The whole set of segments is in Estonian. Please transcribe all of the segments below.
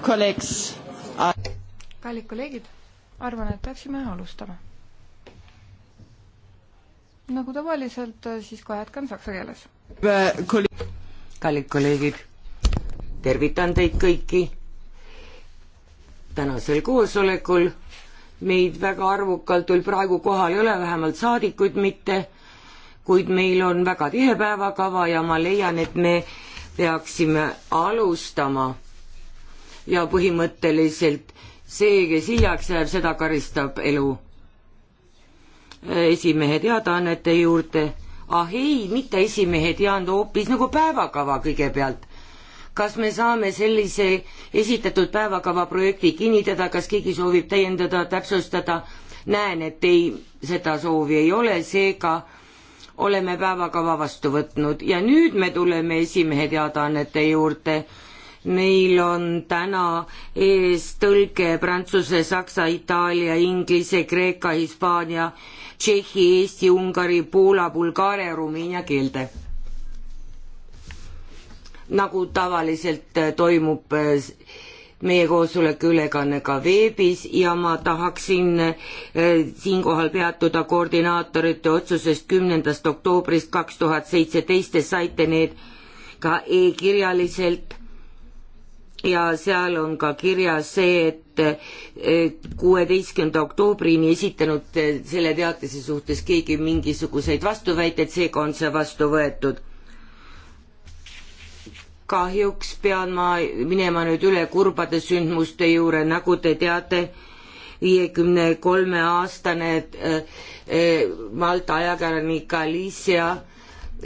kallid kolleegid, arvan, et peaksime alustama. nagu tavaliselt, äh, siis kohe jätkan saksa keeles. kallid kolleegid, tervitan teid kõiki tänasel koosolekul. meid väga arvukalt veel praegu kohal ei ole, vähemalt saadikuid mitte, kuid meil on väga tihe päevakava ja ma leian, et me peaksime alustama ja põhimõtteliselt see, kes hiljaks jääb, seda karistab elu. esimehe teadaannete juurde, ah ei, mitte esimehe teade, hoopis nagu päevakava kõigepealt. kas me saame sellise esitatud päevakava projekti kinnitada, kas keegi soovib täiendada, täpsustada? näen, et ei, seda soovi ei ole, seega oleme päevakava vastu võtnud ja nüüd me tuleme esimehe teadaannete juurde meil on täna ees tõlge prantsuse, saksa, itaalia, inglise, kreeka, hispaania, tšehhi, eesti, ungari, poola, bulgaaria, rumeenia keelde. nagu tavaliselt äh, toimub äh, meie koosoleku ülekanne ka veebis ja ma tahaksin äh, siinkohal peatuda koordinaatorite otsusest kümnendast oktoobrist kaks tuhat seitseteist, te saite need ka e-kirjaliselt ja seal on ka kirjas see, et kuueteistkümnenda oktoobrini esitanud selle teatise suhtes keegi mingisuguseid vastuväiteid, seega on see vastu võetud. kahjuks pean ma minema nüüd üle kurbade sündmuste juurde, nagu te teate, viiekümne kolme aastane äh, äh, Malta ajakirjanik Alicia,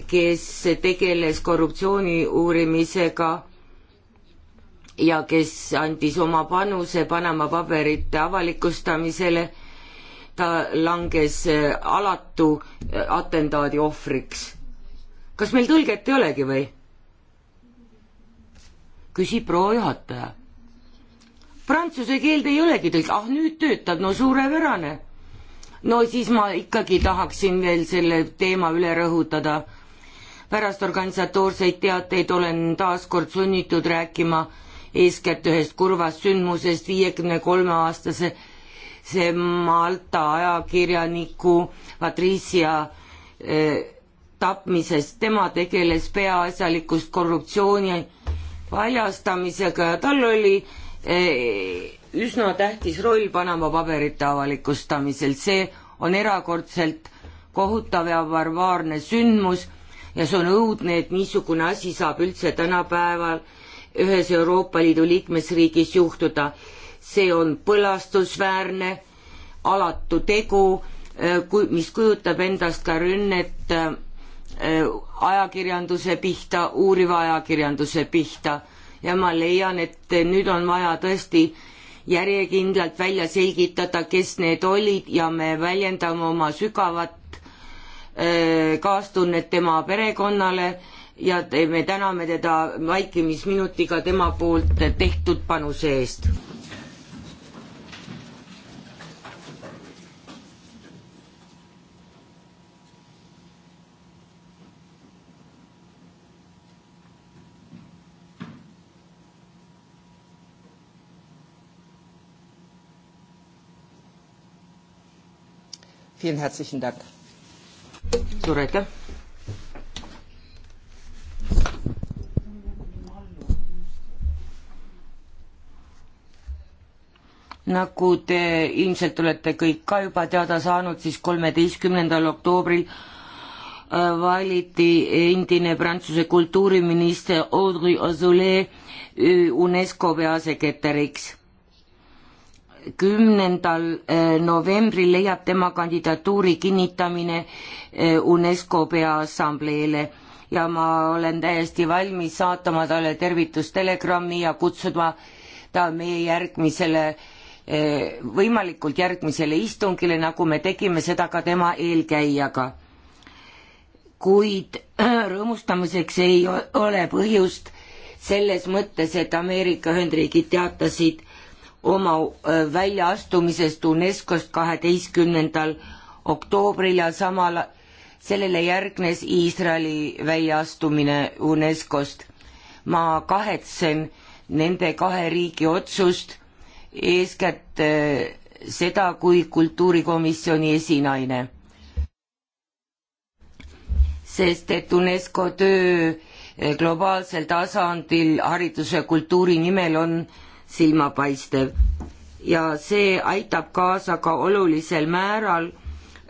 kes tegeles korruptsiooni uurimisega ja kes andis oma panuse Panama paberite avalikustamisele, ta langes äh, alatu äh, atentaadi ohvriks. kas meil tõlget ei olegi või? küsib proua juhataja. Prantsuse keelde ei olegi tõlk, ah nüüd töötab, no suurepärane. no siis ma ikkagi tahaksin veel selle teema üle rõhutada pärast organisatoorseid teateid olen taas kord sunnitud rääkima eeskätt ühest kurvast sündmusest viiekümne kolme aastase see Malta ajakirjaniku Patricia eh, tapmisest, tema tegeles peaasjalikust korruptsiooni paljastamisega ja tal oli eh, üsna tähtis roll Panama paberite avalikustamisel, see on erakordselt kohutav ja barbaarne sündmus ja see on õudne, et niisugune asi saab üldse tänapäeval äh, ühes Euroopa Liidu liikmesriigis juhtuda. see on põlastusväärne, alatu tegu, eh, mis kujutab endast ka rünnet eh, ajakirjanduse pihta, uuriva ajakirjanduse pihta ja ma leian, et nüüd on vaja tõesti järjekindlalt välja selgitada, kes need olid ja me väljendame oma sügavat eh, kaastunnet tema perekonnale ja me täname teda vaikimisminutiga tema poolt tehtud panuse eest. suur aitäh! nagu te ilmselt olete kõik ka juba teada saanud, siis kolmeteistkümnendal oktoobril äh, valiti endine Prantsuse kultuuriminister Audrey Azoulay äh, UNESCO peasekretäriks. kümnendal äh, novembril leiab tema kandidatuuri kinnitamine UNESCO Peaassambleele ja ma olen täiesti valmis saatma talle tervitustelegrammi ja kutsuma ta meie järgmisele äh, Eh, võimalikult järgmisele istungile, nagu me tegime seda ka tema eelkäijaga. kuid rõõmustamiseks ei ole põhjust selles mõttes, et Ameerika Ühendriigid teatasid oma äh, väljaastumisest UNESCO-st kaheteistkümnendal oktoobril ja samal, sellele järgnes Iisraeli väljaastumine UNESCO-st. ma kahetsen nende kahe riigi otsust eeskätt eh, seda kui kultuurikomisjoni esinaine. sest et UNESCO töö eh, globaalsel tasandil hariduse ja kultuuri nimel on silmapaistev ja see aitab kaasa ka olulisel määral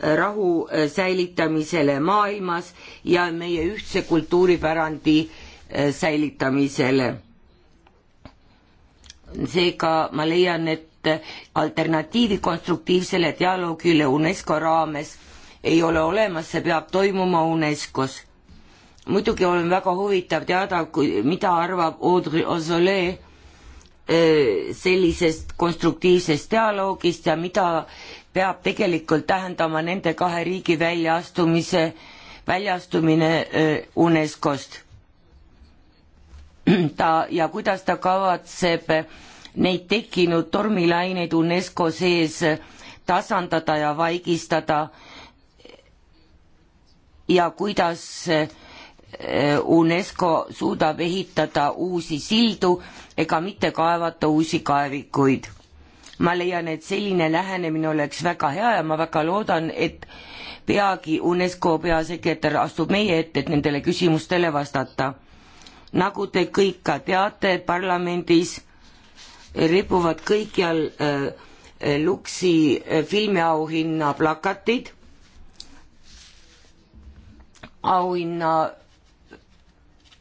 eh, rahu säilitamisele maailmas ja meie ühtse kultuuripärandi säilitamisele seega ma leian, et alternatiivi konstruktiivsele dialoogile UNESCO raames ei ole olemas, see peab toimuma UNESCO-s. muidugi on väga huvitav teada, kui, mida arvab Audrey Ozolee äh, sellisest konstruktiivsest dialoogist ja mida peab tegelikult tähendama nende kahe riigi väljaastumise, väljaastumine äh, UNESCO-st ta ja kuidas ta kavatseb neid tekkinud tormilaineid UNESCO sees tasandada ja vaigistada ja kuidas äh, UNESCO suudab ehitada uusi sildu ega mitte kaevata uusi kaevikuid. ma leian, et selline lähenemine oleks väga hea ja ma väga loodan, et peagi UNESCO peasekretär astub meie ette, et nendele küsimustele vastata nagu te kõik ka teate, parlamendis ripuvad kõikjal äh, äh Luksi äh, filmiauhinna plakatid, auhinna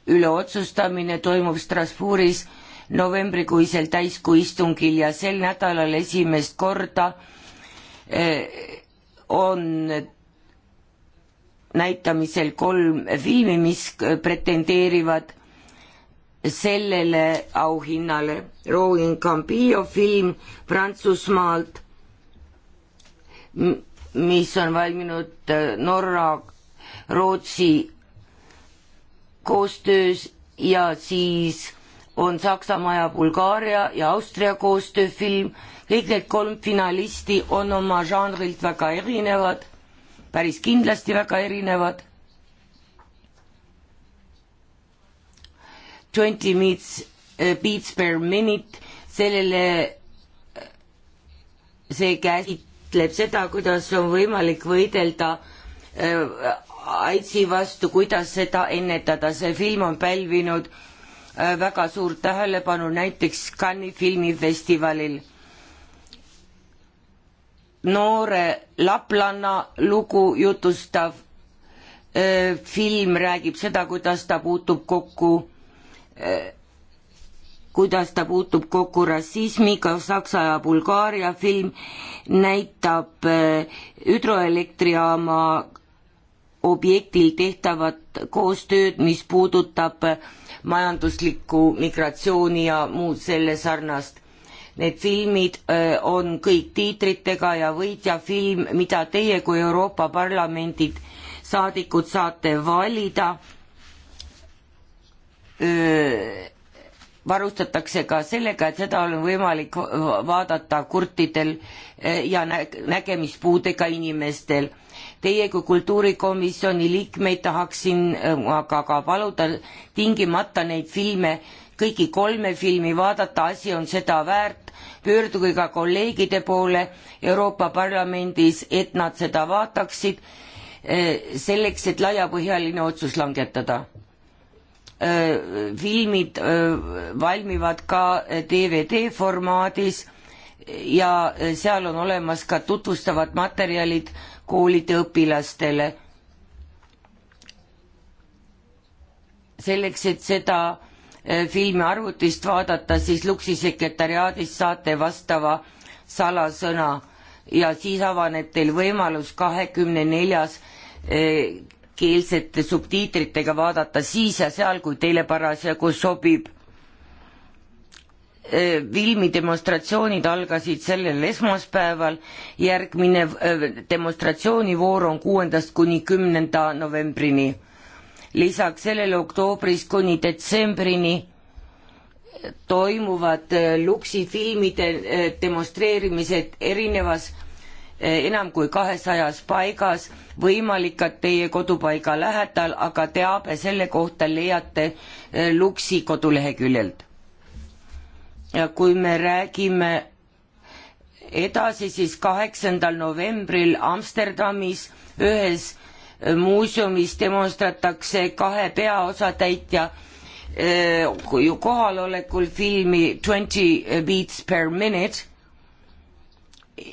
üle otsustamine toimub Strasbourgis novembrikuisel täiskuu istungil ja sel nädalal esimest korda äh, on näitamisel kolm filmi, mis pretendeerivad sellele auhinnale. Rowan Campillo film Prantsusmaalt, mis on valminud äh, Norra, Rootsi koostöös ja siis on Saksamaa ja Bulgaaria ja Austria koostööfilm, kõik need kolm finalisti on oma žanrilt väga erinevad, päris kindlasti väga erinevad twenty meets eh, beats per minute, sellele, eh, see käsitleb seda, kuidas on võimalik võidelda eh, AIDSi vastu, kuidas seda ennetada, see film on pälvinud väga suurt tähelepanu näiteks Cannes'i filmifestivalil. noore laplanna lugu jutustav öö, film räägib seda, kuidas ta puutub kokku kuidas ta puutub kokku rassismiga, Saksa ja Bulgaaria film näitab äh, hüdroelektrijaama objektil tehtavat koostööd, mis puudutab äh, majanduslikku migratsiooni ja muud selle sarnast. Need filmid äh, on kõik tiitritega ja võitja film, mida teie kui Euroopa Parlamendi saadikud saate valida varustatakse ka sellega, et seda on võimalik vaadata kurtidel ja nägemispuudega inimestel. Teie kui kultuurikomisjoni liikmeid tahaksin aga ka paluda tingimata neid filme, kõiki kolme filmi vaadata, asi on seda väärt, pöörduge ka kolleegide poole Euroopa Parlamendis, et nad seda vaataksid, selleks, et laiapõhjaline otsus langetada filmid valmivad ka DVD formaadis ja seal on olemas ka tutvustavad materjalid koolide õpilastele. selleks, et seda filmi arvutist vaadata, siis Luksi sekretäriaadist saate vastava salasõna ja siis avaneb teil võimalus kahekümne neljas keelsete subtiitritega vaadata siis ja seal, kui teile parasjagu sobib. filmidemonstratsioonid algasid sellel esmaspäeval, järgmine demonstratsioonivoor on kuuendast kuni kümnenda novembrini. lisaks sellele oktoobrist kuni detsembrini toimuvad Luksi filmide demonstreerimised erinevas Eh, enam kui kahesajas paigas võimalikud teie kodupaiga lähedal, aga teabe selle kohta leiate eh, Luksi koduleheküljelt. ja kui me räägime edasi, siis kaheksandal novembril Amsterdamis ühes eh, muuseumis demonstratakse kahe peaosatäitja kohalolekul filmi Twenty beats per minute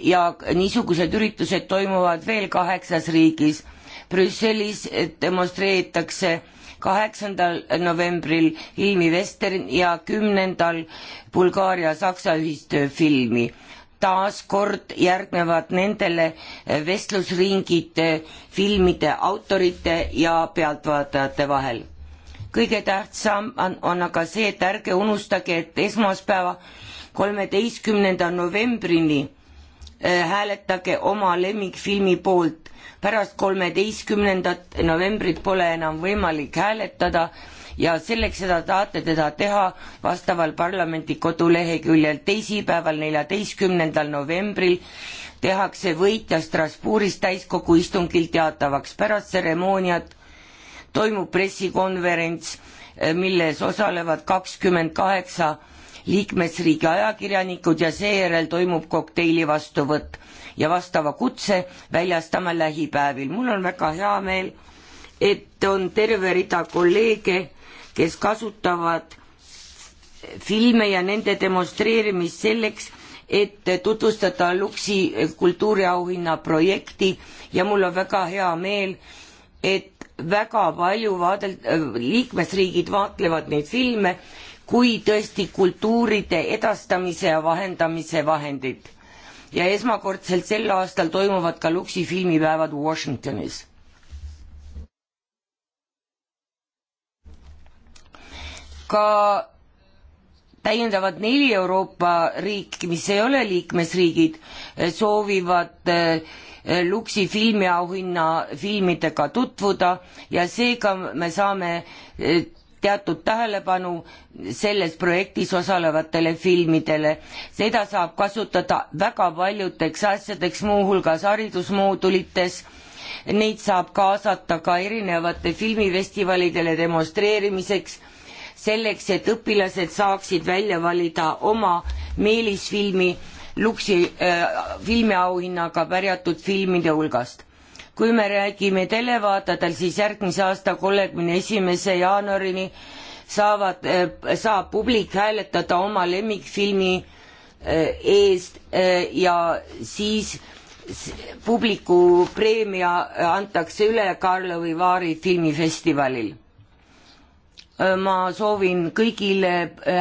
ja niisugused üritused toimuvad veel kaheksas riigis. Brüsselis demonstreeritakse kaheksandal novembril filmi Western ja kümnendal Bulgaaria-Saksa ühistöö filmi. taas kord järgnevad nendele vestlusringid filmide autorite ja pealtvaatajate vahel. kõige tähtsam on, on aga see, et ärge unustage, et esmaspäeva kolmeteistkümnenda novembrini Äh, hääletage oma lemmikfilmi poolt. pärast kolmeteistkümnendat novembrit pole enam võimalik hääletada ja selleks seda saate teda teha vastaval parlamendi koduleheküljel teisipäeval, neljateistkümnendal novembril tehakse võitja Strasbourgis täiskogu istungil teatavaks. pärast tseremooniat toimub pressikonverents, äh, milles osalevad kakskümmend kaheksa liikmesriigi ajakirjanikud ja seejärel toimub kokteili vastuvõtt ja vastava kutse väljastame lähipäevil. mul on väga hea meel, et on terve rida kolleege, kes kasutavad filme ja nende demonstreerimist selleks, et tutvustada Luksi kultuuriauhinna projekti ja mul on väga hea meel, et väga palju vaadel-, liikmesriigid vaatlevad neid filme kui tõesti kultuuride edastamise ja vahendamise vahendid. ja esmakordselt sel aastal toimuvad ka Luksi filmipäevad Washingtonis ka täiendavad neli Euroopa riiki, mis ei ole liikmesriigid, soovivad eh, Luksi filmiauhinna filmidega tutvuda ja seega me saame eh, teatud tähelepanu selles projektis osalevatele filmidele. seda saab kasutada väga paljudeks asjadeks, muuhulgas haridusmoodulites, neid saab kaasata ka erinevate filmifestivalidele demonstreerimiseks, selleks, et õpilased saaksid välja valida oma meelisfilmi Luksi äh, filmiauhinnaga pärjatud filmide hulgast kui me räägime televaatajatel, siis järgmise aasta kolmekümne esimese jaanuarini saavad, eh, saab publik hääletada oma lemmikfilmi eh, eest eh, ja siis publiku preemia antakse üle Karlovi Vaari filmifestivalil. ma soovin kõigile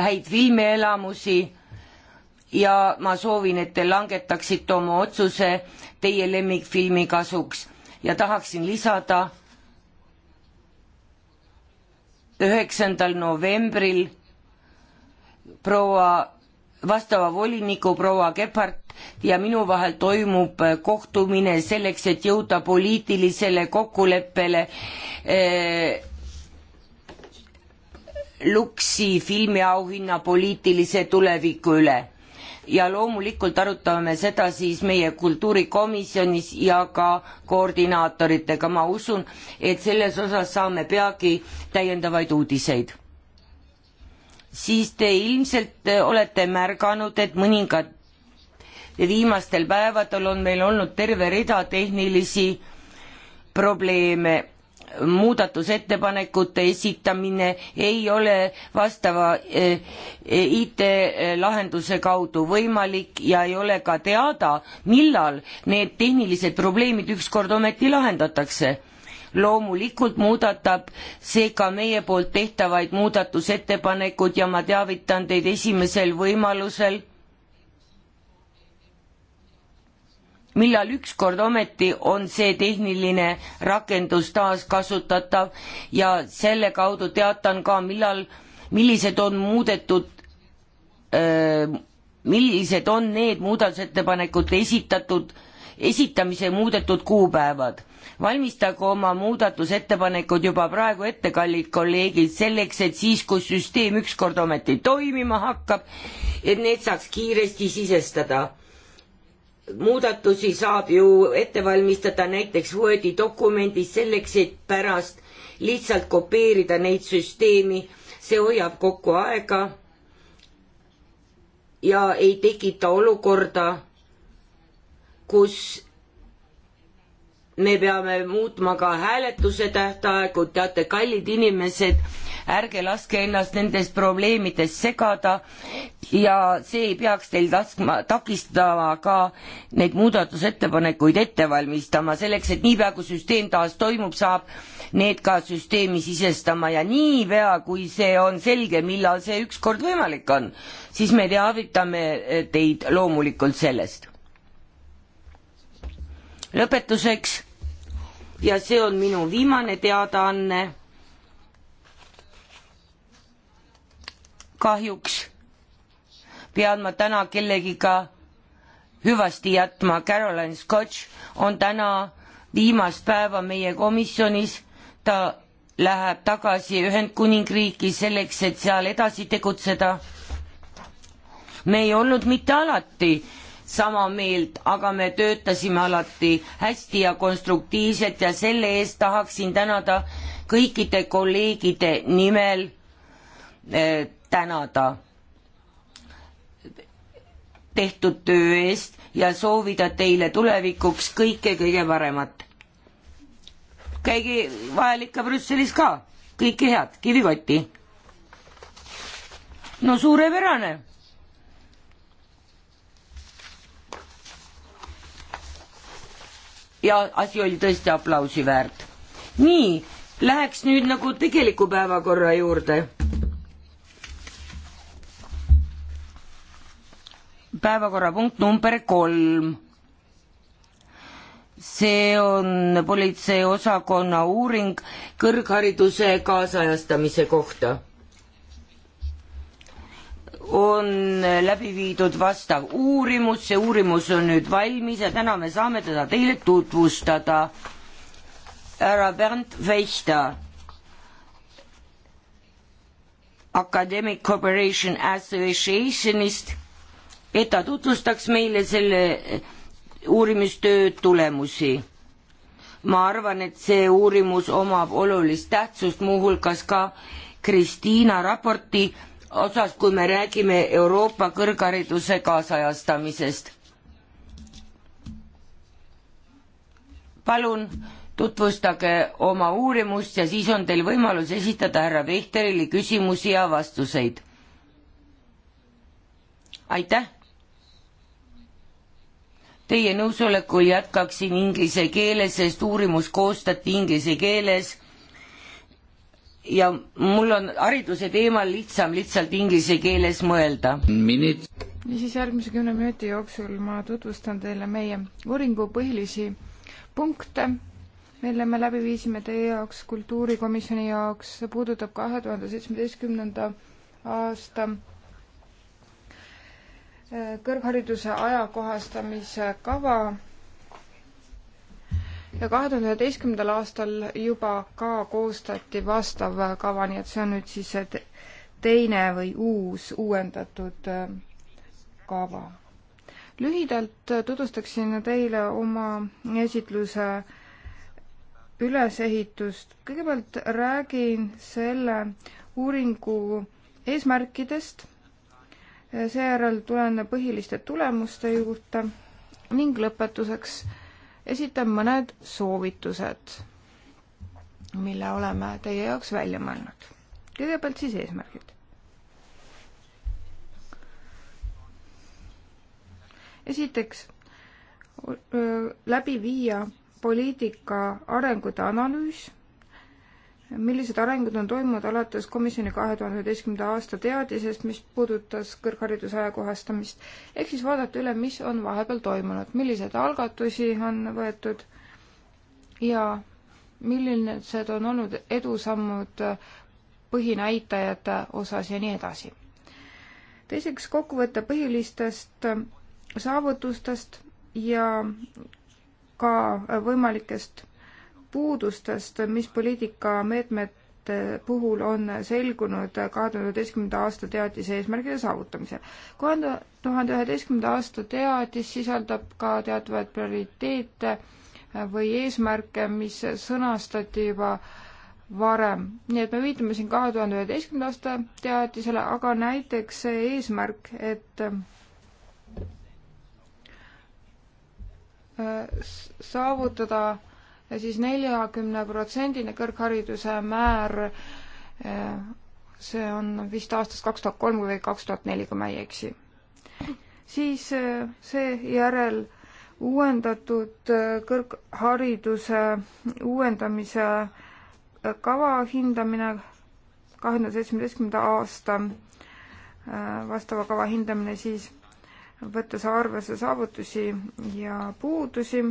häid filmielamusi ja ma soovin, et te langetaksite oma otsuse teie lemmikfilmi kasuks ja tahaksin lisada üheksandal novembril proua, vastava voliniku proua Gebhardt ja minu vahel toimub äh, kohtumine selleks, et jõuda poliitilisele kokkuleppele eh, Luksi filmiauhinna poliitilise tuleviku üle ja loomulikult arutame seda siis meie kultuurikomisjonis ja ka koordinaatoritega, ma usun, et selles osas saame peagi täiendavaid uudiseid. siis te ilmselt olete märganud, et mõningad viimastel päevadel on meil olnud terve rida tehnilisi probleeme muudatusettepanekute esitamine ei ole vastava eh, eh, IT-lahenduse eh, kaudu võimalik ja ei ole ka teada, millal need tehnilised probleemid ükskord ometi lahendatakse. loomulikult muudatab see ka meie poolt tehtavaid muudatusettepanekud ja ma teavitan teid esimesel võimalusel millal ükskord ometi on see tehniline rakendus taaskasutatav ja selle kaudu teatan ka, millal, millised on muudetud öö, millised on need muudatusettepanekute esitatud, esitamise muudetud kuupäevad. valmistagu oma muudatusettepanekud juba praegu ette, kallid kolleegid, selleks, et siis, kui süsteem ükskord ometi toimima hakkab, et need saaks kiiresti sisestada muudatusi saab ju ette valmistada näiteks Wordi dokumendis selleks, et pärast lihtsalt kopeerida neid süsteemi, see hoiab kokku aega ja ei tekita olukorda, kus me peame muutma ka hääletuse tähtaegu, teate, kallid inimesed, ärge laske ennast nendes probleemides segada ja see ei peaks teil taskma, takistama ka neid muudatusettepanekuid ette valmistama, selleks et niipea, kui süsteem taas toimub, saab need ka süsteemi sisestama ja niipea, kui see on selge, millal see ükskord võimalik on, siis me teavitame teid loomulikult sellest lõpetuseks ja see on minu viimane teadaanne. kahjuks pean ma täna kellegiga hüvasti jätma, Caroline Scotch on täna viimast päeva meie komisjonis, ta läheb tagasi Ühendkuningriiki selleks, et seal edasi tegutseda. me ei olnud mitte alati sama meelt, aga me töötasime alati hästi ja konstruktiivselt ja selle eest tahaksin tänada kõikide kolleegide nimel eh, tänada tehtud töö eest ja soovida teile tulevikuks kõike kõige paremat. käige vahel ikka Brüsselis ka, kõike head, kivikotti. no suurepärane ja asi oli tõesti aplausi väärt. nii, läheks nüüd nagu tegeliku päevakorra juurde. päevakorrapunkt number kolm see on politseiosakonna uuring kõrghariduse kaasajastamise kohta on läbi viidud vastav uurimus, see uurimus on nüüd valmis ja täna me saame teda teile tutvustada. härra Bernd Veichter, Academic Cooperation Associationist, et ta tutvustaks meile selle uurimistöö tulemusi. ma arvan, et see uurimus omab olulist tähtsust, muuhulgas ka Kristiina raporti osas, kui me räägime Euroopa kõrghariduse kaasajastamisest. palun tutvustage oma uurimust ja siis on teil võimalus esitada härra Pehterile küsimusi ja vastuseid. aitäh! Teie nõusolekul jätkaksin inglise keeles, sest uurimus koostati inglise keeles ja mul on hariduse teemal lihtsam lihtsalt inglise keeles mõelda. niisiis, järgmise kümne minuti jooksul ma tutvustan teile meie uuringu põhilisi punkte, mille me läbi viisime teie jaoks, kultuurikomisjoni jaoks, see puudutab kahe tuhande seitsmeteistkümnenda aasta eh, kõrghariduse ajakohastamise kava ja kahe tuhande üheteistkümnendal aastal juba ka koostati vastav kava, nii et see on nüüd siis see teine või uus uuendatud äh, kava. lühidalt tutvustaksin teile oma esitluse ülesehitust. kõigepealt räägin selle uuringu eesmärkidest, seejärel tulen põhiliste tulemuste juurde ning lõpetuseks äh, esitan mõned soovitused, mille oleme teie jaoks välja mõelnud. kõigepealt siis eesmärgid. esiteks, läbi viia poliitika arengute analüüs millised arengud on toimunud alates komisjoni kahe tuhande üheteistkümnenda aasta teadisest, mis puudutas kõrghariduse ajakohastamist, ehk siis vaadata üle, mis on vahepeal toimunud, milliseid algatusi on võetud ja millised on olnud edusammud põhinäitajate osas ja nii edasi. teiseks kokkuvõte põhilistest saavutustest ja ka võimalikest puudustest, mis poliitikameetmete puhul on selgunud kahe tuhande üheteistkümnenda aasta teadise eesmärgide saavutamisel. kahe tuhande üheteistkümnenda aasta teadis sisaldab ka teatavaid prioriteete või eesmärke, mis sõnastati juba varem. nii et me viitame siin kahe tuhande üheteistkümnenda aasta teadisele, aga näiteks see eesmärk, et äh, saavutada siis neljakümne protsendine kõrghariduse määr, eh, see on vist aastast kaks tuhat kolm või kaks tuhat neli, kui ma ei eksi. siis eh, seejärel uuendatud eh, kõrghariduse uuendamise kava hindamine kahe tuhande seitsmeteistkümnenda aasta vastava kava hindamine siis, võttes arvesse saavutusi ja puudusi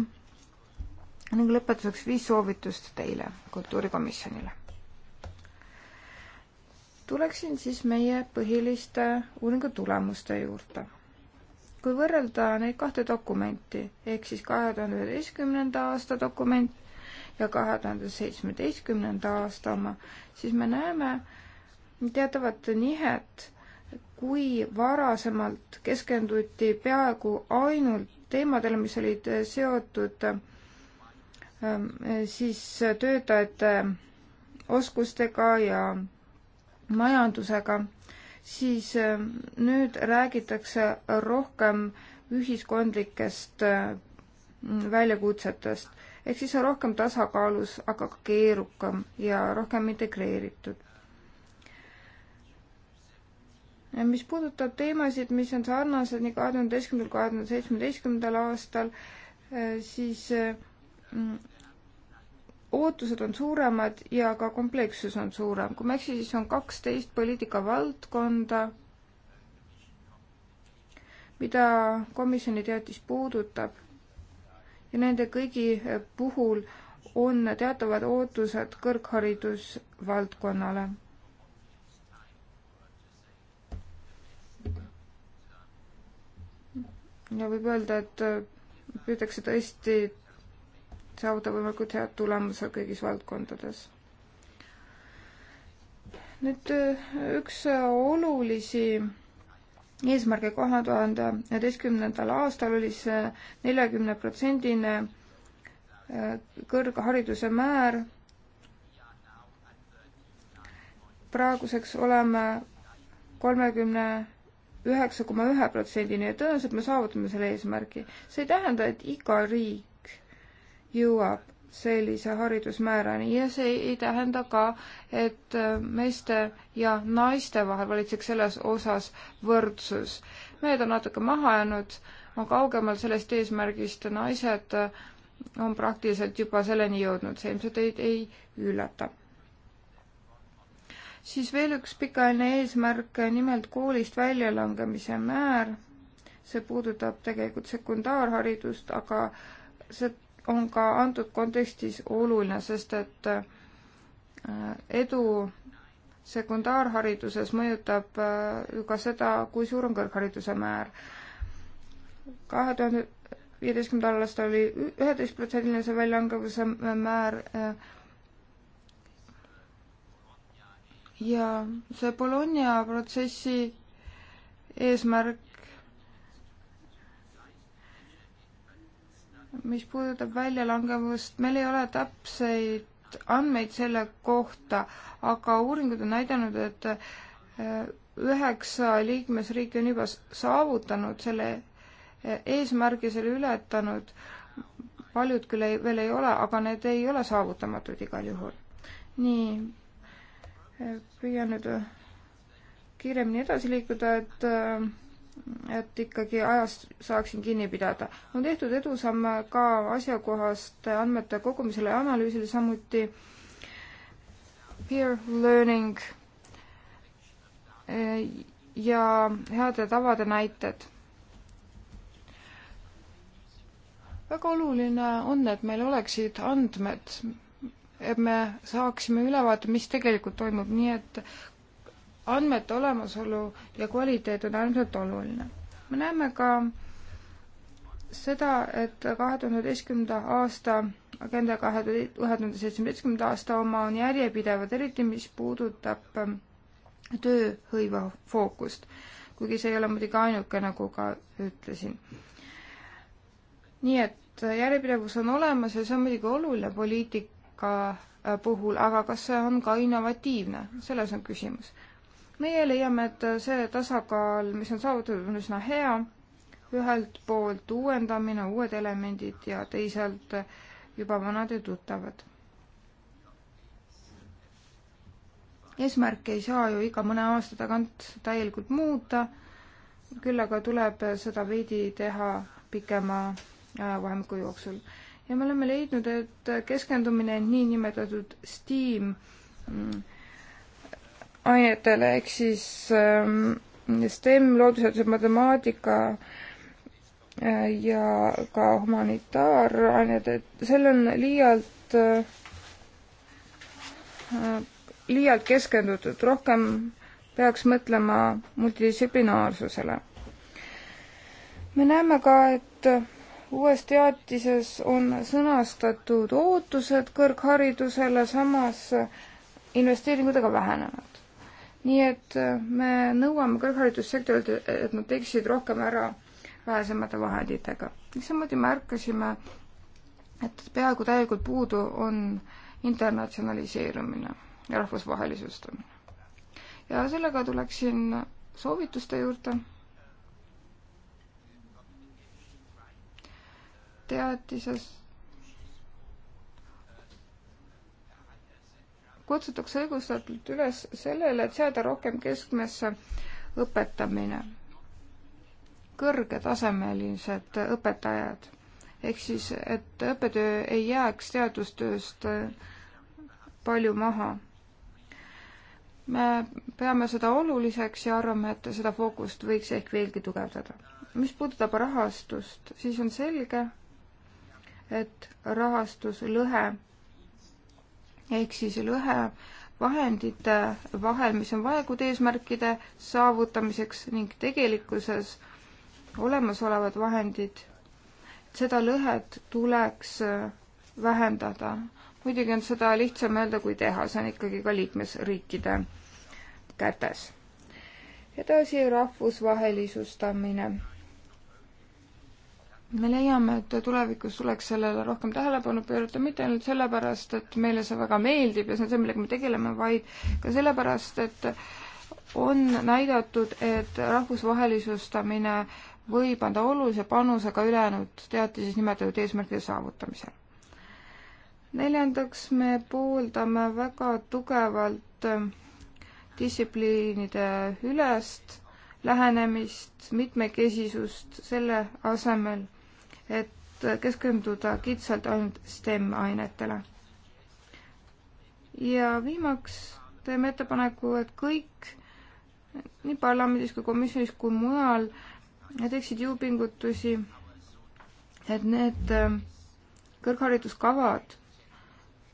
ning lõpetuseks viis soovitust teile, kultuurikomisjonile. tuleksin siis meie põhiliste uuringu tulemuste juurde. kui võrrelda neid kahte dokumenti ehk siis kahe tuhande üheteistkümnenda aasta dokument ja kahe tuhande seitsmeteistkümnenda aasta oma, siis me näeme teatavat nihet, kui varasemalt keskenduti peaaegu ainult teemadele, mis olid seotud Ähm, eh, siis eh, töötajate eh, oskustega ja majandusega, siis nüüd räägitakse rohkem ühiskondlikest väljakutsetest. ehk siis on rohkem tasakaalus, aga ka keerukam ja rohkem integreeritud. mis puudutab teemasid, mis on sarnased nii kahe tuhande üheteistkümnendal, kahe tuhande seitsmeteistkümnendal aastal, siis mm, ootused on suuremad ja ka komplekssus on suurem. kui ma ei eksi, siis on kaksteist poliitikavaldkonda, mida komisjoni teatis puudutab ja nende kõigi puhul on teatavad ootused kõrgharidusvaldkonnale. ja võib öelda, et püütakse tõesti saavutada võimalikult head tulemuse kõigis valdkondades. nüüd äh, üks äh, olulisi eesmärke kahe tuhande üheteistkümnendal aastal oli see neljakümne protsendine äh, kõrghariduse määr. praeguseks oleme kolmekümne üheksa koma ühe protsendini ja tõenäoliselt me saavutame selle eesmärgi. see ei tähenda, et iga riik jõuab sellise haridusmäärani ja see ei tähenda ka, et äh, meeste ja naiste vahel valitseks selles osas võrdsus. mehed on natuke maha jäänud, aga kaugemal sellest eesmärgist naised äh, on praktiliselt juba selleni jõudnud, see ilmselt teid ei üllata. siis veel üks pikaajaline eesmärk, nimelt koolist väljalangemise määr. see puudutab tegelikult sekundaarharidust, aga see on ka antud kontekstis oluline, sest et äh, edu sekundaarhariduses mõjutab äh, ju ka seda, kui suur on kõrghariduse määr. kahe tuhande viieteistkümnendal aastal oli üheteistprotsendiline see väljalangevuse määr äh, ja see Bologna protsessi eesmärk mis puudutab väljalangevust, meil ei ole täpseid andmeid selle kohta, aga uuringud on näidanud, et äh, üheksa liikmesriiki on juba saavutanud selle äh, eesmärgi, selle ületanud. paljud küll ei, veel ei ole, aga need ei ole saavutamatud igal juhul. nii, äh, püüan nüüd kiiremini edasi liikuda, et äh, et ikkagi ajast saaksin kinni pidada. on tehtud edusamme ka asjakohaste andmete kogumisele ja analüüsile, samuti peer learning eh, ja heade tavade näited väga oluline on, et meil oleksid andmed, et me saaksime ülevaate, mis tegelikult toimub, nii et andmete olemasolu ja kvaliteet on äärmiselt oluline. me näeme ka seda, et kahe tuhande üheteistkümnenda aasta agenda kahe tuhande seitsmeteistkümnenda aasta oma on järjepidevad, eriti mis puudutab ähm, tööhõive fookust. kuigi see ei ole muidugi ainuke, nagu ka ütlesin. nii et järjepidevus on olemas ja see on muidugi oluline poliitika äh, puhul, aga kas see on ka innovatiivne, selles on küsimus meie leiame, et see tasakaal, mis on saavutatud, on üsna hea. ühelt poolt uuendamine, uued elemendid ja teisalt juba vanad ja tuttavad. eesmärke ei saa ju iga mõne aasta tagant täielikult muuta, küll aga tuleb seda veidi teha pikema ajavahemiku jooksul. ja me oleme leidnud, et keskendumine niinimetatud STEAM mm, ainetele ehk siis ähm, STEM, loodusharidused, matemaatika äh, ja ka humanitaarained, et seal on liialt, äh, liialt keskendutud, rohkem peaks mõtlema multidistsiplinaarsusele. me näeme ka, et uues teatises on sõnastatud ootused kõrgharidusele, samas investeeringud aga vähenevad nii et äh, me nõuame kõrgharidussektorilt, et nad teeksid rohkem ära vähesemate vahenditega. samuti märkasime, et peaaegu täielikult puudu on internatsionaliseerumine ja rahvusvahelisustamine. ja sellega tuleksin soovituste juurde. teatises kutsutakse õigustatult üles sellele, et seada rohkem keskmesse õpetamine, kõrgetasemelised õpetajad. ehk siis, et õppetöö ei jääks teadustööst äh, palju maha. me peame seda oluliseks ja arvame, et seda fookust võiks ehk veelgi tugevdada. mis puudutab rahastust, siis on selge, et rahastuslõhe ehk siis lõhe vahendite vahel, mis on vajalikud eesmärkide saavutamiseks ning tegelikkuses olemasolevad vahendid, seda lõhet tuleks äh, vähendada. muidugi on seda lihtsam öelda kui teha, see on ikkagi ka liikmesriikide kätes. edasi rahvusvahelisustamine me leiame, et tulevikus tuleks sellele rohkem tähelepanu pöörata, mitte ainult sellepärast, et meile see väga meeldib ja see on see, millega me tegeleme, vaid ka sellepärast, et on näidatud, et rahvusvahelisustamine võib anda olulise panuse ka ülejäänud teatises nimetatud eesmärkide saavutamisel. neljandaks, me pooldame väga tugevalt äh, distsipliinide ülest lähenemist, mitmekesisust, selle asemel, et keskenduda kitsalt ainult STEM ainetele. ja viimaks teeme ettepaneku, et kõik nii parlamendis kui komisjonis kui mujal teeksid jõupingutusi, et need ähm, kõrghariduskavad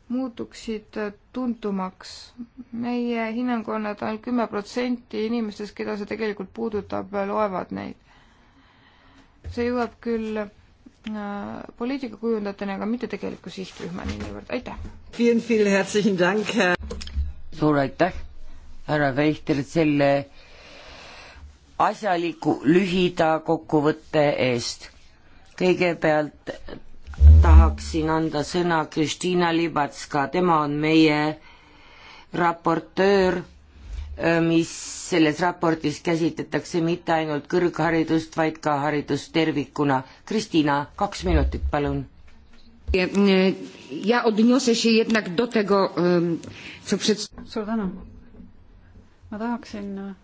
muutuksid äh, tuntumaks. meie hinnang on, et ainult kümme protsenti inimestest, keda see tegelikult puudutab, loevad neid. see jõuab küll Äh, poliitika kujundajatena, aga mitte tegeliku sihtrühmani niivõrd, aitäh! suur aitäh, härra Veichter, selle asjaliku lühida kokkuvõtte eest. kõigepealt tahaksin anda sõna Kristiina Libatska, tema on meie raportöör Äh, mis selles raportis käsitletakse mitte ainult kõrgharidust, vaid ka haridust tervikuna. Kristina, kaks minutit, palun. ja mm, odniose się jednak do tego, co przed... suur tänu. ma tahaksin äh,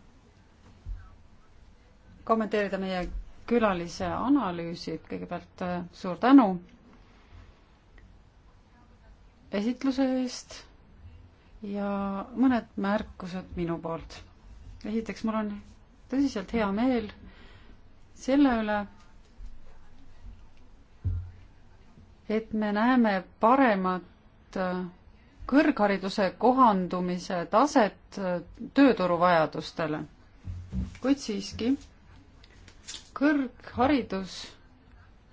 kommenteerida meie külalise analüüsi, kõigepealt äh, suur tänu esitluse eest ja mõned märkused minu poolt. esiteks, mul on tõsiselt hea meel selle üle, et me näeme paremat äh, kõrghariduse kohandumise taset äh, tööturu vajadustele. kuid siiski, kõrgharidus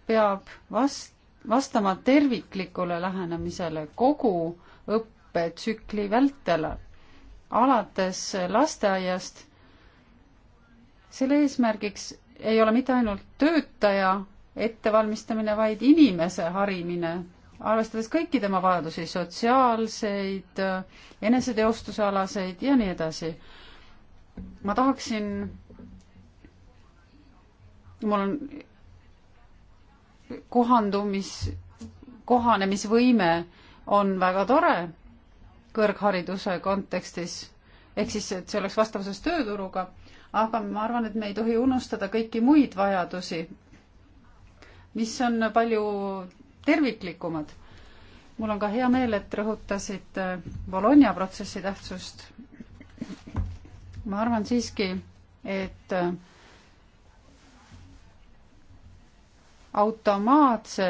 peab vast-, vastama terviklikule lähenemisele kogu õpp-, õppetsükli vältel, alates lasteaiast. selle eesmärgiks ei ole mitte ainult töötaja ettevalmistamine, vaid inimese harimine, arvestades kõiki tema vajadusi, sotsiaalseid, eneseteostuse alaseid ja nii edasi. ma tahaksin, mul on kohandumis, kohanemisvõime on väga tore kõrghariduse kontekstis, ehk siis, et see oleks vastavuses tööturuga, aga ma arvan, et me ei tohi unustada kõiki muid vajadusi, mis on palju terviklikumad. mul on ka hea meel, et rõhutasite äh, Bologna protsessi tähtsust. ma arvan siiski, et äh, automaatse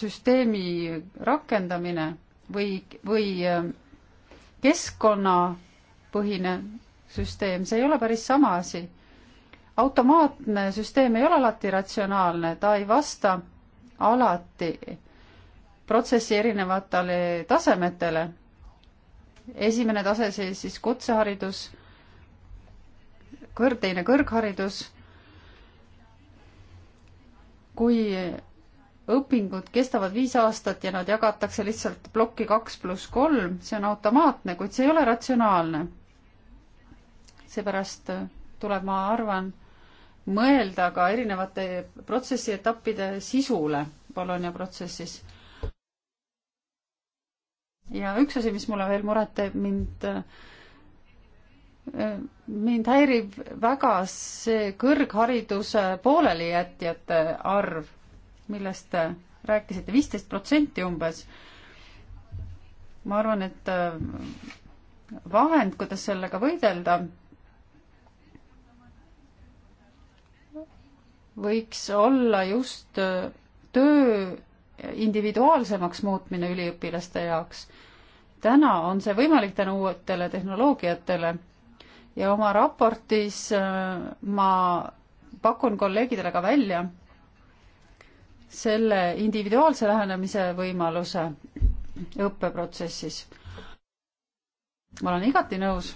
süsteemi rakendamine või, või ähm, keskkonnapõhine süsteem, see ei ole päris sama asi. automaatne süsteem ei ole alati ratsionaalne, ta ei vasta alati protsessi erinevatele tasemetele. esimene tase siis, siis kutseharidus, kõr-, teine kõrgharidus, kui õpingud kestavad viis aastat ja nad jagatakse lihtsalt plokki kaks pluss kolm, see on automaatne, kuid see ei ole ratsionaalne. seepärast äh, tuleb, ma arvan, mõelda ka erinevate protsessi etappide sisule Bologna protsessis. ja üks asi, mis mulle veel muret teeb, mind äh, äh, mind häirib väga see kõrghariduse poolelijätjate arv millest äh, rääkisite, viisteist protsenti umbes. ma arvan, et äh, vahend, kuidas sellega võidelda, võiks olla just äh, töö individuaalsemaks muutmine üliõpilaste jaoks. täna on see võimalik tänu uutele tehnoloogiatele ja oma raportis ma pakun kolleegidele ka välja, selle individuaalse lähenemise võimaluse õppeprotsessis. ma olen igati nõus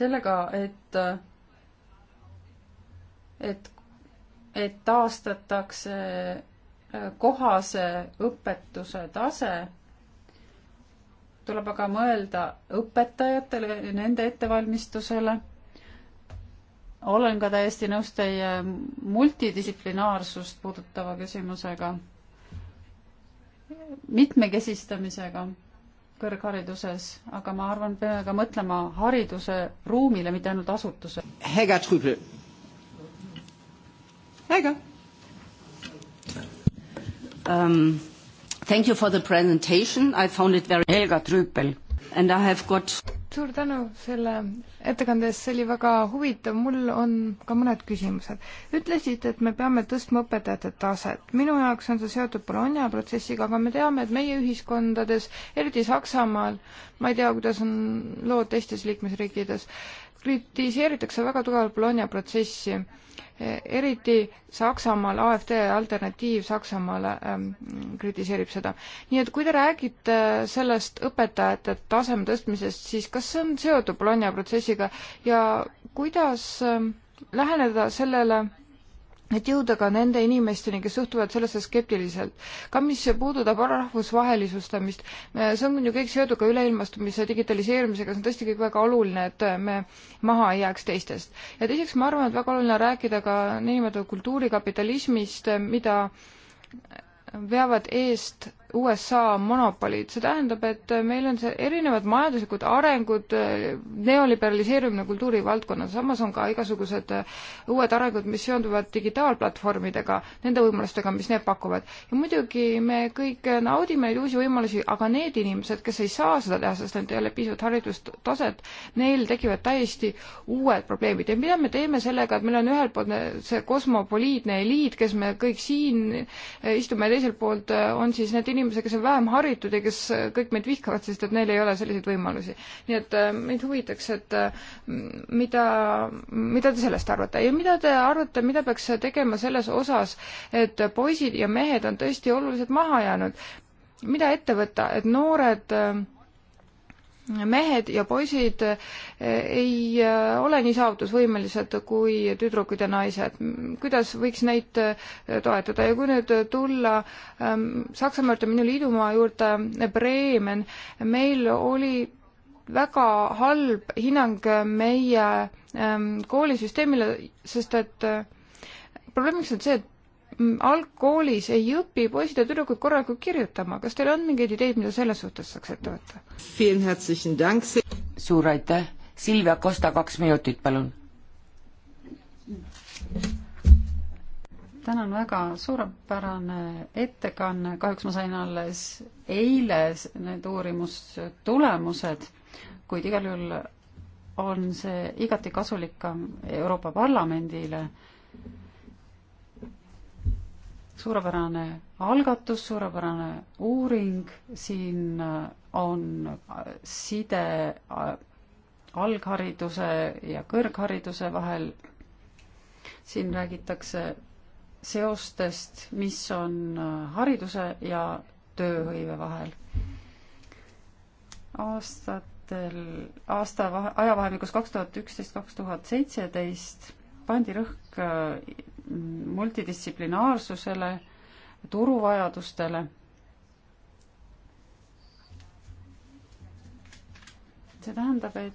sellega, et, et, et taastatakse kohase õpetuse tase, tuleb aga mõelda õpetajatele, nende ettevalmistusele olen ka täiesti nõus teie multidistsiplinaarsust puudutava küsimusega, mitmekesistamisega kõrghariduses, aga ma arvan, peame ka mõtlema hariduse ruumile, mitte ainult asutuse. Hega Trübel. Hega um,. Thank you for the presentation, I found it very Helga Trübel. And I have got suur tänu selle ettekande eest, see oli väga huvitav, mul on ka mõned küsimused. ütlesite, et me peame tõstma õpetajate taset. minu jaoks on see seotud Bologna protsessiga, aga me teame, et meie ühiskondades, eriti Saksamaal, ma ei tea, kuidas on lood teistes liikmesriikides, kritiseeritakse väga tugevalt Bologna protsessi eriti Saksamaal, AfD alternatiiv Saksamaale ähm, kritiseerib seda. nii et kui te räägite sellest õpetajate taseme tõstmisest, siis kas see on seotud Bologna protsessiga ja kuidas ähm, läheneda sellele et jõuda ka nende inimesteni, kes suhtuvad sellesse skeptiliselt. ka mis puudutab rahvusvahelisustamist, see on ju kõik seotud ka üleilmastumise digitaliseerimisega, see on tõesti kõik väga oluline, et me maha ei jääks teistest. ja teiseks ma arvan, et väga oluline on rääkida ka niinimetatud kultuurikapitalismist, mida veavad eest USA monopolid, see tähendab, et meil on see erinevad majanduslikud arengud, eh, neoliberaliseerimine kultuurivaldkonnas, samas on ka igasugused eh, uued arengud, mis seonduvad digitaalplatvormidega, nende võimalustega, mis need pakuvad. ja muidugi me kõik eh, naudime neid uusi võimalusi, aga need inimesed, kes ei saa seda teha, sest neil ei ole piisavalt haridustaset, neil tekivad täiesti uued probleemid ja mida me teeme sellega, et meil on ühelt poolt see kosmopoliitne eliit, kes me kõik siin istume ja teiselt poolt on siis need inimesed, inimesi, kes on vähem haritud ja kes äh, kõik meid vihkavad, sest et neil ei ole selliseid võimalusi. nii et äh, meid huvitaks, et äh, mida, mida te sellest arvate ja mida te arvate, mida peaks tegema selles osas, et poisid ja mehed on tõesti oluliselt maha jäänud. mida ette võtta, et noored äh, mehed ja poisid eh, ei eh, ole nii saavutusvõimelised kui tüdrukud ja naised. kuidas võiks neid eh, toetada ja kui nüüd tulla ehm, Saksamaa juurde, minu liidumaa juurde, Bremen, meil oli väga halb hinnang meie ehm, koolisüsteemile, sest et probleemiks on see, et algkoolis ei õpi poisid ja tüdrukud korralikult kirjutama. kas teil on mingeid ideid, mida selles suhtes saaks ette võtta? suur aitäh. Silvia Kosta, kaks minutit, palun. tänan väga, suurepärane ettekanne, kahjuks ma sain alles eile need uurimustulemused, kuid igal juhul on see igati kasulik ka Euroopa Parlamendile suurepärane algatus, suurepärane uuring, siin äh, on äh, side äh, alghariduse ja kõrghariduse vahel. siin räägitakse seostest, mis on hariduse ja tööhõive vahel. aastatel, aasta ajavahemikus kaks tuhat üksteist, kaks tuhat seitseteist pandi rõhk multidistsiplinaarsusele, turuvajadustele. see tähendab, et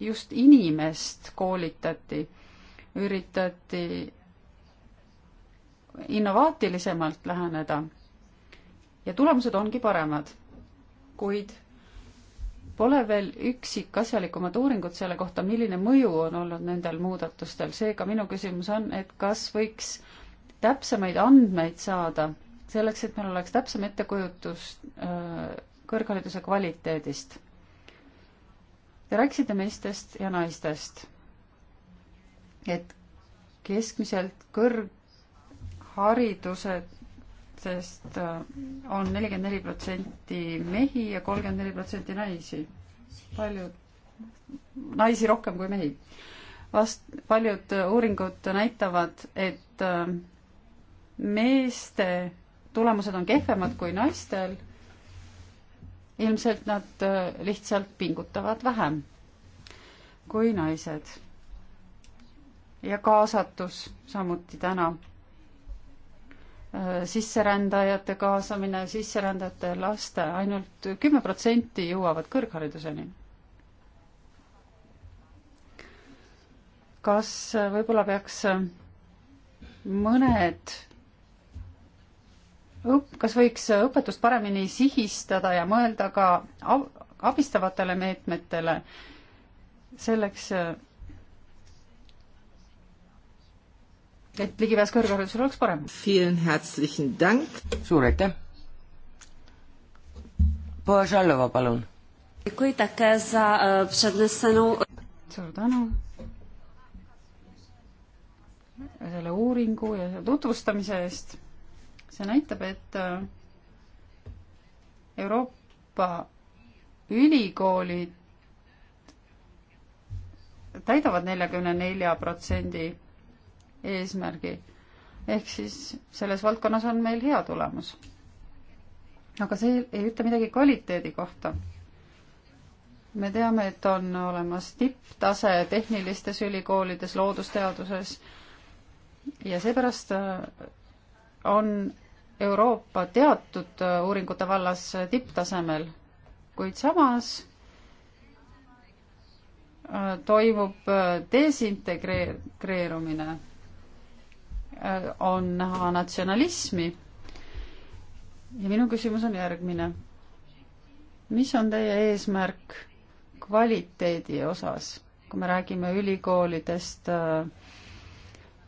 just inimest koolitati, üritati innovaatilisemalt läheneda ja tulemused ongi paremad. kuid pole veel üksikasjalikumat uuringut selle kohta, milline mõju on olnud nendel muudatustel, seega minu küsimus on, et kas võiks täpsemaid andmeid saada selleks, et meil oleks täpsem ettekujutus äh, kõrghariduse kvaliteedist. Te rääkisite meestest ja naistest. et keskmiselt kõrghariduse inimestest äh, on nelikümmend neli protsenti mehi ja kolmkümmend neli protsenti naisi. palju, naisi rohkem kui mehi. Vast-, paljud äh, uuringud näitavad, et äh, meeste tulemused on kehvemad kui naistel. ilmselt nad lihtsalt pingutavad vähem kui naised. ja kaasatus samuti täna Äh, sisserändajate kaasamine, sisserändajate laste ainult, ainult kümme protsenti jõuavad kõrghariduseni. kas äh, võib-olla peaks äh, mõned õpp-, kas võiks õpetust paremini sihistada ja mõelda ka abistavatele meetmetele selleks, et ligipääs kõrgharidusele oleks parem. suur aitäh. Požalova, palun. Eh, suur tänu selle uuringu ja selle tutvustamise eest. see näitab, et eh, Euroopa ülikoolid täidavad neljakümne nelja protsendi eesmärgi. ehk siis selles valdkonnas on meil hea tulemus. aga see ei ütle midagi kvaliteedi kohta. me teame, et on olemas tipptase tehnilistes ülikoolides, loodusteaduses ja seepärast äh, on Euroopa teatud äh, uuringute vallas äh, tipptasemel, kuid samas toimub desintegreerumine Äh, on näha natsionalismi. ja minu küsimus on järgmine. mis on teie eesmärk kvaliteedi osas, kui me räägime ülikoolidest, äh,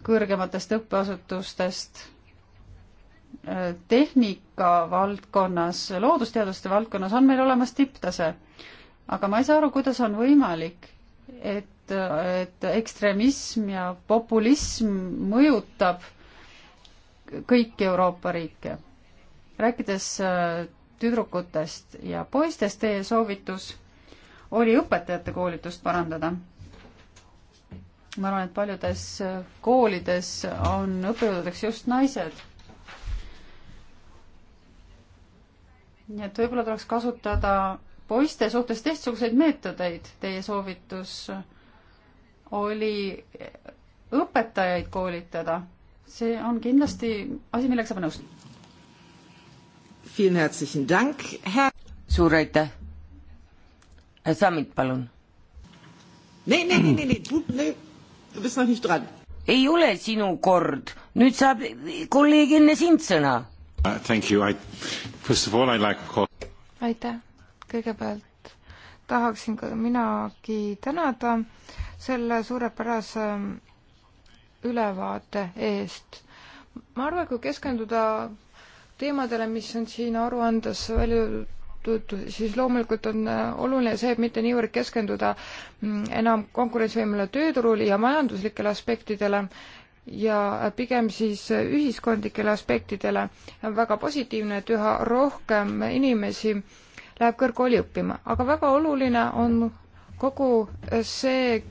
kõrgematest õppeasutustest, äh, tehnika valdkonnas, loodusteaduste valdkonnas on meil olemas tipptase, aga ma ei saa aru, kuidas on võimalik, et et, et ekstremism ja populism mõjutab kõiki Euroopa riike. rääkides äh, tüdrukutest ja poistest, teie soovitus oli õpetajate koolitust parandada. ma arvan, et paljudes äh, koolides on õppejõududeks just naised nii et võib-olla tuleks kasutada poiste suhtes teistsuguseid meetodeid, teie soovitus oli õpetajaid koolitada. see on kindlasti asi, millega saab nõustuda. suur aitäh. Samit, palun. ei ole sinu kord, nüüd saab kolleeg enne sind sõna uh,. Like aitäh, kõigepealt tahaksin ka minagi tänada äh, selle suurepärase ähm, ülevaate eest. ma arvan, et kui keskenduda teemadele, mis on siin aruandes välja toodud, siis loomulikult on äh, oluline see, et mitte niivõrd keskenduda mm, enam konkurentsivõimele tööturul ja majanduslikele aspektidele, ja äh, pigem siis äh, ühiskondlikele aspektidele on väga positiivne, et üha rohkem inimesi läheb kõrgkooli õppima, aga väga oluline on kogu see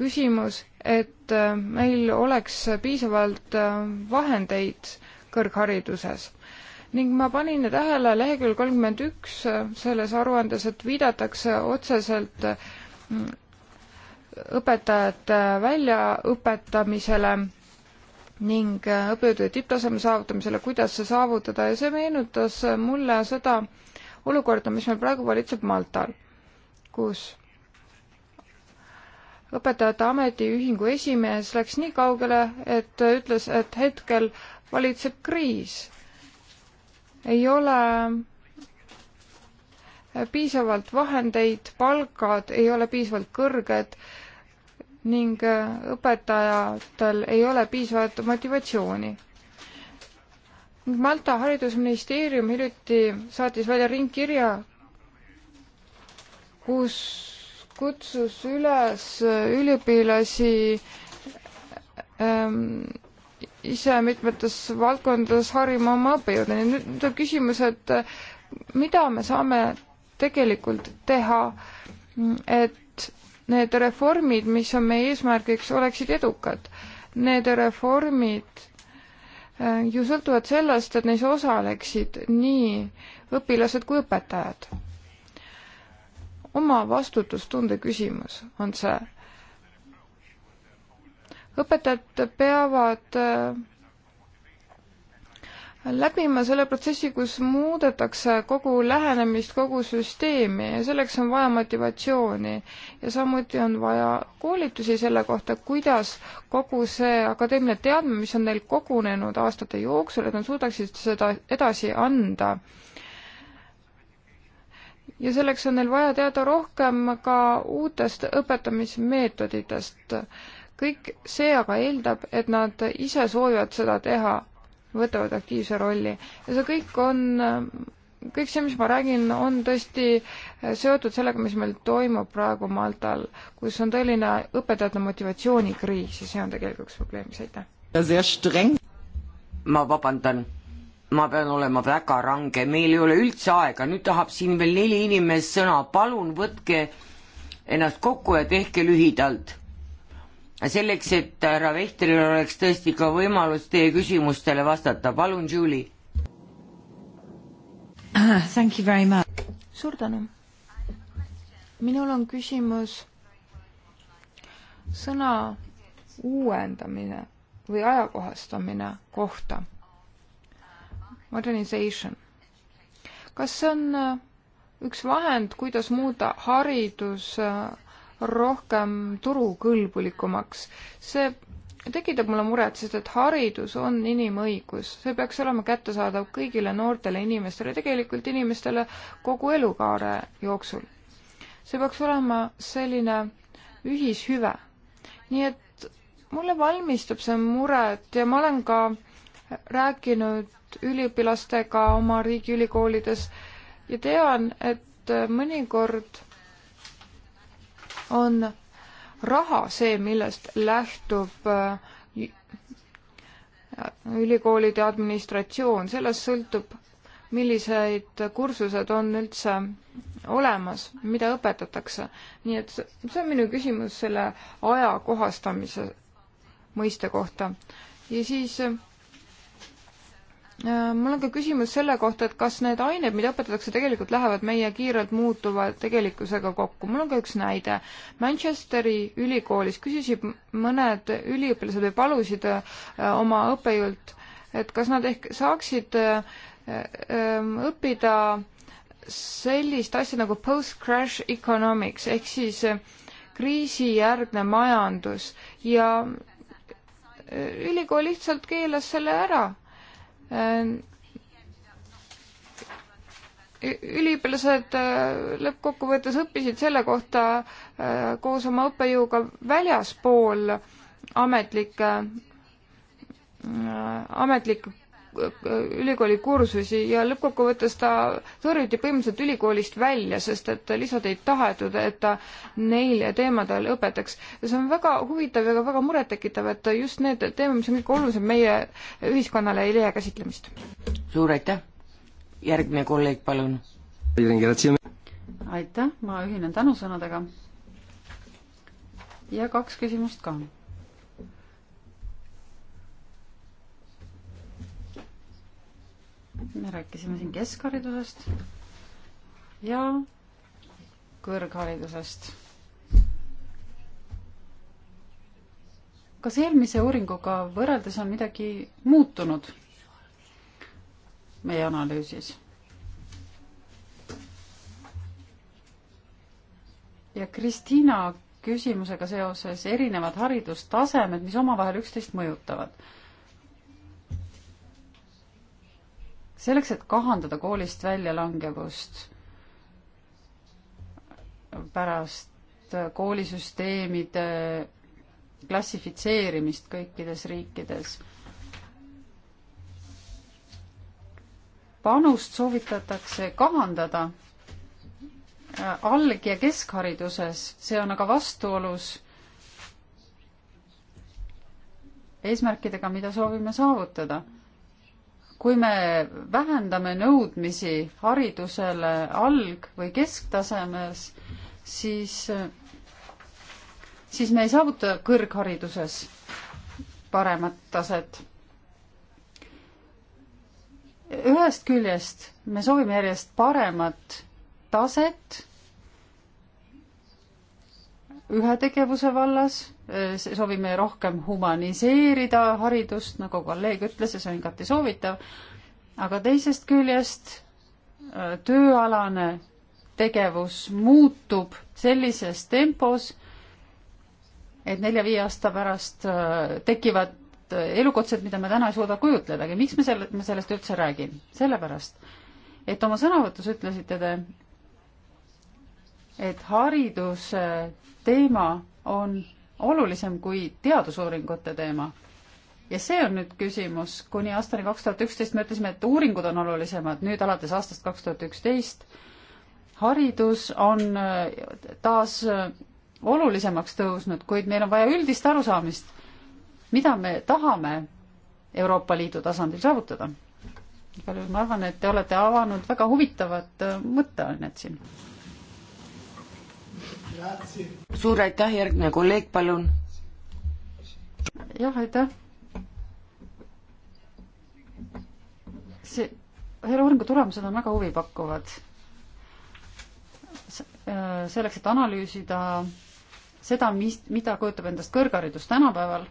küsimus, et äh, meil oleks piisavalt äh, vahendeid kõrghariduses. ning ma panin tähele lehekülg kolmkümmend üks äh, selles aruandes, et viidatakse otseselt õpetajate väljaõpetamisele ning õppejõudude tipptaseme saavutamisele, kuidas see saavutada ja see meenutas mulle seda olukorda, mis meil praegu valitseb Maltal, kus õpetajate ametiühingu esimees läks nii kaugele, et ütles, et hetkel valitseb kriis. ei ole piisavalt vahendeid, palgad ei ole piisavalt kõrged ning õpetajatel ei ole piisavat motivatsiooni. Malta haridusministeerium hiljuti saatis välja ringkirja, kus kutsus üles üliõpilasi ähm, ise mitmetes valdkondades harima oma õppejõude. nüüd tuleb küsimus, et äh, mida me saame tegelikult teha, et need reformid, mis on meie eesmärgiks, oleksid edukad. Need reformid äh, ju sõltuvad sellest, et neis osaleksid nii õpilased kui õpetajad oma vastutustunde küsimus on see. õpetajad peavad äh, läbima selle protsessi, kus muudetakse kogu lähenemist, kogu süsteemi ja selleks on vaja motivatsiooni ja samuti on vaja koolitusi selle kohta, kuidas kogu see akadeemiline teadmine, mis on neil kogunenud aastate jooksul, et nad suudaksid seda edasi anda äh, ja selleks on neil vaja teada rohkem ka uutest õpetamismeetoditest. kõik see aga eeldab, et nad ise soovivad seda teha, võtavad aktiivse rolli ja see kõik on, kõik see, mis ma räägin, on tõesti seotud sellega, mis meil toimub praegu Maltal, kus on tõeline õpetajate motivatsioonikriis ja see on tegelikult üks probleem, aitäh. ma vabandan ma pean olema väga range, meil ei ole üldse aega, nüüd tahab siin veel neli inimest sõna, palun võtke ennast kokku ja tehke lühidalt. selleks, et härra Vehtril oleks tõesti ka võimalus teie küsimustele vastata, palun, Julie ah,. Thank you very much. suur tänu. minul on küsimus sõna uuendamine või ajakohastamine kohta modernization. kas see on äh, üks vahend, kuidas muuta haridus äh, rohkem turukõlbulikumaks? see tekitab mulle muret, sest et haridus on inimõigus, see peaks olema kättesaadav kõigile noortele inimestele, tegelikult inimestele kogu elukaare jooksul. see peaks olema selline ühishüve. nii et mulle valmistab see muret ja ma olen ka rääkinud koostööd üliõpilastega oma riigi ülikoolides ja tean, et mõnikord on raha see, millest lähtub äh, ülikoolide administratsioon, sellest sõltub, millised kursused on üldse olemas, mida õpetatakse. nii et see on minu küsimus selle aja kohastamise mõiste kohta. ja siis äh, Äh, mul on ka küsimus selle kohta, et kas need ained, mida õpetatakse, tegelikult lähevad meie kiirelt muutuva tegelikkusega kokku. mul on ka üks näide. Manchesteri ülikoolis küsisid mõned üliõpilased või palusid äh, oma õppejõult, et kas nad ehk saaksid äh, õppida sellist asja nagu post-crash economics ehk siis kriisijärgne majandus ja ülikool lihtsalt keelas selle ära Äh, üliõpilased äh, lõppkokkuvõttes õppisid selle kohta äh, koos oma õppejõuga väljaspool ametlikke, ametlikke ülikooli kursusi ja lõppkokkuvõttes ta tõrjuti põhimõtteliselt ülikoolist välja, sest et lihtsalt ei tahetud, et ta neil teemadel õpetaks. ja see on väga huvitav ja ka väga murettekitav, et just need teemad, mis on kõige olulisem meie ühiskonnale, ei leia käsitlemist. suur aitäh! järgmine kolleeg, palun! aitäh, ma ühinen tänusõnadega. ja kaks küsimust ka me rääkisime siin keskharidusest ja kõrgharidusest. kas eelmise uuringuga võrreldes on midagi muutunud meie analüüsis? ja Kristiina küsimusega seoses erinevad haridustasemed, mis omavahel üksteist mõjutavad selleks, et kahandada koolist väljalangevust pärast koolisüsteemide klassifitseerimist kõikides riikides. panust soovitatakse kahandada alg- ja keskhariduses, see on aga vastuolus eesmärkidega, mida soovime saavutada kui me vähendame nõudmisi haridusele alg- või kesktasemes, siis, siis me ei saavuta kõrghariduses paremat taset. ühest küljest me soovime järjest paremat taset ühe tegevuse vallas, soovime rohkem humaniseerida haridust, nagu kolleeg ütles ja see on igati soovitav, aga teisest küljest äh, tööalane tegevus muutub sellises tempos, et nelja-viie aasta pärast äh, tekivad äh, elukutsed, mida me täna ei suuda kujutledagi. miks me selle, ma sellest üldse räägin? sellepärast, et oma sõnavõtus ütlesite te, et hariduse teema on olulisem kui teadusuuringute teema. ja see on nüüd küsimus, kuni aastani kaks tuhat üksteist me ütlesime, et uuringud on olulisemad, nüüd alates aastast kaks tuhat üksteist haridus on äh, taas äh, olulisemaks tõusnud, kuid meil on vaja üldist arusaamist, mida me tahame Euroopa Liidu tasandil saavutada. igal juhul ma arvan, et te olete avanud väga huvitavat äh, mõtteainet siin suur aitäh, järgmine kolleeg, palun. jah, aitäh. see, selle uuringu tulemused on väga huvipakkuvad. Äh, selleks, et analüüsida seda, mis, mida kujutab endast kõrgharidus tänapäeval.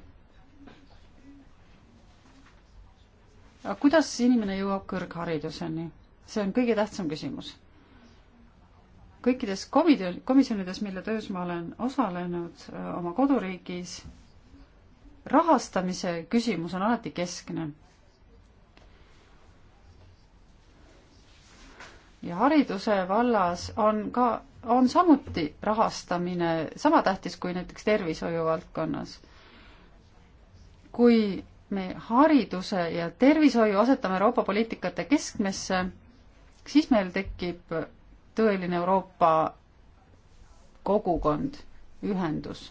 kuidas inimene jõuab kõrghariduseni? see on kõige tähtsam küsimus kõikides komitee, komisjonides, mille töös ma olen osalenud oma koduriigis, rahastamise küsimus on alati keskne. ja hariduse vallas on ka, on samuti rahastamine sama tähtis kui näiteks tervishoiu valdkonnas. kui me hariduse ja tervishoiu asetame Euroopa poliitikate keskmesse, siis meil tekib tõeline Euroopa kogukond, ühendus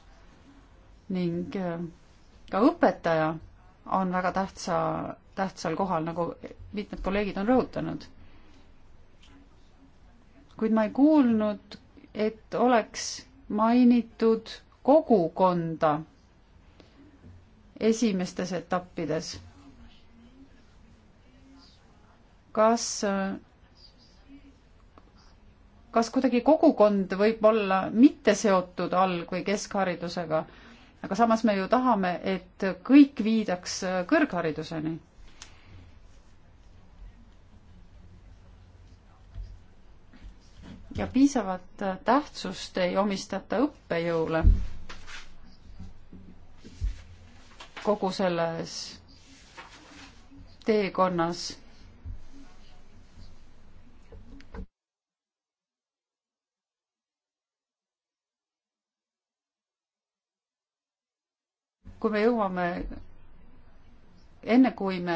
ning äh, ka õpetaja on väga tähtsa, tähtsal kohal, nagu mitmed kolleegid on rõhutanud. kuid ma ei kuulnud, et oleks mainitud kogukonda esimestes etappides. kas äh, kas kuidagi kogukond võib olla mitte seotud alg- või keskharidusega, aga samas me ju tahame, et kõik viidaks kõrghariduseni. ja piisavat tähtsust ei omistata õppejõule kogu selles teekonnas kui me jõuame, enne kui me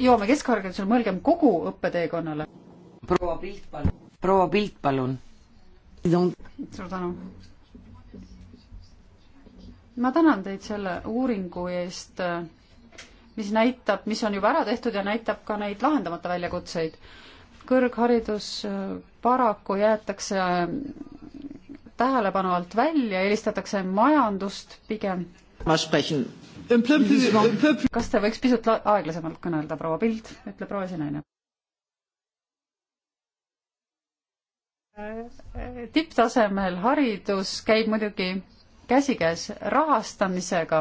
jõuame keskharidusele, mõelgem kogu õppeteekonnale. proua Pilt, palun. proua Pilt, palun. suur tänu. ma tänan teid selle uuringu eest, mis näitab, mis on juba ära tehtud ja näitab ka neid lahendamata väljakutseid. kõrgharidus paraku jäetakse tähelepanu alt välja, eelistatakse majandust pigem kas ta võiks pisut aeglasemalt kõnelda, proua Pild, ütleb proua Sinaine. tipptasemel haridus käib muidugi käsikäes rahastamisega.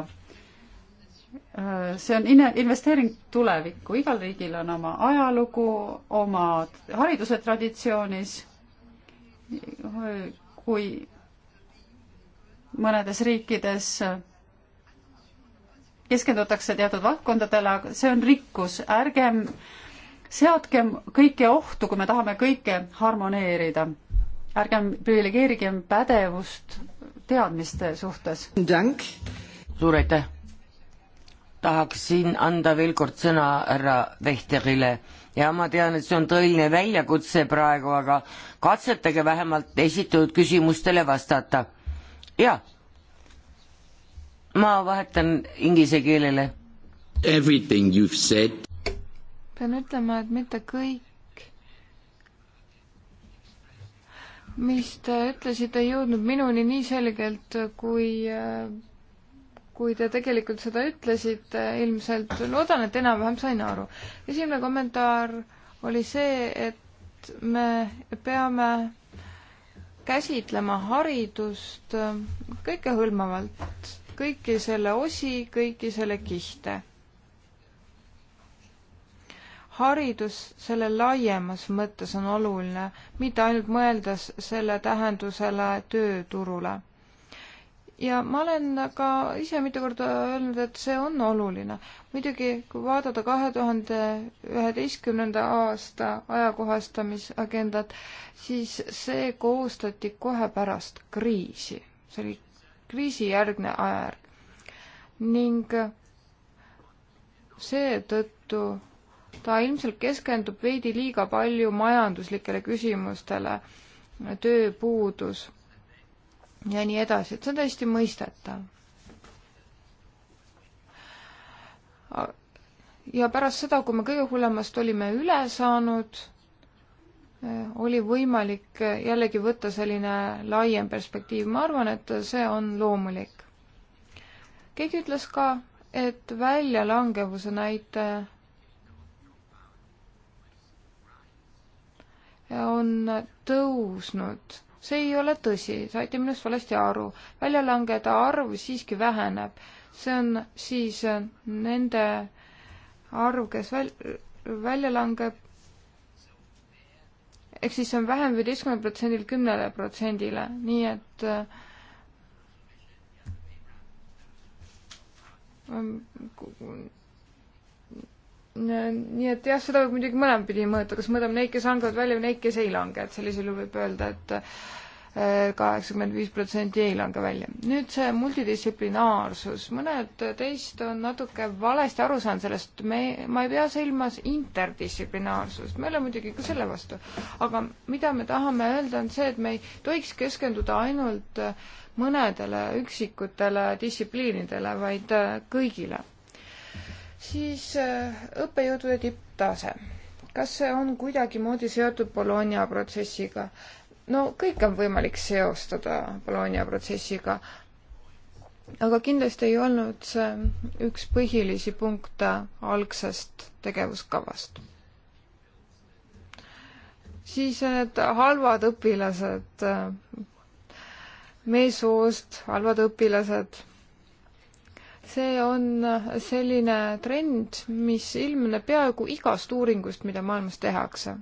see on investeering tulevikku, igal riigil on oma ajalugu, oma hariduse traditsioonis. kui mõnedes riikides keskendutakse teatud valdkondadele, aga see on rikkus, ärgem seadkem kõike ohtu, kui me tahame kõike harmoneerida. ärgem priviligeerigem pädevust teadmiste suhtes. suur aitäh! tahaksin anda veel kord sõna härra Vehterile ja ma tean, et see on tõeline väljakutse praegu, aga katsetage vähemalt esitatud küsimustele vastata. jaa ma vahetan inglise keelele. Everything you have said. pean ütlema, et mitte kõik, mis te ütlesite, ei jõudnud minuni nii selgelt, kui, kui te tegelikult seda ütlesite, ilmselt loodan, et enam-vähem sain aru. esimene kommentaar oli see, et me peame käsitlema haridust kõikehõlmavalt kõiki selle osi, kõiki selle kihte. haridus selle laiemas mõttes on oluline, mitte ainult mõeldes selle tähendusele tööturule. ja ma olen ka ise mitu korda öelnud, et see on oluline. muidugi, kui vaadata kahe tuhande üheteistkümnenda aasta ajakohastamisagendat, siis see koostati kohe pärast kriisi see oli kriisijärgne ajajärk. ning seetõttu ta ilmselt keskendub veidi liiga palju majanduslikele küsimustele, tööpuudus ja nii edasi, et see on täiesti mõistetav. ja pärast seda, kui me kõige hullemast olime üle saanud Äh, oli võimalik äh, jällegi võtta selline laiem perspektiiv, ma arvan, et see on loomulik. keegi ütles ka, et väljalangevuse näitaja on tõusnud. see ei ole tõsi, saite minust valesti aru. väljalangede arv siiski väheneb. see on siis nende arv, kes väl-, välja langeb ehk siis see on vähem viieteistkümnel protsendil kümnele protsendile, nii et äh, ähm, nii et jah, seda võib muidugi mõlemat pidi mõõta, kas mõõdame neid, kes langevad välja või neid, kes ei lange, et sellisel juhul võib öelda, et kaheksakümmend viis protsenti ei lange välja. nüüd see multidistsiplinaarsus, mõned teist on natuke valesti aru saanud sellest, me, ma ei pea silmas interdistsiplinaarsust, me oleme muidugi ka selle vastu, aga mida me tahame öelda, on see, et me ei tohiks keskenduda ainult mõnedele üksikutele distsipliinidele, vaid kõigile. siis äh, õppejõudude tipptase kas see on kuidagimoodi seotud Bologna protsessiga? no kõike on võimalik seostada Bologna protsessiga, aga kindlasti ei olnud see üks põhilisi punkte algsest tegevuskavast. siis need halvad õpilased, meessoost halvad õpilased, see on selline trend, mis ilmneb peaaegu igast uuringust, mida maailmas tehakse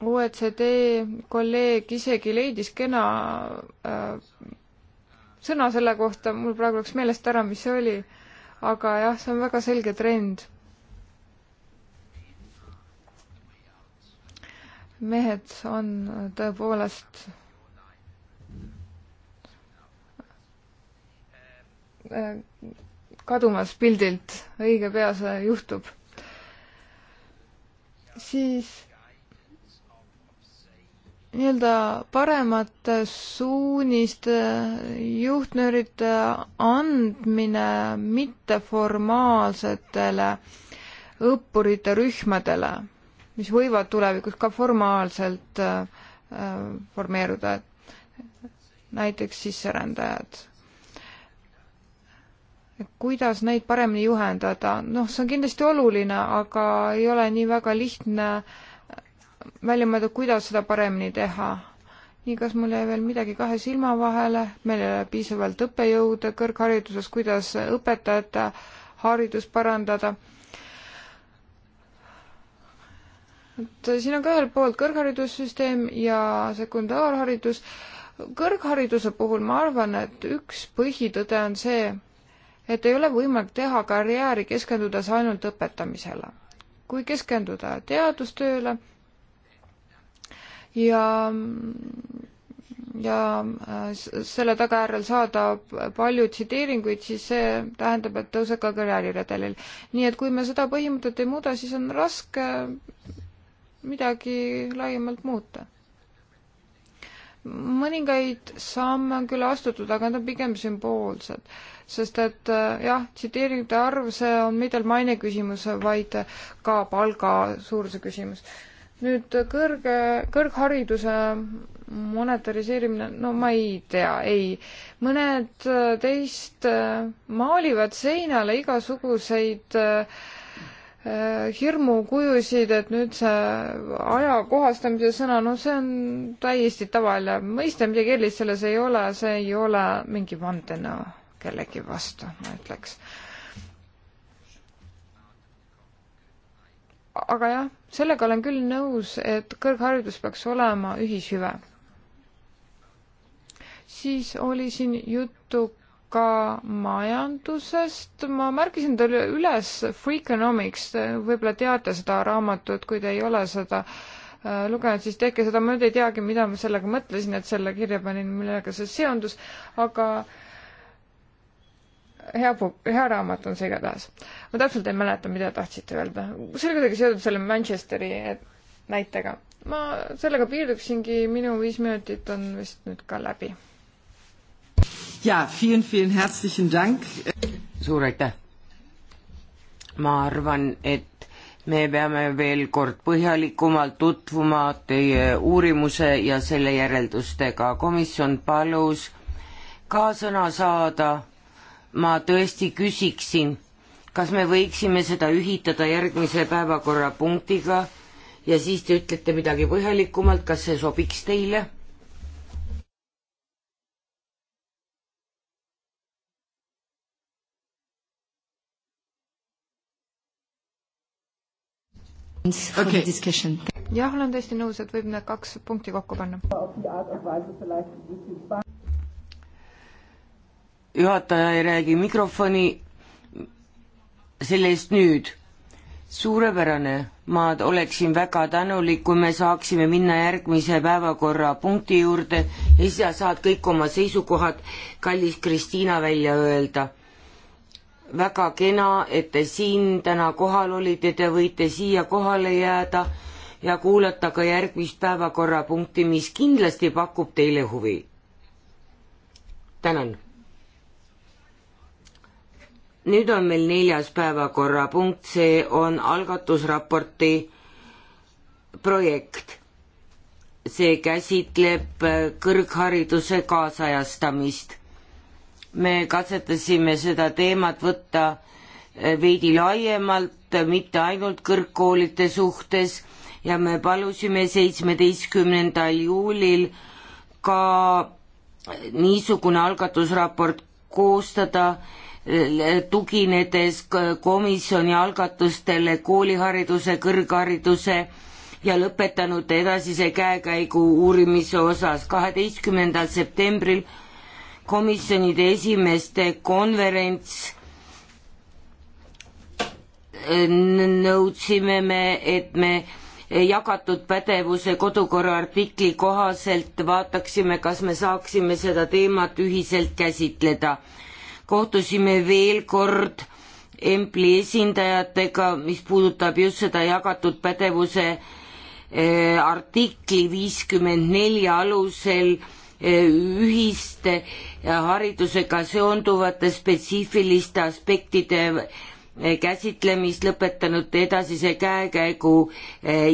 OECD kolleeg isegi leidis kena äh, sõna selle kohta, mul praegu läks meelest ära, mis see oli, aga jah, see on väga selge trend. mehed on tõepoolest äh, kadumas pildilt, õige pea see juhtub. siis nii-öelda paremate suuniste juhtnööride andmine mitteformaalsetele õppurite rühmadele, mis võivad tulevikus ka formaalselt äh, formeeruda, näiteks sisserändajad. kuidas neid paremini juhendada, noh, see on kindlasti oluline, aga ei ole nii väga lihtne äh, välja mõelda, kuidas seda paremini teha. nii, kas mul jäi veel midagi kahe silma vahele, meil ei ole piisavalt õppejõude kõrghariduses, kuidas õpetajate haridust parandada. et siin on ka ühelt poolt kõrgharidussüsteem ja sekundaarharidus. kõrghariduse puhul ma arvan, et üks põhitõde on see, et ei ole võimalik teha karjääri keskendudes ainult õpetamisele. kui keskenduda teadustööle, ja ja äh, selle tagajärjel saada palju tsiteeringuid, siis see tähendab, et tõuseb ka karjääriredelil. nii et kui me seda põhimõtet ei muuda, siis on raske midagi laiemalt muuta. mõningaid samme on küll astutud, aga need on pigem sümboolsed, sest et äh, jah, tsiteeringute arv, see on mitte maine küsimus, vaid ka palga suuruse küsimus nüüd kõrge, kõrghariduse monetariseerimine, no ma ei tea, ei. mõned äh, teist äh, maalivad seinale igasuguseid äh, äh, hirmukujusid, et nüüd see ajakohastamise sõna, no see on täiesti tavaline mõiste, midagi erilist selles ei ole, see ei ole mingi vandenõu kellegi vastu, ma ütleks aga jah, sellega olen küll nõus, et kõrgharidus peaks olema ühishüve. siis oli siin juttu ka majandusest, ma märkisin talle üles Freakonomics, võib-olla teate seda raamatut, kui te ei ole seda äh, lugenud, siis tehke seda, ma nüüd ei teagi, mida ma sellega mõtlesin, et selle kirja panin, millega see seondus, aga äh, hea pu-, hea raamat on see igatahes. ma täpselt ei mäleta, mida tahtsite öelda. see oli kuidagi seotud selle Manchesteri näitega. ma sellega piirduksingi, minu viis minutit on vist nüüd ka läbi. jaa, vielen, vielen herzlichen Dank. suur aitäh. ma arvan, et me peame veel kord põhjalikumalt tutvuma teie uurimuse ja selle järeldustega. komisjon palus ka sõna saada ma tõesti küsiksin, kas me võiksime seda ühitada järgmise päevakorrapunktiga ja siis te ütlete midagi põhjalikumalt, kas see sobiks teile? Okay. jah, olen täiesti nõus, et võib need kaks punkti kokku panna juhataja ei räägi mikrofoni, selle eest nüüd. suurepärane, ma oleksin väga tänulik, kui me saaksime minna järgmise päevakorrapunkti juurde ja siis saad kõik oma seisukohad, kallis Kristiina, välja öelda väga kena, et te siin täna kohal olite, te võite siia kohale jääda ja kuulata ka järgmist päevakorrapunkti, mis kindlasti pakub teile huvi. tänan nüüd on meil neljas päevakorrapunkt, see on algatusraporti projekt. see käsitleb kõrghariduse kaasajastamist. me katsetasime seda teemat võtta veidi laiemalt, mitte ainult kõrgkoolide suhtes ja me palusime seitsmeteistkümnendal juulil ka niisugune algatusraport koostada, tuginedes komisjoni algatustele koolihariduse, kõrghariduse ja lõpetanute edasise käekäigu uurimise osas. kaheteistkümnendal septembril komisjonide esimeeste konverents äh, nõudsime me, et me jagatud pädevuse kodukorra artikli kohaselt vaataksime, kas me saaksime seda teemat ühiselt käsitleda kohtusime veel kord Empli esindajatega, mis puudutab just seda jagatud pädevuse eh, artikli viiskümmend neli alusel eh, ühiste haridusega seonduvate spetsiifiliste aspektide eh, käsitlemist, lõpetanute edasise käekäigu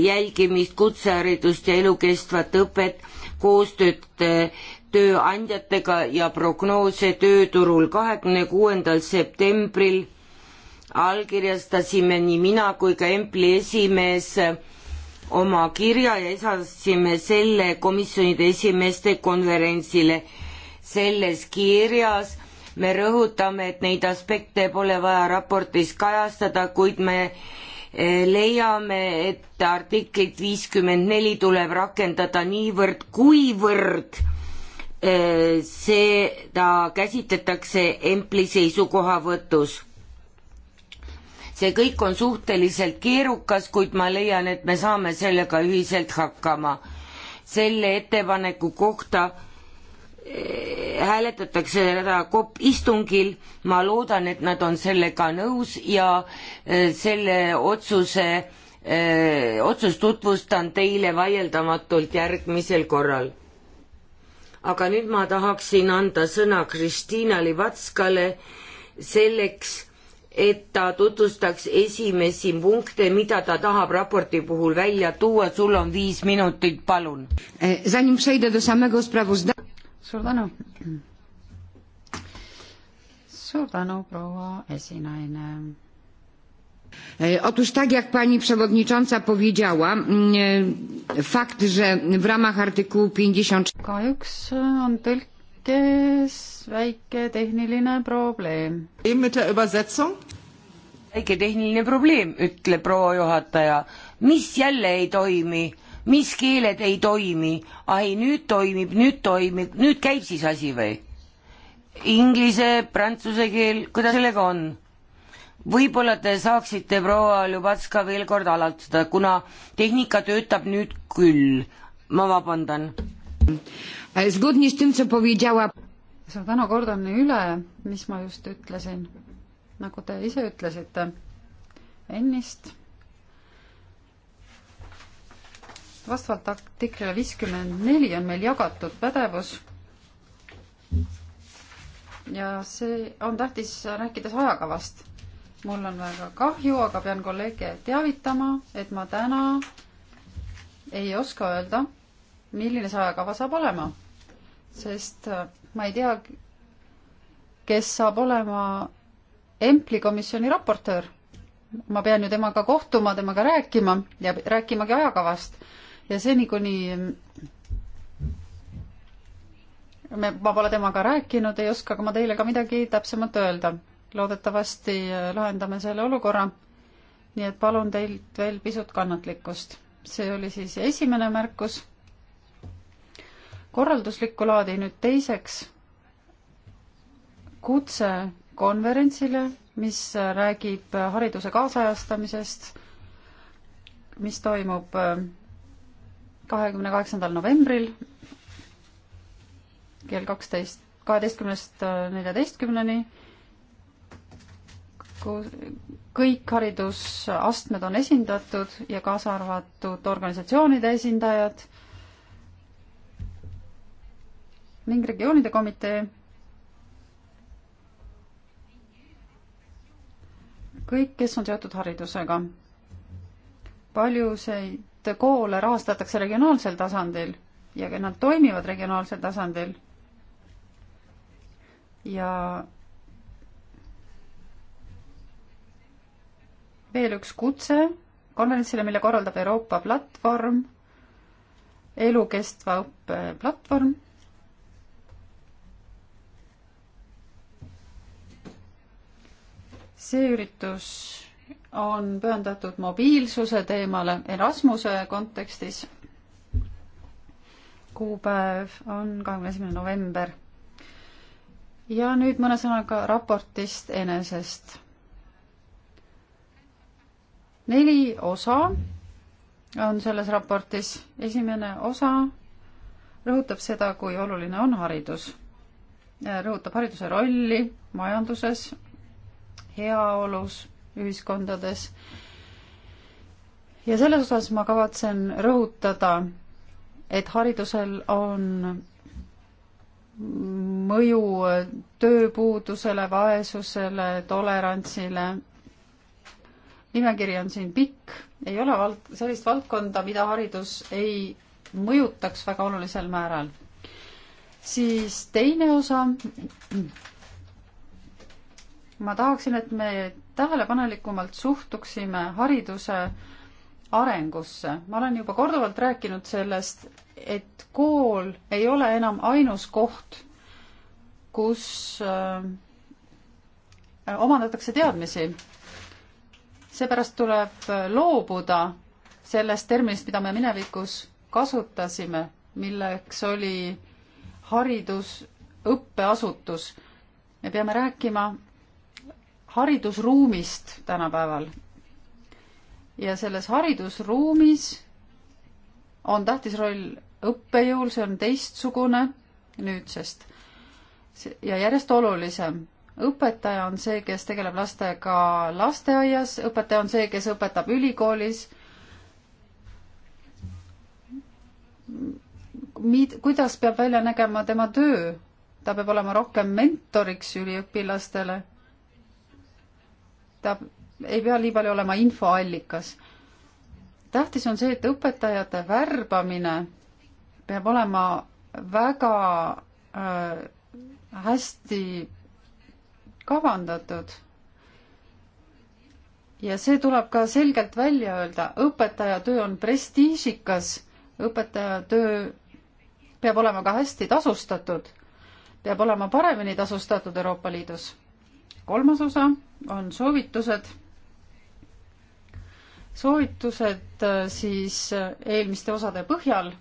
jälgimist, kutseharidust ja elukestvat õpet, koostööd tööandjatega ja prognoose tööturul. kahekümne kuuendal septembril allkirjastasime nii mina kui ka Empli esimees oma kirja ja edastasime selle komisjonide esimeeste konverentsile. selles kirjas me rõhutame, et neid aspekte pole vaja raportis kajastada, kuid me eh, leiame, et artiklit viiskümmend neli tuleb rakendada niivõrd, kuivõrd Äh, seda käsitletakse Empli seisukohavõtus. see kõik on suhteliselt keerukas, kuid ma leian, et me saame sellega ühiselt hakkama. selle ettepaneku kohta äh, hääletatakse seda COP istungil, ma loodan, et nad on sellega nõus ja äh, selle otsuse, otsust tutvustan teile vaieldamatult järgmisel korral aga nüüd ma tahaksin anda sõna Kristiina Livatskale selleks, et ta tutvustaks esimesi punkte, mida ta tahab raporti puhul välja tuua, sul on viis minutit, palun. E, suur tänu. suur tänu, proua esinaine E, otóż tak jak pani przewodnicząca powiedziała, mm, e, fakt, że w ramach artykułu 50 kahjuks on tõlkes väike tehniline probleem. väike tehniline probleem, ütleb proua juhataja, mis jälle ei toimi, mis keeled ei toimi, ai nüüd toimib, nüüd toimib, nüüd käib siis asi või? Inglise, prantsuse keel, kuidas sellega on? võib-olla te saaksite, proua Ljubatska, veel kord alatada, kuna tehnika töötab nüüd küll. ma vabandan. suur tänu, kordan üle, mis ma just ütlesin. nagu te ise ütlesite ennist, vastavalt artiklile viiskümmend neli on meil jagatud pädevus ja see on tähtis, rääkides ajakavast mul on väga kahju, aga pean kolleege teavitama, et ma täna ei oska öelda, milline see ajakava saab olema, sest äh, ma ei tea, kes saab olema Empli komisjoni raportöör. ma pean ju temaga kohtuma, temaga rääkima ja rääkimagi ajakavast ja seni, kuni me, ma pole temaga rääkinud, ei oska ka ma teile ka midagi täpsemat öelda loodetavasti äh, lahendame selle olukorra. nii et palun teilt veel pisut kannatlikkust. see oli siis esimene märkus. korralduslikku laadi nüüd teiseks kutse konverentsile, mis räägib äh, hariduse kaasajastamisest, mis toimub äh, kahekümne kaheksandal novembril kell kaksteist, kaheteistkümnest neljateistkümneni kus kõik haridusastmed on esindatud ja kaasa arvatud organisatsioonide esindajad ning regioonide komitee. kõik, kes on seotud haridusega. paljusid koole rahastatakse regionaalsel tasandil ja nad toimivad regionaalsel tasandil. ja veel üks kutse konverentsile, mille korraldab Euroopa platvorm, elukestva õppe platvorm. see üritus on pühendatud mobiilsuse teemale Erasmuse kontekstis. kuupäev on kahekümne esimene november. ja nüüd mõne sõnaga raportist enesest neli osa on selles raportis. esimene osa rõhutab seda, kui oluline on haridus. rõhutab hariduse rolli majanduses, heaolus, ühiskondades. ja selles osas ma kavatsen rõhutada, et haridusel on mõju tööpuudusele, vaesusele, tolerantsile nimekiri on siin pikk, ei ole vald-, sellist valdkonda, mida haridus ei mõjutaks väga olulisel määral. siis teine osa. ma tahaksin, et me tähelepanelikumalt suhtuksime hariduse arengusse. ma olen juba korduvalt rääkinud sellest, et kool ei ole enam ainus koht, kus äh, omandatakse teadmisi seepärast tuleb äh, loobuda sellest terminist, mida me minevikus kasutasime, milleks oli haridus, õppeasutus. me peame rääkima haridusruumist tänapäeval. ja selles haridusruumis on tähtis roll õppejõul, see on teistsugune nüüdsest ja järjest olulisem õpetaja on see, kes tegeleb lastega lasteaias, õpetaja on see, kes õpetab ülikoolis. Mid-, kuidas peab välja nägema tema töö? ta peab olema rohkem mentoriks üliõpilastele. ta ei pea nii palju olema infoallikas. tähtis on see, et õpetajate värbamine peab olema väga äh, hästi kavandatud. ja see tuleb ka selgelt välja öelda, õpetaja töö on prestiižikas, õpetaja töö peab olema ka hästi tasustatud, peab olema paremini tasustatud Euroopa Liidus. kolmas osa on soovitused. soovitused äh, siis äh, eelmiste osade põhjal.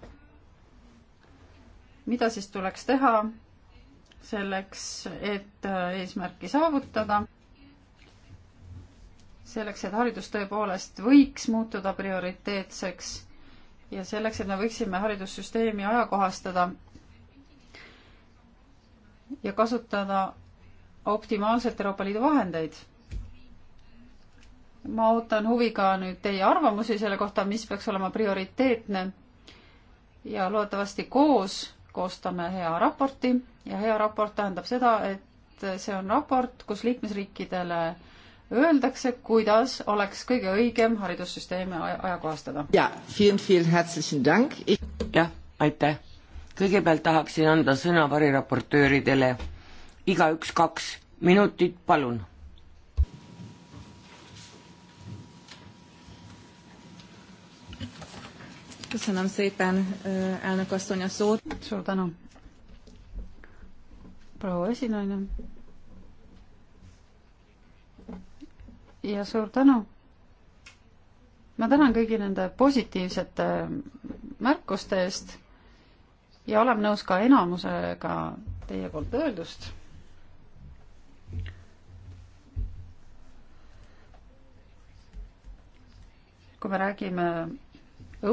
mida siis tuleks teha selleks, et äh, eesmärki saavutada, selleks, et haridus tõepoolest võiks muutuda prioriteetseks ja selleks, et me võiksime haridussüsteemi ajakohastada ja kasutada optimaalselt Euroopa Liidu vahendeid. ma ootan huviga nüüd teie arvamusi selle kohta, mis peaks olema prioriteetne ja loodetavasti koos koostame hea raporti ja hea raport tähendab seda, et see on raport, kus liikmesriikidele öeldakse, kuidas oleks kõige õigem haridussüsteemi ajakohastada. jah, aitäh. kõigepealt tahaksin anda sõna variraportööridele. igaüks kaks minutit, palun Köszönöm szépen, elnök asszony, a szót. Suur tänu proua esinaine. ja suur tänu. ma tänan kõigi nende positiivsete märkuste eest ja olen nõus ka enamusega teie poolt öeldust. kui me räägime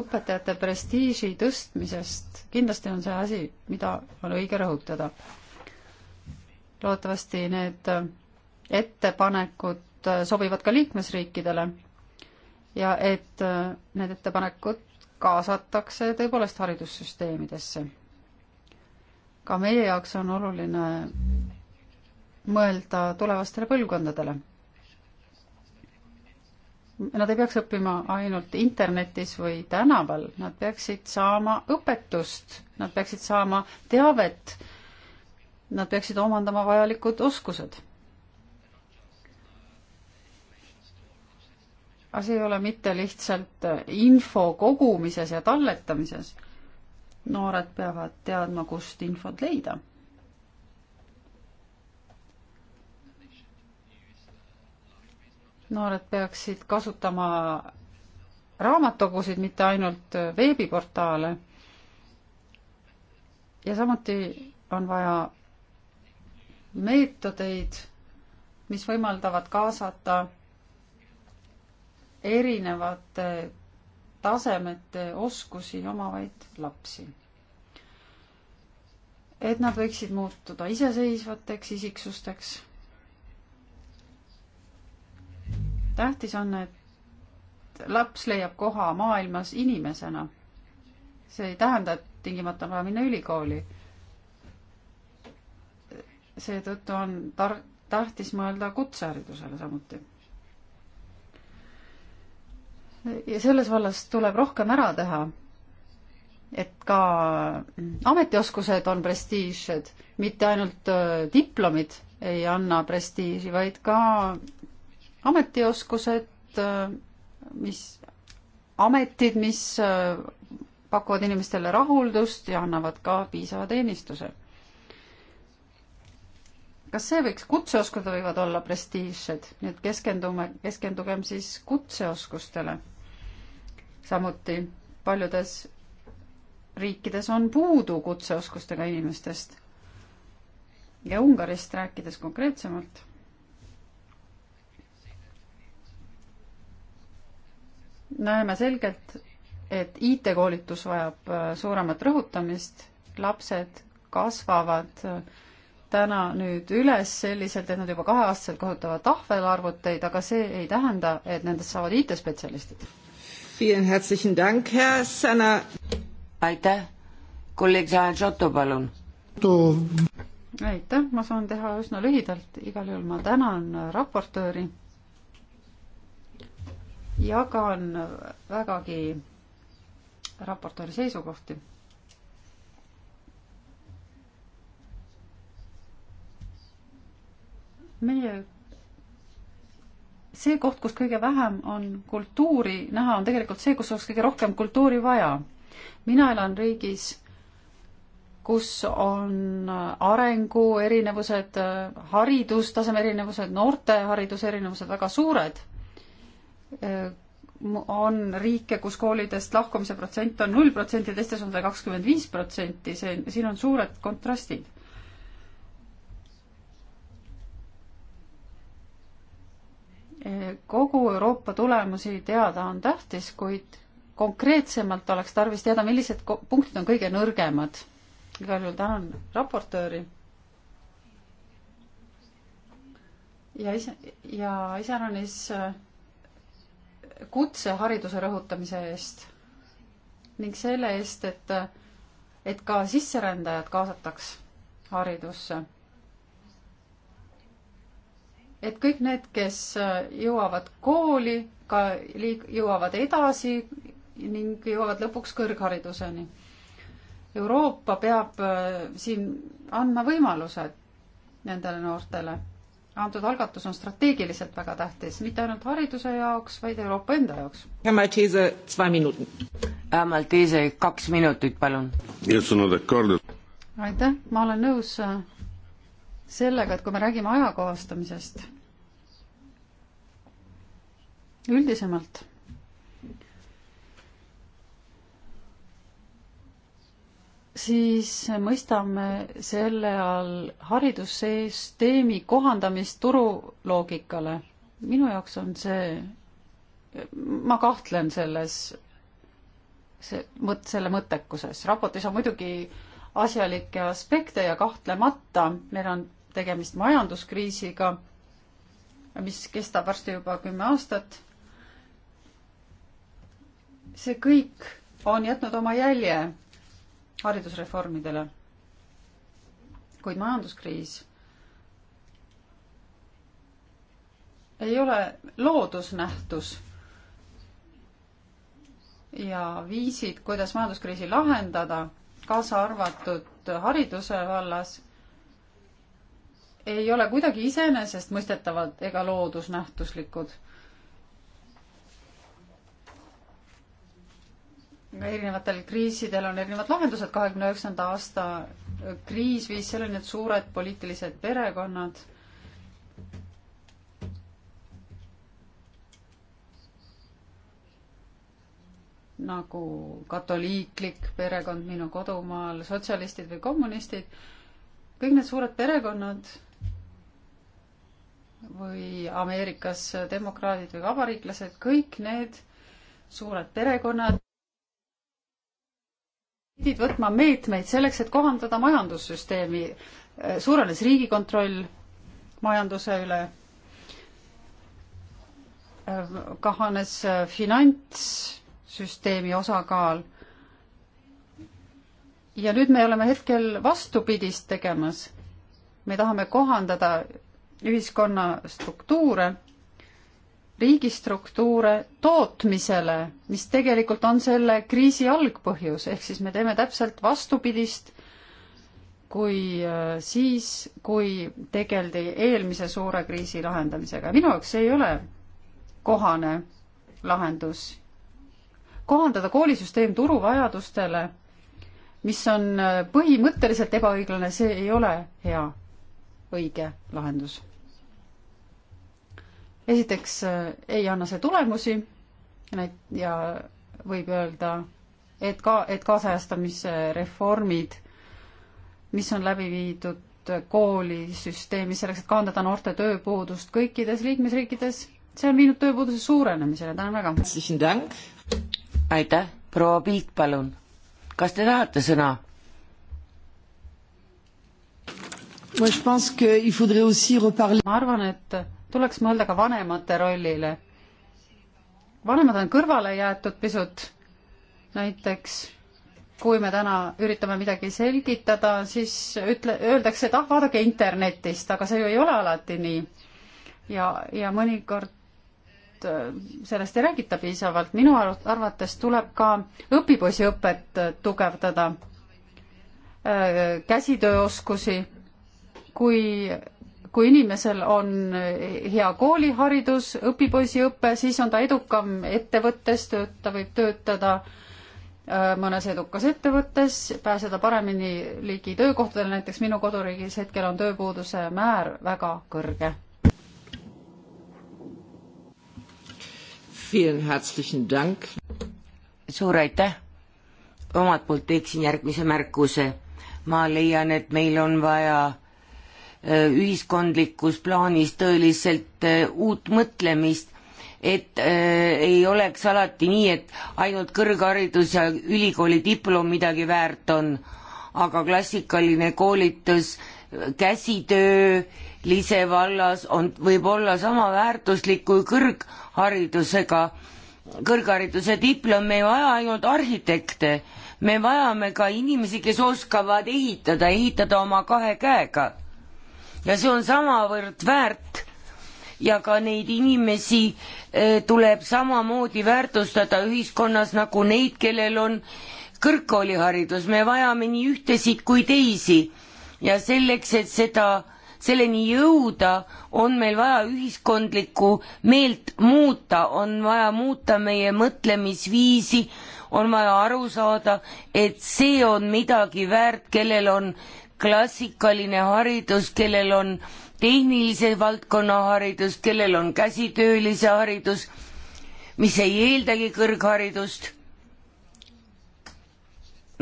õpetajate prestiiži tõstmisest, kindlasti on see asi, mida on õige rõhutada loodetavasti need äh, ettepanekud äh, sobivad ka liikmesriikidele ja et äh, need ettepanekud kaasatakse tõepoolest haridussüsteemidesse. ka meie jaoks on oluline mõelda tulevastele põlvkondadele. Nad ei peaks õppima ainult internetis või tänaval, nad peaksid saama õpetust, nad peaksid saama teavet äh, nad peaksid omandama vajalikud oskused. asi ei ole mitte lihtsalt info kogumises ja talletamises. noored peavad teadma, kust infot leida. noored peaksid kasutama raamatukogusid, mitte ainult veebiportaale. ja samuti on vaja meetodeid, mis võimaldavad kaasata erinevate tasemete oskusi omavaid lapsi. et nad võiksid muutuda iseseisvateks isiksusteks. tähtis on, et laps leiab koha maailmas inimesena. see ei tähenda, et tingimata on vaja minna ülikooli seetõttu on tar-, tähtis mõelda kutseharidusele samuti. ja selles vallas tuleb rohkem ära teha, et ka ametioskused on prestiižsed, mitte ainult äh, diplomid ei anna prestiiži, vaid ka ametioskused, äh, mis, ametid, mis äh, pakuvad inimestele rahuldust ja annavad ka piisava teenistuse kas see võiks, kutseoskused võivad olla prestiižsed, nii et keskendume, keskendugem siis kutseoskustele. samuti paljudes riikides on puudu kutseoskustega inimestest. ja Ungarist rääkides konkreetsemalt. näeme selgelt, et IT-koolitus vajab äh, suuremat rõhutamist, lapsed kasvavad äh, täna nüüd üles selliselt, et nad juba kaheaastaselt kasutavad tahvelarvuteid, aga see ei tähenda, et nendest saavad IT-spetsialistid. aitäh, kolleeg Saan Šoto, palun. aitäh, ma saan teha üsna lühidalt, igal juhul ma tänan raportööri. jagan vägagi raportööri seisukohti meie see koht, kus kõige vähem on kultuuri näha, on tegelikult see, kus oleks kõige rohkem kultuuri vaja. mina elan riigis, kus on äh, arengu erinevused, äh, haridustaseme erinevused, noorte hariduse erinevused väga suured. Äh, on riike, kus koolidest lahkumise protsent on null protsenti, teistes on see kakskümmend viis protsenti, see, siin on suured kontrastid kogu Euroopa tulemusi teada on tähtis, kuid konkreetsemalt oleks tarvis teada, millised punktid on kõige nõrgemad. igal juhul tänan raportööri. ja ise, ja iseäranis äh, kutsehariduse rõhutamise eest ning selle eest, et, et ka sisserändajad kaasataks haridusse et kõik need, kes äh, jõuavad kooli, ka liik-, jõuavad edasi ning jõuavad lõpuks kõrghariduseni. Euroopa peab äh, siin andma võimalused nendele noortele. antud algatus on strateegiliselt väga tähtis, mitte ainult hariduse jaoks, vaid Euroopa enda jaoks. Maltese, kaks minutit, palun. aitäh, ma olen nõus äh, sellega, et kui me räägime ajakohastamisest üldisemalt, siis mõistame selle all haridussüsteemi kohandamist turuloogikale. minu jaoks on see, ma kahtlen selles, see mõt-, selle mõttekuses. raportis on muidugi asjalikke aspekte ja kahtlemata meil on tegemist majanduskriisiga, mis kestab varsti juba kümme aastat. see kõik on jätnud oma jälje haridusreformidele. kuid majanduskriis ei ole loodusnähtus ja viisid, kuidas majanduskriisi lahendada, kaasa arvatud hariduse vallas, ei ole kuidagi iseenesestmõistetavad ega loodusnähtuslikud. erinevatel kriisidel on erinevad lahendused, kahekümne üheksanda aasta kriis viis selleni, et suured poliitilised perekonnad nagu katoliiklik perekond minu kodumaal, sotsialistid või kommunistid, kõik need suured perekonnad või Ameerikas demokraadid või vabariiklased, kõik need suured perekonnad pidid võtma meetmeid selleks, et kohandada majandussüsteemi. Eh, suurenes riigikontroll majanduse üle, eh, kahanes eh, finantssüsteemi osakaal. ja nüüd me oleme hetkel vastupidist tegemas. me tahame kohandada ühiskonna struktuure, riigistruktuure tootmisele, mis tegelikult on selle kriisi algpõhjus, ehk siis me teeme täpselt vastupidist kui äh, siis, kui tegeldi eelmise suure kriisi lahendamisega. minu jaoks ei ole kohane lahendus kohandada koolisüsteem turuvajadustele, mis on äh, põhimõtteliselt ebaõiglane, see ei ole hea, õige lahendus esiteks äh, ei anna see tulemusi ja võib öelda, et ka, et kaasajastamise reformid, mis on läbi viidud koolisüsteemi selleks, et kahandada noorte tööpuudust kõikides liikmesriikides, see on viinud tööpuuduse suurenemisele, tänan väga. aitäh, proua Piik, palun. kas te tahate sõna? ma arvan, et tuleks mõelda ka vanemate rollile. vanemad on kõrvale jäetud pisut, näiteks kui me täna üritame midagi selgitada, siis ütle, öeldakse, et ah, vaadake internetist, aga see ju ei ole alati nii. ja, ja mõnikord äh, sellest ei räägita piisavalt, minu arvates tuleb ka õpipoisiõpet tugevdada, äh, käsitööoskusi, kui kui inimesel on hea kooliharidus, õpipoisiõpe, siis on ta edukam ettevõttes, ta võib töötada äh, mõnes edukas ettevõttes, pääseda paremini ligi töökohtadele, näiteks minu koduriigis hetkel on tööpuuduse määr väga kõrge. suur aitäh! omalt poolt teeksin järgmise märkuse. ma leian, et meil on vaja Äh, ühiskondlikus plaanis tõeliselt äh, uut mõtlemist, et äh, ei oleks alati nii, et ainult kõrgharidus ja ülikooli diplom midagi väärt on, aga klassikaline koolitus käsitöölise vallas on, võib olla sama väärtuslik kui kõrgharidusega kõrghariduse diplom, me ei vaja ainult arhitekte, me vajame ka inimesi, kes oskavad ehitada, ehitada oma kahe käega ja see on samavõrd väärt ja ka neid inimesi eh, tuleb samamoodi väärtustada ühiskonnas nagu neid, kellel on kõrgkooliharidus, me vajame nii ühtesid kui teisi ja selleks, et seda, selleni jõuda, on meil vaja ühiskondlikku meelt muuta, on vaja muuta meie mõtlemisviisi, on vaja aru saada, et see on midagi väärt, kellel on klassikaline haridus, kellel on tehnilise valdkonna haridus, kellel on käsitöölise haridus, mis ei eeldagi kõrgharidust.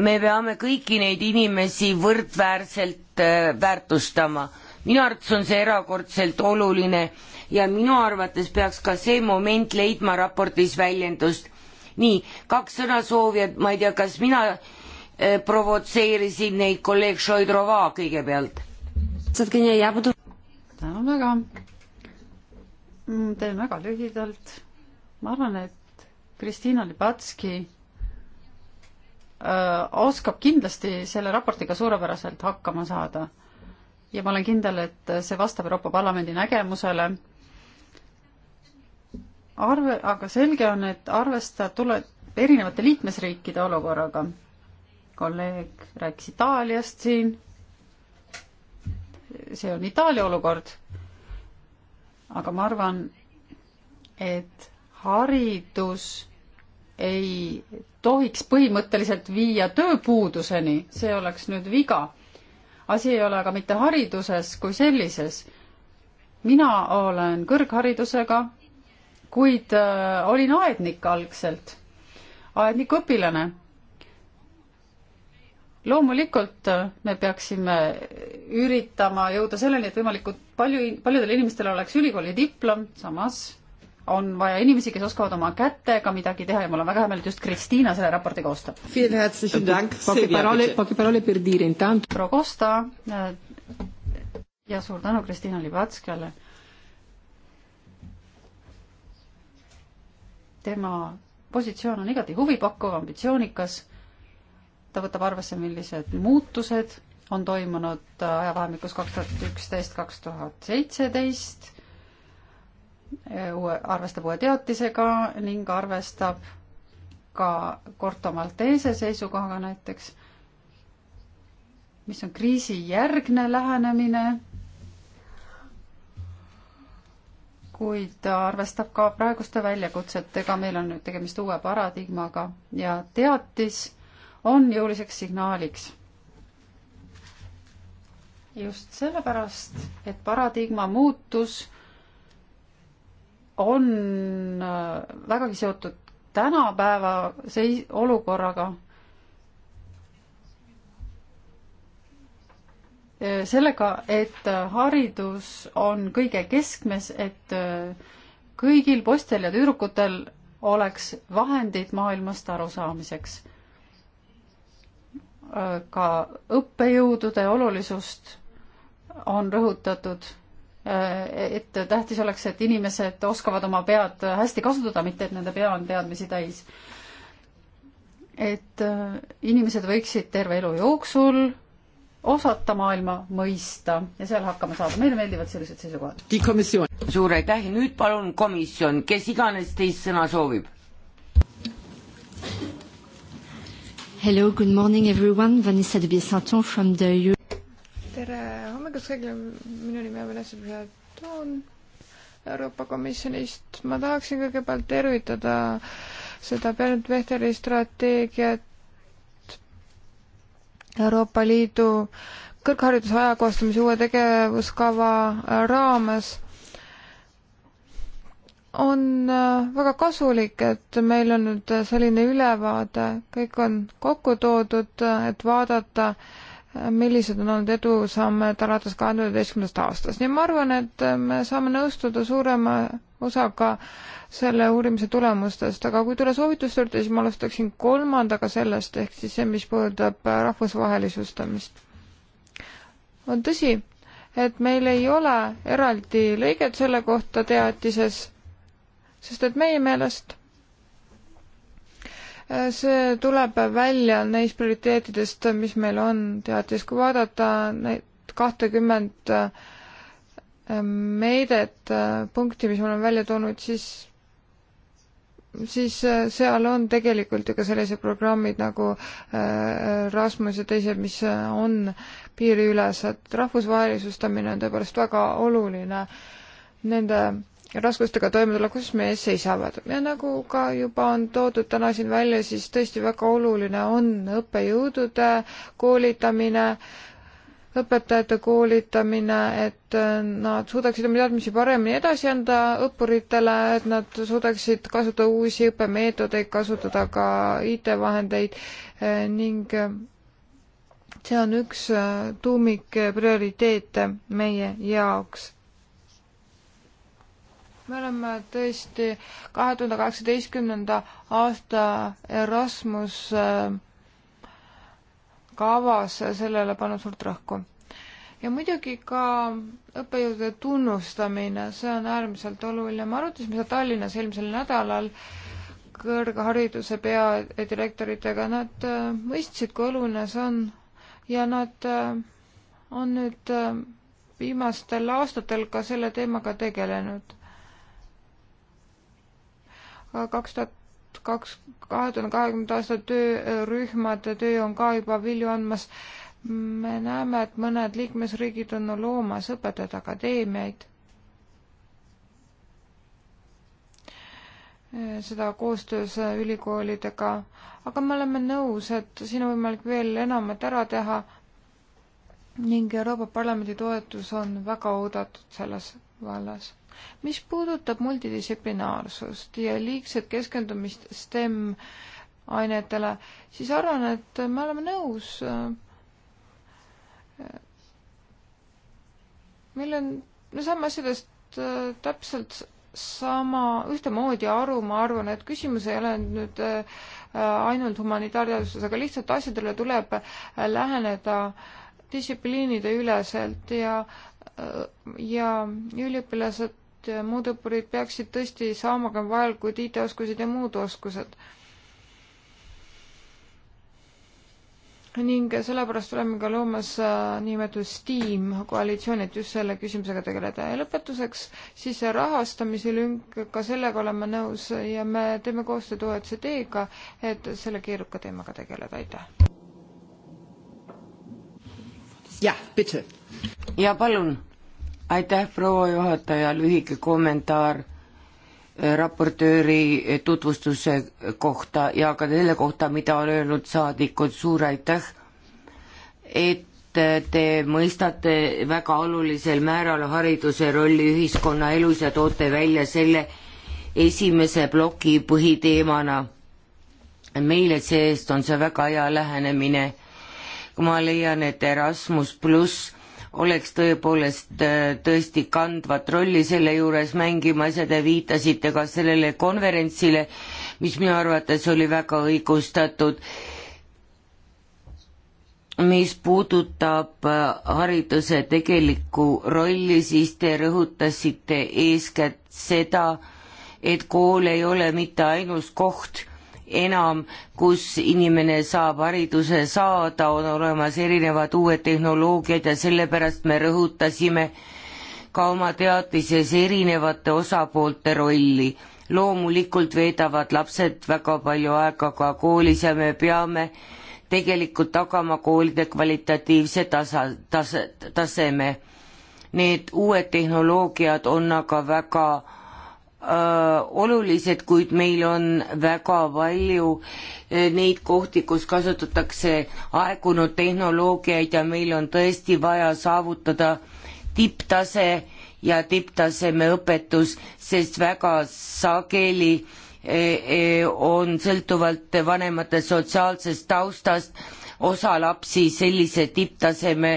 me peame kõiki neid inimesi võrdväärselt äh, väärtustama. minu arvates on see erakordselt oluline ja minu arvates peaks ka see moment leidma raportis väljendust. nii, kaks sõna soovijat, ma ei tea, kas mina Äh, provotseerisin neid kolleeg Šoidrova kõigepealt. tänan väga. Mm, teen väga lühidalt. ma arvan, et Kristiina Libatski äh, oskab kindlasti selle raportiga suurepäraselt hakkama saada. ja ma olen kindel, et see vastab Euroopa Parlamendi nägemusele. arve, aga selge on, et arvestada tuleb erinevate liikmesriikide olukorraga kolleeg rääkis Itaaliast siin. see on Itaalia olukord. aga ma arvan, et haridus ei tohiks põhimõtteliselt viia tööpuuduseni, see oleks nüüd viga. asi ei ole aga mitte hariduses kui sellises. mina olen kõrgharidusega, kuid äh, olin aednik algselt, aednikuõpilane loomulikult äh, me peaksime üritama jõuda selleni, et võimalikult palju, paljudel inimestel oleks ülikooli diplom, samas on vaja inimesi, kes oskavad oma kätega midagi teha ja mul on väga hea meel, et just Kristiina selle raporti koostab. Äh, proua Kosta äh, ja suur tänu Kristiina Libatskale. tema positsioon on igati huvipakkuv, ambitsioonikas ta võtab arvesse, millised muutused on toimunud ajavahemikus kaks tuhat üksteist, kaks tuhat seitseteist, uue, arvestab uue teatisega ning arvestab ka Corto Maltese seisukohaga näiteks, mis on kriisijärgne lähenemine, kuid ta arvestab ka praeguste väljakutsetega, meil on nüüd tegemist uue paradigmaga ja teatis on jõuliseks signaaliks. just sellepärast, et paradigma muutus on äh, vägagi seotud tänapäeva seis-, olukorraga. Äh, sellega, et äh, haridus on kõige keskmes, et kõigil poistel ja tüdrukutel oleks vahendid maailmast arusaamiseks ka õppejõudude olulisust on rõhutatud, eh, et tähtis oleks, et inimesed oskavad oma pead hästi kasutada, mitte et nende pea on teadmisi täis. et eh, inimesed võiksid terve elu jooksul osata maailma mõista ja seal hakkama saada. meile meeldivad sellised seisukohad. suur aitäh, nüüd palun komisjon, kes iganes teist sõna soovib. Hello, good morning everyone, Vanessa de Biesanton from the Euro- tere hommikust kõigile, minu nimi on Vanessa de Biesanton Euroopa Komisjonist. ma tahaksin kõigepealt tervitada seda Bernd Vehteri strateegiat Euroopa Liidu kõrghariduse ajakohastamise uue tegevuskava raames on äh, väga kasulik, et meil on nüüd äh, selline ülevaade, kõik on kokku toodud, äh, et vaadata, millised on olnud edusammed alates kahe tuhande üheteistkümnendast aastast. nii ma arvan, et me saame nõustuda suurema osaga selle uurimise tulemustest, aga kui tulla soovituste juurde, siis ma alustaksin kolmandaga sellest, ehk siis see, mis puudutab rahvusvahelisustamist. on tõsi, et meil ei ole eraldi lõiget selle kohta teatises sest et meie meelest see tuleb välja neist prioriteetidest, mis meil on teadis, kui vaadata neid kahtekümmet äh, meedet, äh, punkti, mis ma olen välja toonud, siis siis äh, seal on tegelikult ju ka sellised programmid nagu Rasmus ja teised, mis on piiriülesed. rahvusvahelisustamine on tõepoolest väga oluline nende raskustega toimetulekus me ees seisavad. ja nagu ka juba on toodud täna siin välja, siis tõesti väga oluline on õppejõudude koolitamine, õpetajate koolitamine, et äh, nad suudaksid oma teadmisi paremini edasi anda õppuritele, et nad suudaksid kasutada uusi õppemeetodeid, kasutada ka IT-vahendeid äh, ning äh, see on üks tuumik prioriteete meie jaoks me oleme tõesti kahe tuhande kaheksateistkümnenda aasta Erasmus äh, kavas sellele pannud suurt rõhku. ja muidugi ka õppejõudude tunnustamine, see on äärmiselt oluline. me arutasime seda Tallinnas eelmisel nädalal kõrghariduse peadirektoritega, nad äh, mõistsid, kui oluline see on ja nad äh, on nüüd viimastel aastatel ka selle teemaga tegelenud kaks tuhat kaks, kahe tuhande kahekümnenda aasta töörühmade töö on ka juba vilju andmas. me näeme, et mõned liikmesriigid on loomas õpetajate akadeemiaid. seda koostöös ülikoolidega, aga me oleme nõus, et siin on võimalik veel enamat ära teha ning Euroopa Parlamendi toetus on väga oodatud selles vallas mis puudutab multidistsiplinaarsust ja liigset keskendumist STEM ainetele, siis arvan, et me oleme nõus. meil on, me saame asjadest äh, täpselt sama, ühtemoodi aru, ma arvan, et küsimus ei ole nüüd äh, ainult humanitaarteaduses, aga lihtsalt asjadele tuleb äh, läheneda distsipliinide üleselt ja, ja üliõpilased et muud õppurid peaksid tõesti saama ka vajalikud IT-oskused ja muud oskused. ning sellepärast oleme ka loomas äh, niinimetatud STEAM koalitsiooni, et just selle küsimusega tegeleda. ja lõpetuseks siis rahastamise lünk, ka sellega oleme nõus ja me teeme koostööd OECD-ga, et selle keeruka teemaga tegeleda, aitäh! jah, bitte! ja palun aitäh, proua juhataja, lühike kommentaar äh, raportööri äh, tutvustuse kohta ja ka selle kohta, mida on öelnud saadikud, suur aitäh, et äh, te mõistate väga olulisel määral hariduse rolli ühiskonnaelus ja toote välja selle esimese ploki põhiteemana. meile see-eest on see väga hea lähenemine. ma leian, et Erasmus pluss oleks tõepoolest äh, tõesti kandvat rolli selle juures mängimas ja te viitasite ka sellele konverentsile, mis minu arvates oli väga õigustatud, mis puudutab äh, hariduse tegelikku rolli, siis te rõhutasite eeskätt seda, et kool ei ole mitte ainus koht, enam, kus inimene saab hariduse saada, on olemas erinevad uued tehnoloogiad ja sellepärast me rõhutasime ka oma teatises erinevate osapoolte rolli. loomulikult veedavad lapsed väga palju aega ka koolis ja me peame tegelikult tagama koolide kvalitatiivse tasa, tase, taseme. Need uued tehnoloogiad on aga väga Äh, olulised, kuid meil on väga palju äh, neid kohti, kus kasutatakse aegunud tehnoloogiaid ja meil on tõesti vaja saavutada tipptase ja tipptaseme õpetus, sest väga sageli äh, on sõltuvalt vanemate sotsiaalsest taustast osa lapsi sellise tipptaseme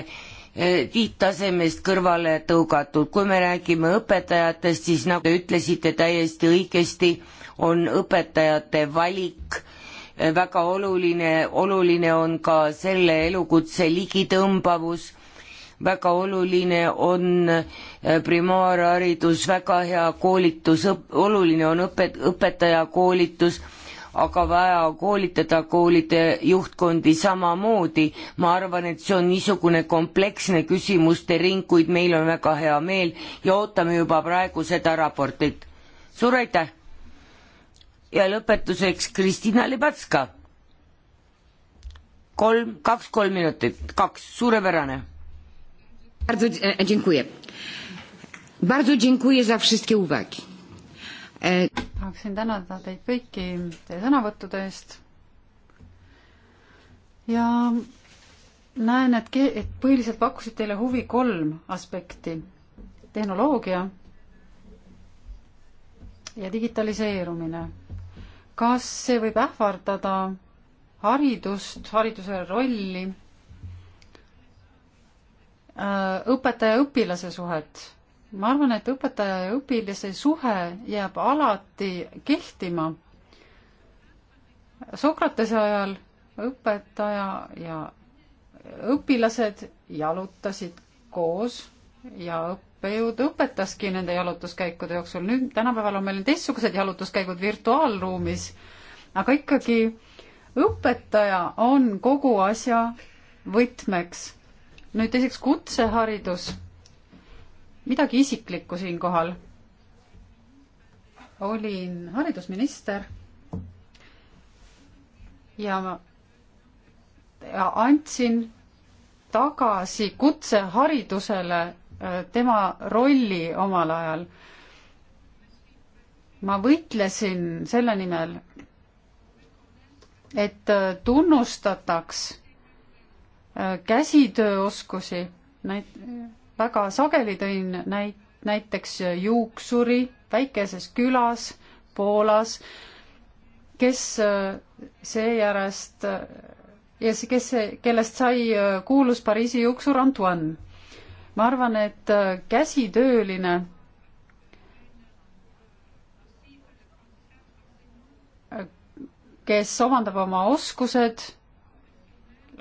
tiittasemest kõrvale tõugatud. kui me räägime õpetajatest, siis nagu te ütlesite täiesti õigesti, on õpetajate valik eh, väga oluline, oluline on ka selle elukutse ligitõmbavus, väga oluline on eh, primaarharidus, väga hea koolitus, oluline on õpet-, õpetajakoolitus aga vaja koolitada koolide juhtkondi samamoodi. ma arvan, et see on niisugune kompleksne küsimuste ring, kuid meil on väga hea meel ja ootame juba praegu seda raportit. suur aitäh! ja lõpetuseks Kristina Libatska. kolm, kaks, kolm minutit, kaks, suurepärane. Bardzo e, e, dziękuję. Bardzo dziękuję za wszystkie uwagi tahaksin tänada teid kõiki teie sõnavõttude eest ja näen, et, et põhiliselt pakkusid teile huvi kolm aspekti. tehnoloogia ja digitaliseerumine. kas see võib ähvardada haridust, hariduse rolli, äh, õpetaja-õpilase suhet ma arvan, et õpetaja ja õpilase suhe jääb alati kehtima. Sokratese ajal õpetaja ja õpilased jalutasid koos ja õppejõud õpetaski nende jalutuskäikude jooksul. nüüd tänapäeval on meil teistsugused jalutuskäigud virtuaalruumis, aga ikkagi õpetaja on kogu asja võtmeks. nüüd teiseks kutseharidus midagi isiklikku siinkohal. olin haridusminister ja ma ja andsin tagasi kutseharidusele äh, tema rolli omal ajal. ma võitlesin selle nimel, et äh, tunnustataks äh, käsitööoskusi, näit-, väga sageli tõin näit-, näiteks juuksuri väikeses külas Poolas, kes äh, seejärest äh, ja see, kes, kellest sai äh, kuulus Pariisi juuksur Antoine. ma arvan, et käsitööline kes omandab oma oskused,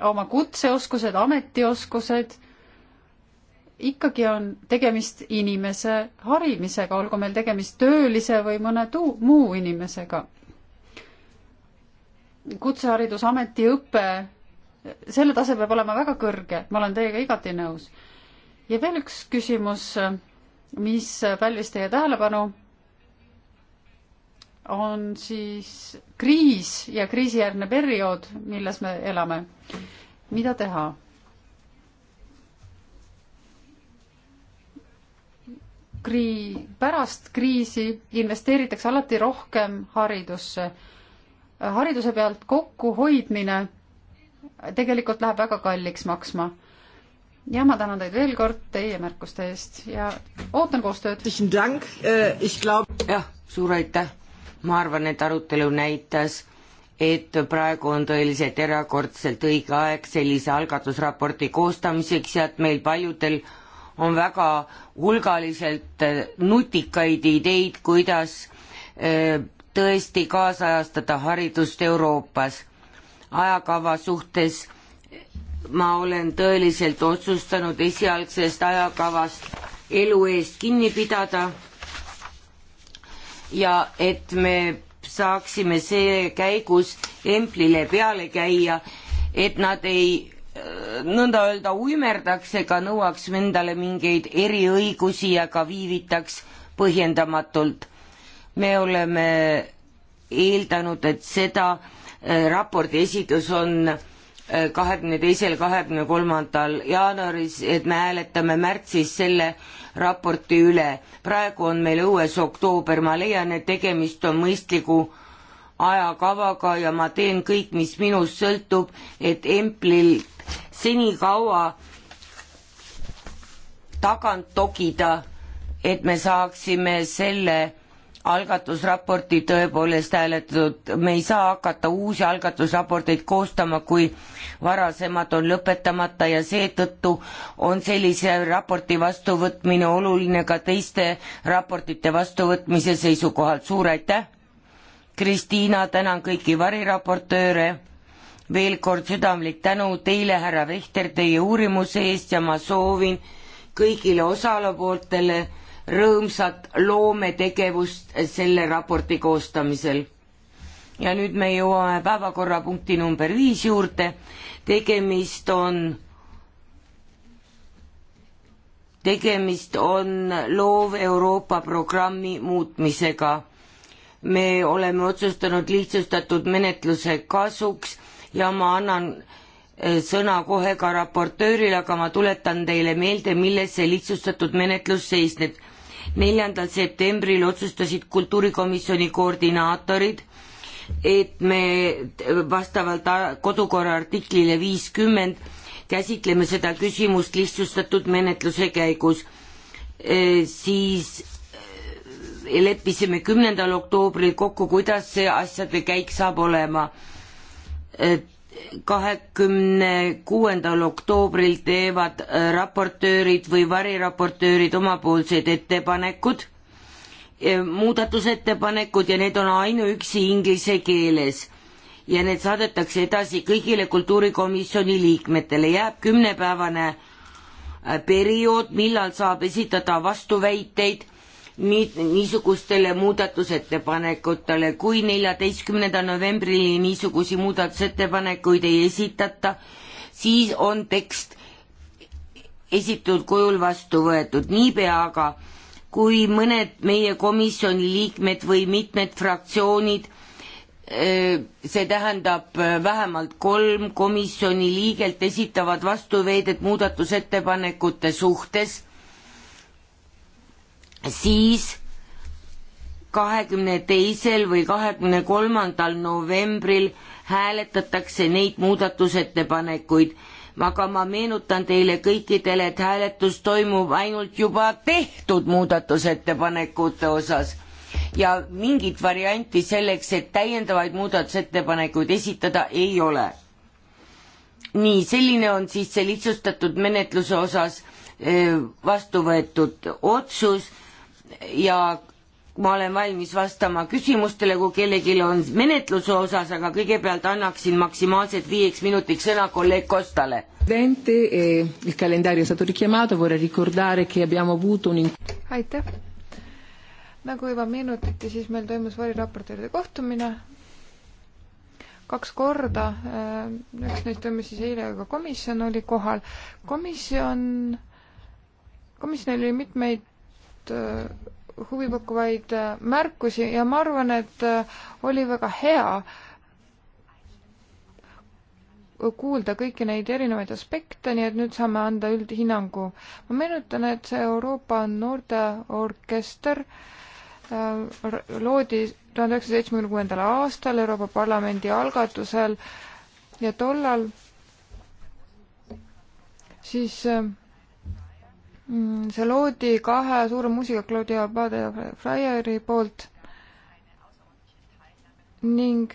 oma kutseoskused, ametioskused ikkagi on tegemist inimese harimisega, olgu meil tegemist töölise või mõne tuu-, muu inimesega. kutseharidusameti õpe, selle tase peab olema väga kõrge, ma olen teiega igati nõus. ja veel üks küsimus, mis pälvis teie tähelepanu, on siis kriis ja kriisijärgne periood, milles me elame. mida teha? krii-, pärast kriisi investeeritakse alati rohkem haridusse. hariduse pealt kokkuhoidmine tegelikult läheb väga kalliks maksma. ja ma tänan teid veel kord teie märkuste eest ja ootan koostööd. Äh, jah, suur aitäh. ma arvan, et arutelu näitas, et praegu on tõeliselt erakordselt õige aeg sellise algatusraporti koostamiseks ja et meil paljudel on väga hulgaliselt eh, nutikaid ideid, kuidas eh, tõesti kaasajastada haridust Euroopas. ajakava suhtes ma olen tõeliselt otsustanud esialgsest ajakavast elu eest kinni pidada ja et me saaksime see käigus Emplile peale käia, et nad ei nõnda öelda uimerdaks ega nõuaks endale mingeid eriõigusi ja ka viivitaks põhjendamatult. me oleme eeldanud, et seda äh, raporti esitlus on äh, kahekümne teisel, kahekümne kolmandal jaanuaris, et me hääletame märtsis selle raporti üle. praegu on meil õues oktoober, ma leian, et tegemist on mõistliku ajakavaga ja ma teen kõik, mis minust sõltub, et Emplil senikaua tagant togida, et me saaksime selle algatusraporti tõepoolest hääletatud, me ei saa hakata uusi algatusraporteid koostama, kui varasemad on lõpetamata ja seetõttu on sellise raporti vastuvõtmine oluline ka teiste raportite vastuvõtmise seisukohalt. suur aitäh, Kristiina, tänan kõiki variraportööre veel kord südamlik tänu teile, härra Vehter, teie uurimuse eest ja ma soovin kõigile osalepooltele rõõmsat loometegevust selle raporti koostamisel. ja nüüd me jõuame päevakorrapunkti number viis juurde, tegemist on tegemist on loov Euroopa programmi muutmisega. me oleme otsustanud lihtsustatud menetluse kasuks ja ma annan eh, sõna kohe ka raportöörile, aga ma tuletan teile meelde, milles see lihtsustatud menetlus seisneb. neljandal septembril otsustasid kultuurikomisjoni koordinaatorid, et me vastavalt kodukorra artiklile viiskümmend käsitleme seda küsimust lihtsustatud menetluse käigus e,, siis eh, leppisime kümnendal oktoobril kokku, kuidas see asjade käik saab olema kahekümne kuuendal oktoobril teevad äh, raportöörid või variraportöörid omapoolsed ettepanekud, äh, muudatusettepanekud ja need on ainuüksi inglise keeles ja need saadetakse edasi kõigile kultuurikomisjoni liikmetele, jääb kümnepäevane äh, periood, millal saab esitada vastuväiteid nii, niisugustele muudatusettepanekutele, kui neljateistkümnenda novembrini niisugusi muudatusettepanekuid ei esitata, siis on tekst esitatud kujul vastu võetud, niipea aga kui mõned meie komisjoni liikmed või mitmed fraktsioonid see tähendab vähemalt kolm komisjoni liiget esitavad vastuväidet muudatusettepanekute suhtes siis kahekümne teisel või kahekümne kolmandal novembril hääletatakse neid muudatusettepanekuid, aga ma meenutan teile kõikidele, et hääletus toimub ainult juba tehtud muudatusettepanekute osas ja mingit varianti selleks, et täiendavaid muudatusettepanekuid esitada, ei ole. nii, selline on siis see lihtsustatud menetluse osas eh, vastu võetud otsus ja ma olen valmis vastama küsimustele, kui kellelgi on menetluse osas, aga kõigepealt annaksin maksimaalselt viieks minutiks sõna kolleeg Kostale. Eh, aitäh. nagu juba meenutati, siis meil toimus variraportööride kohtumine kaks korda, eh, eks neid toimus siis eile, aga komisjon oli kohal. komisjon, komisjonil oli mitmeid olnud äh, huvipakkuvaid äh, märkusi ja ma arvan, et äh, oli väga hea kuulda kõiki neid erinevaid aspekte, nii et nüüd saame anda üldhinnangu. ma meenutan, et see Euroopa noorteorkester loodi tuhande üheksasaja seitsmekümne kuuendal aastal Euroopa Parlamendi algatusel ja tollal siis äh, Mm, see loodi kahe suure muusika Claudia Abade ja Freieri poolt ning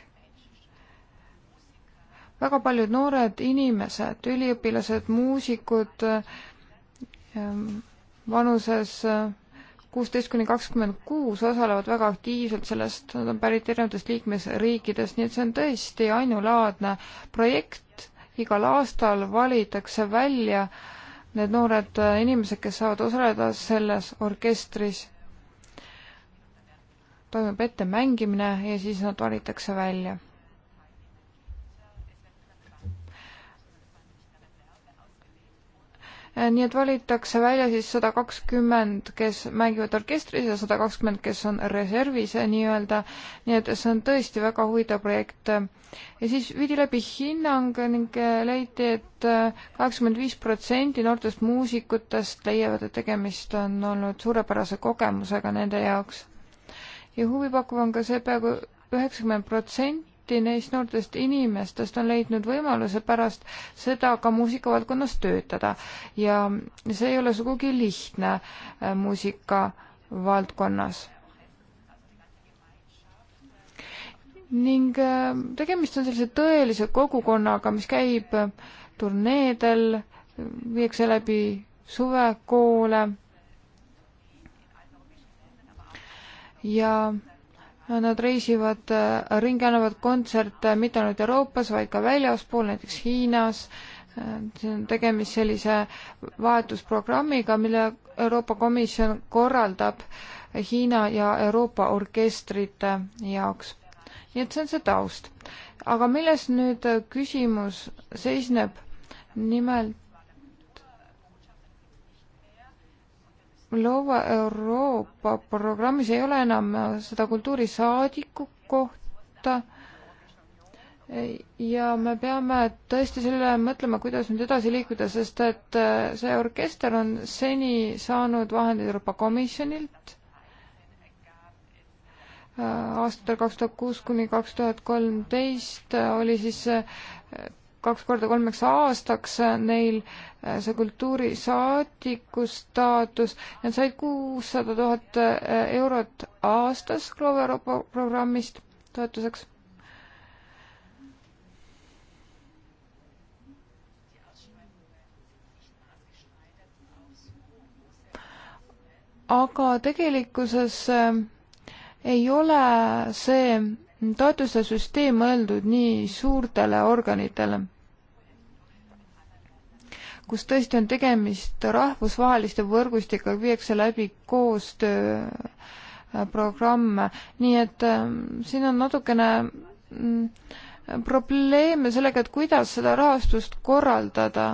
väga paljud noored inimesed, üliõpilased, muusikud ähm, vanuses äh, kuusteist kuni kakskümmend kuus osalevad väga aktiivselt sellest, nad on pärit erinevatest liikmesriikidest, nii et see on tõesti ainulaadne projekt. igal aastal valitakse välja äh, need noored äh, inimesed, kes saavad osaleda selles orkestris, toimub ettemängimine ja siis nad valitakse välja. Äh, nii et valitakse välja siis sada kakskümmend, kes mängivad orkestris ja sada kakskümmend, kes on reservis äh, nii-öelda, nii et see on tõesti väga huvitav projekt. ja siis viidi läbi hinnang ning äh, leiti et, et kaheksakümmend viis protsenti noortest muusikutest leiavad, et tegemist on olnud suurepärase kogemusega nende jaoks. ja huvipakkuv on ka see peaaegu üheksakümmend protsenti protsenti neist noortest inimestest on leidnud võimaluse pärast seda ka muusikavaldkonnas töötada ja see ei ole sugugi lihtne äh, muusikavaldkonnas. ning äh, tegemist on sellise tõelise kogukonnaga, mis käib äh, turneedel, viiakse läbi suvekoole ja Nad reisivad äh, ringi, annavad kontserte mitte ainult Euroopas, vaid ka väljaspool, näiteks Hiinas. Äh, siin on tegemist sellise vahetusprogrammiga, mille Euroopa Komisjon korraldab Hiina ja Euroopa orkestrite jaoks. nii et see on see taust. aga milles nüüd äh, küsimus seisneb? nimelt loova Euroopa programmis ei ole enam seda kultuurisaadiku kohta ja me peame tõesti selle mõtlema, kuidas nüüd edasi liikuda, sest et äh, see orkester on seni saanud vahendeid Euroopa Komisjonilt äh, aastatel kaks tuhat kuus kuni kaks tuhat kolmteist äh, oli siis kaks korda kolmeks aastaks äh, neil äh, see kultuurisaadiku staatus. Nad said kuussada tuhat äh, eurot aastas Glovo Euroopa programmist toetuseks. aga tegelikkuses ei ole see toetuste süsteem mõeldud nii suurtele organitele kus tõesti on tegemist rahvusvaheliste võrgustega, viiakse läbi koostööprogramme, äh, nii et ähm, siin on natukene mm, probleeme sellega, et kuidas seda rahastust korraldada.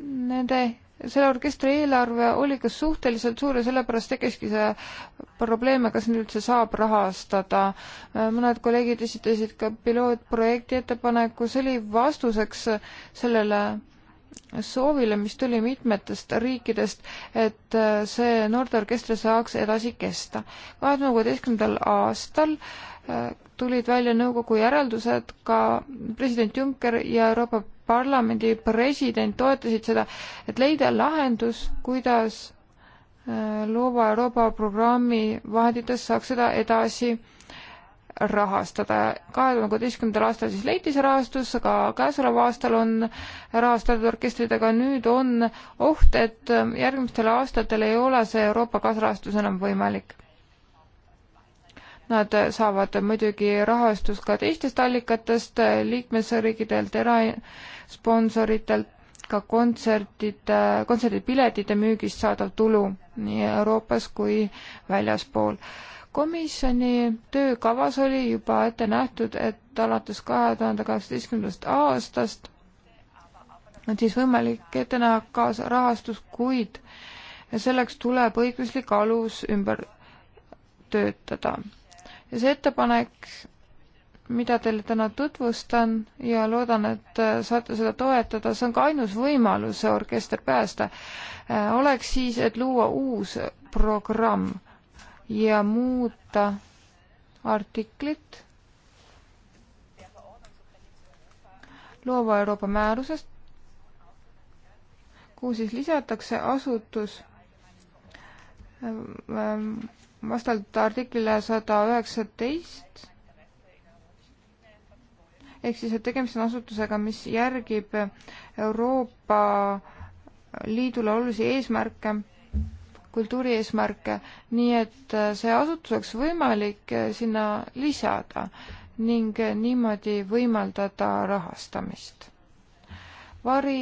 Nende selle orkestri eelarve oli ka suhteliselt suur ja sellepärast tekkiski see probleem, kas nüüd üldse saab rahastada. mõned kolleegid esitasid ka pilootprojekti ettepaneku, see oli vastuseks sellele soovile, mis tuli mitmetest riikidest, et see noorteorkester saaks edasi kesta. kahe tuhande kuueteistkümnendal aastal eh, tulid välja nõukogu järeldused, ka president Juncker ja Euroopa parlamendi president toetasid seda, et leida lahendus, kuidas äh, luua Euroopa programmi vahenditest saaks seda edasi rahastada. kahe tuhande kuueteistkümnendal aastal siis leiti see rahastus, aga käesoleval aastal on rahastatud orkestrid, aga nüüd on oht, et äh, järgmistel aastatel ei ole see Euroopa kaasrahastus enam võimalik Nad saavad muidugi rahastust ka teistest allikatest, liikmesriikidelt, erasponsoritelt, ka kontsertide, kontserdipiletite müügist saadav tulu nii Euroopas kui väljaspool komisjoni töökavas oli juba ette nähtud, et alates kahe tuhande kaheksateistkümnendast aastast on siis võimalik ette näha kaasrahastus, kuid selleks tuleb õiguslik alus ümber töötada ja see ettepanek, mida teile täna tutvustan ja loodan, et äh, saate seda toetada, see on ka ainus võimalus see orkester päästa, äh, oleks siis, et luua uus programm ja muuta artiklit loova Euroopa määrusest, kuhu siis lisatakse asutus ähm, vastavalt artiklile sada üheksateist ehk siis, et tegemist on asutusega, mis järgib Euroopa Liidule olulisi eesmärke, kultuuri eesmärke, nii et see asutus oleks võimalik sinna lisada ning niimoodi võimaldada rahastamist. vari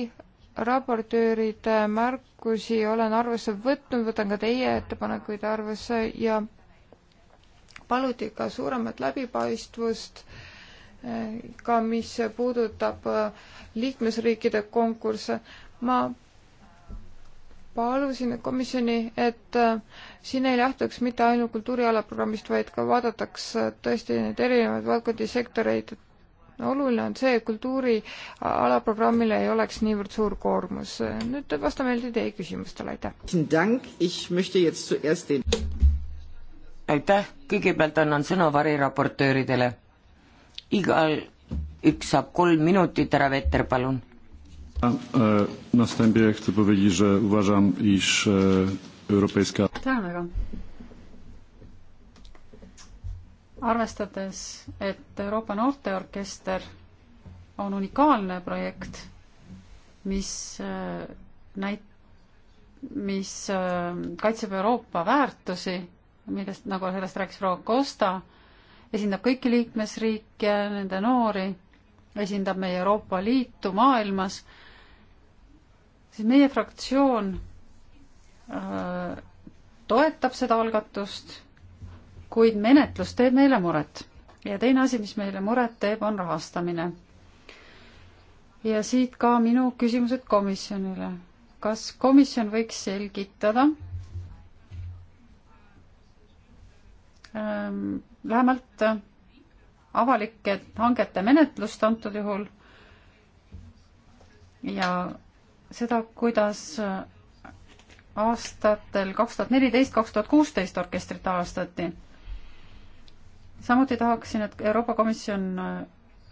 raportööride äh, märkusi olen arvesse võtnud, võtan ka teie ettepanekuid arvesse ja paluti ka suuremat läbipaistvust, äh, ka mis puudutab äh, liikmesriikide konkursse. ma palusin komisjoni, et siin ei lähtuks mitte ainult kultuurialaprogrammist, vaid ka vaadataks tõesti neid erinevaid valdkondi, sektoreid, et oluline on see, et kultuuri alaprogrammile ei oleks niivõrd suur koormus. nüüd vastame jälle teie küsimustele, aitäh. aitäh, kõigepealt annan sõna variraportööridele. igal üks saab kolm minutit, härra Vetter, palun. E, e, tänan väga arvestades, et Euroopa Noorteorkester on unikaalne projekt, mis äh, näit-, mis äh, kaitseb Euroopa väärtusi, millest, nagu sellest rääkis proua Costa, esindab kõiki liikmesriike, nende noori, esindab meie Euroopa Liitu maailmas, siis meie fraktsioon öö, äh, toetab seda algatust kuid menetlus teeb meile muret. ja teine asi, mis meile muret teeb, on rahastamine. ja siit ka minu küsimused komisjonile. kas komisjon võiks selgitada ähm, lähemalt äh, avalike hangete menetlust antud juhul ja seda, kuidas äh, aastatel kaks tuhat neliteist, kaks tuhat kuusteist orkestrit avastati samuti tahaksin, et Euroopa Komisjon äh,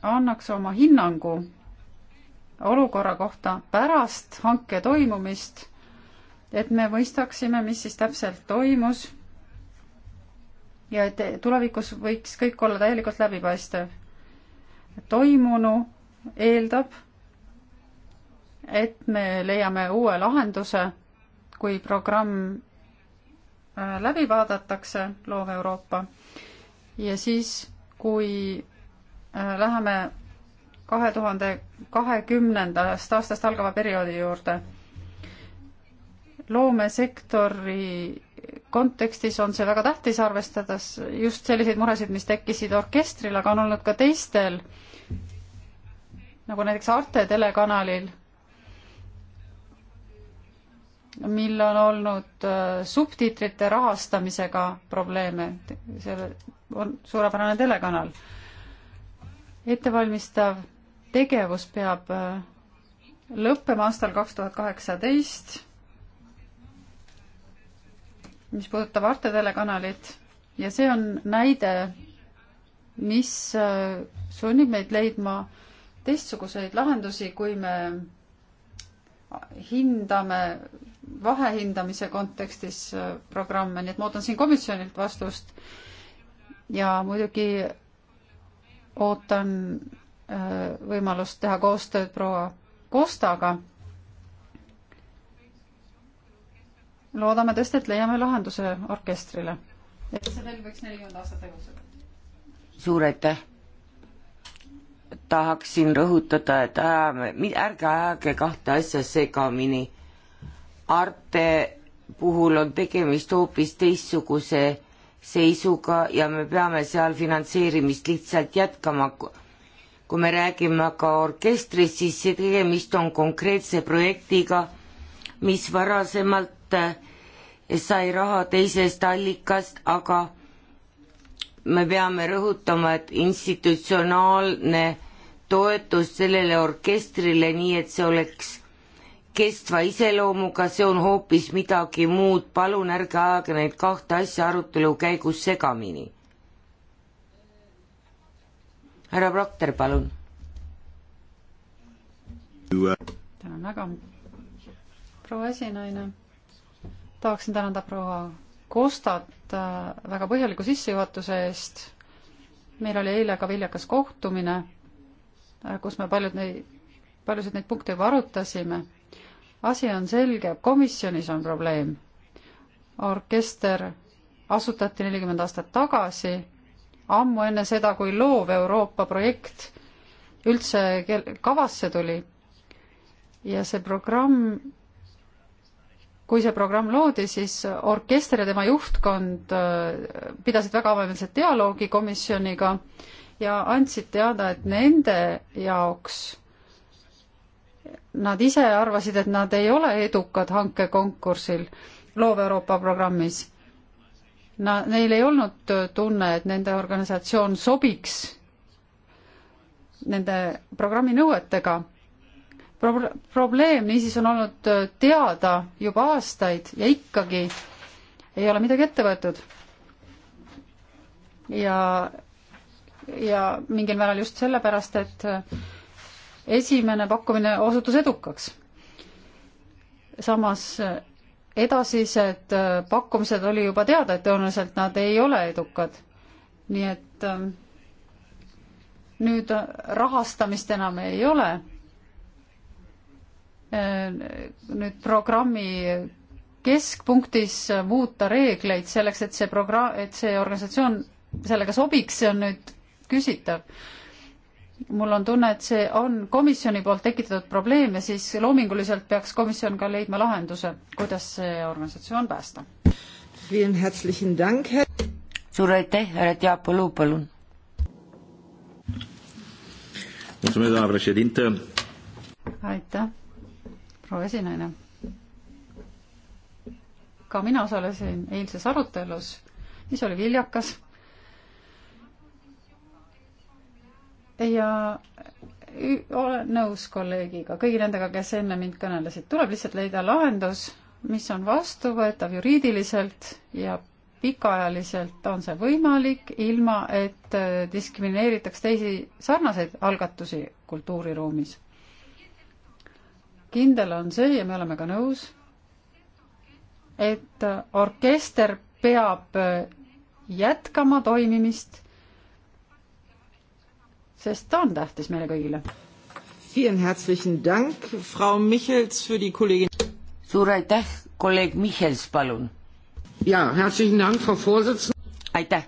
annaks oma hinnangu olukorra kohta pärast hanke toimumist, et me mõistaksime, mis siis täpselt toimus ja et tulevikus võiks kõik olla täielikult läbipaistev. toimunu eeldab, et me leiame uue lahenduse, kui programm äh, läbi vaadatakse, loov Euroopa ja siis, kui äh, läheme kahe tuhande kahekümnendast aastast algava perioodi juurde, loomesektori kontekstis on see väga tähtis, arvestades just selliseid muresid, mis tekkisid orkestril, aga on olnud ka teistel, nagu näiteks Arte telekanalil mil on olnud äh, subtiitrite rahastamisega probleeme, selle on suurepärane telekanal. ettevalmistav tegevus peab äh, lõppema aastal kaks tuhat kaheksateist, mis puudutab Arte telekanalit ja see on näide, mis äh, sunnib meid leidma teistsuguseid lahendusi, kui me hindame vahehindamise kontekstis äh, programme, nii et ma ootan siin komisjonilt vastust. ja muidugi ootan äh, võimalust teha koostööd proua Kostaga. loodame tõesti, et leiame lahenduse orkestrile, et see veel võiks nelikümmend aastat tegutseda. suur aitäh tahaksin rõhutada, et ajame, ärge ajage kahte asja segamini. Arte puhul on tegemist hoopis teistsuguse seisuga ja me peame seal finantseerimist lihtsalt jätkama. kui me räägime aga orkestrist, siis see tegemist on konkreetse projektiga, mis varasemalt eh, sai raha teisest allikast, aga me peame rõhutama, et institutsionaalne toetus sellele orkestrile, nii et see oleks kestva iseloomuga, see on hoopis midagi muud, palun ärge ajage neid kahte asja arutelu käigus segamini. härra Prokter, palun. tänan väga. proua esinaine, tahaksin tänada proua Kostat Äh, väga põhjaliku sissejuhatuse eest. meil oli eile ka viljakas kohtumine, äh, kus me paljud neid, paljusid neid punkte juba arutasime. asi on selge, komisjonis on probleem. orkester asutati nelikümmend aastat tagasi, ammu enne seda, kui loov Euroopa projekt üldse kavasse tuli. ja see programm kui see programm loodi, siis orkester ja tema juhtkond äh, pidasid väga avameelset dialoogi komisjoniga ja andsid teada, et nende jaoks nad ise arvasid, et nad ei ole edukad hankekonkursil Loov Euroopa programmis. Na-, neil ei olnud tunne, et nende organisatsioon sobiks nende programmi nõuetega Pro-, probleem niisiis on olnud äh, teada juba aastaid ja ikkagi ei ole midagi ette võetud. ja, ja mingil määral just sellepärast, et äh, esimene pakkumine osutus edukaks. samas äh, edasised pakkumised oli juba teada, et tõenäoliselt nad ei ole edukad. nii et ähm, nüüd rahastamist enam ei ole Äh, nüüd programmi keskpunktis muuta reegleid selleks, et see progra-, et see organisatsioon sellega sobiks, see on nüüd küsitav. mul on tunne, et see on komisjoni poolt tekitatud probleem ja siis loominguliselt peaks komisjon ka leidma lahenduse, kuidas see organisatsioon päästa. suur aitäh, härra Tiapolu, palun. aitäh proua esinaine. ka mina osalesin eilses arutelus, mis oli viljakas. ja olen nõus kolleegiga, kõigi nendega, kes enne mind kõnelesid, tuleb lihtsalt leida lahendus, mis on vastuvõetav juriidiliselt ja pikaajaliselt on see võimalik, ilma et äh, diskrimineeritaks teisi sarnaseid algatusi kultuuriruumis kindel on see ja me oleme ka nõus, et orkester peab jätkama toimimist, sest ta on tähtis meile kõigile. suur aitäh, kolleeg Michels, palun. aitäh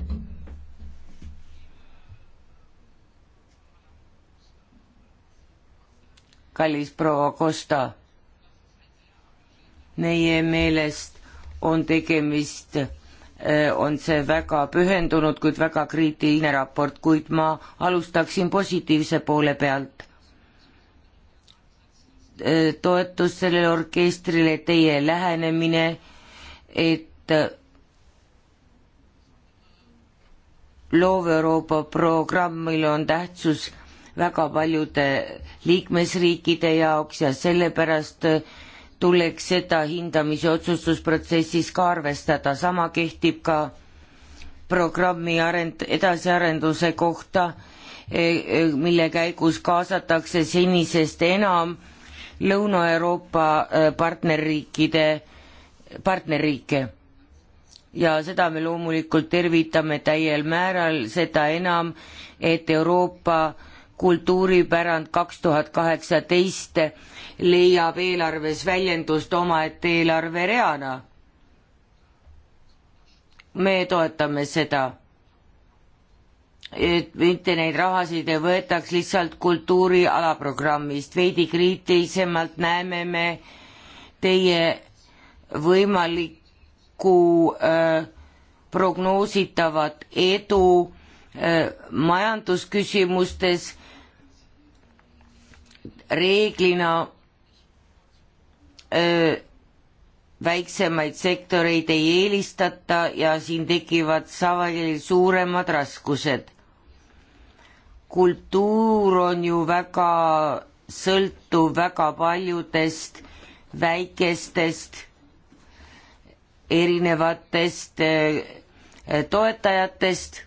kallis proua Costa. meie meelest on tegemist, äh, on see väga pühendunud, kuid väga kriitiline raport, kuid ma alustaksin positiivse poole pealt äh, toetus sellele orkestrile, teie lähenemine, et äh, loov Euroopa programmil on tähtsus väga paljude liikmesriikide jaoks ja sellepärast tuleks seda hindamise otsustusprotsessis ka arvestada, sama kehtib ka programmi arend-, edasiarenduse kohta, e, e, mille käigus kaasatakse senisest enam Lõuna-Euroopa e, partnerriikide, partnerriike. ja seda me loomulikult tervitame täiel määral, seda enam, et Euroopa äh, kultuuripärand kaks tuhat kaheksateist leiab eelarves väljendust omaette eelarvereana. me toetame seda, et mitte neid rahasid ei võetaks lihtsalt kultuuri alaprogrammist, veidi kriitilisemalt näeme me teie võimalikku äh, prognoositavat edu äh, majandusküsimustes reeglina öö, väiksemaid sektoreid ei eelistata ja siin tekivad sageli suuremad raskused. kultuur on ju väga sõltuv väga paljudest väikestest erinevatest toetajatest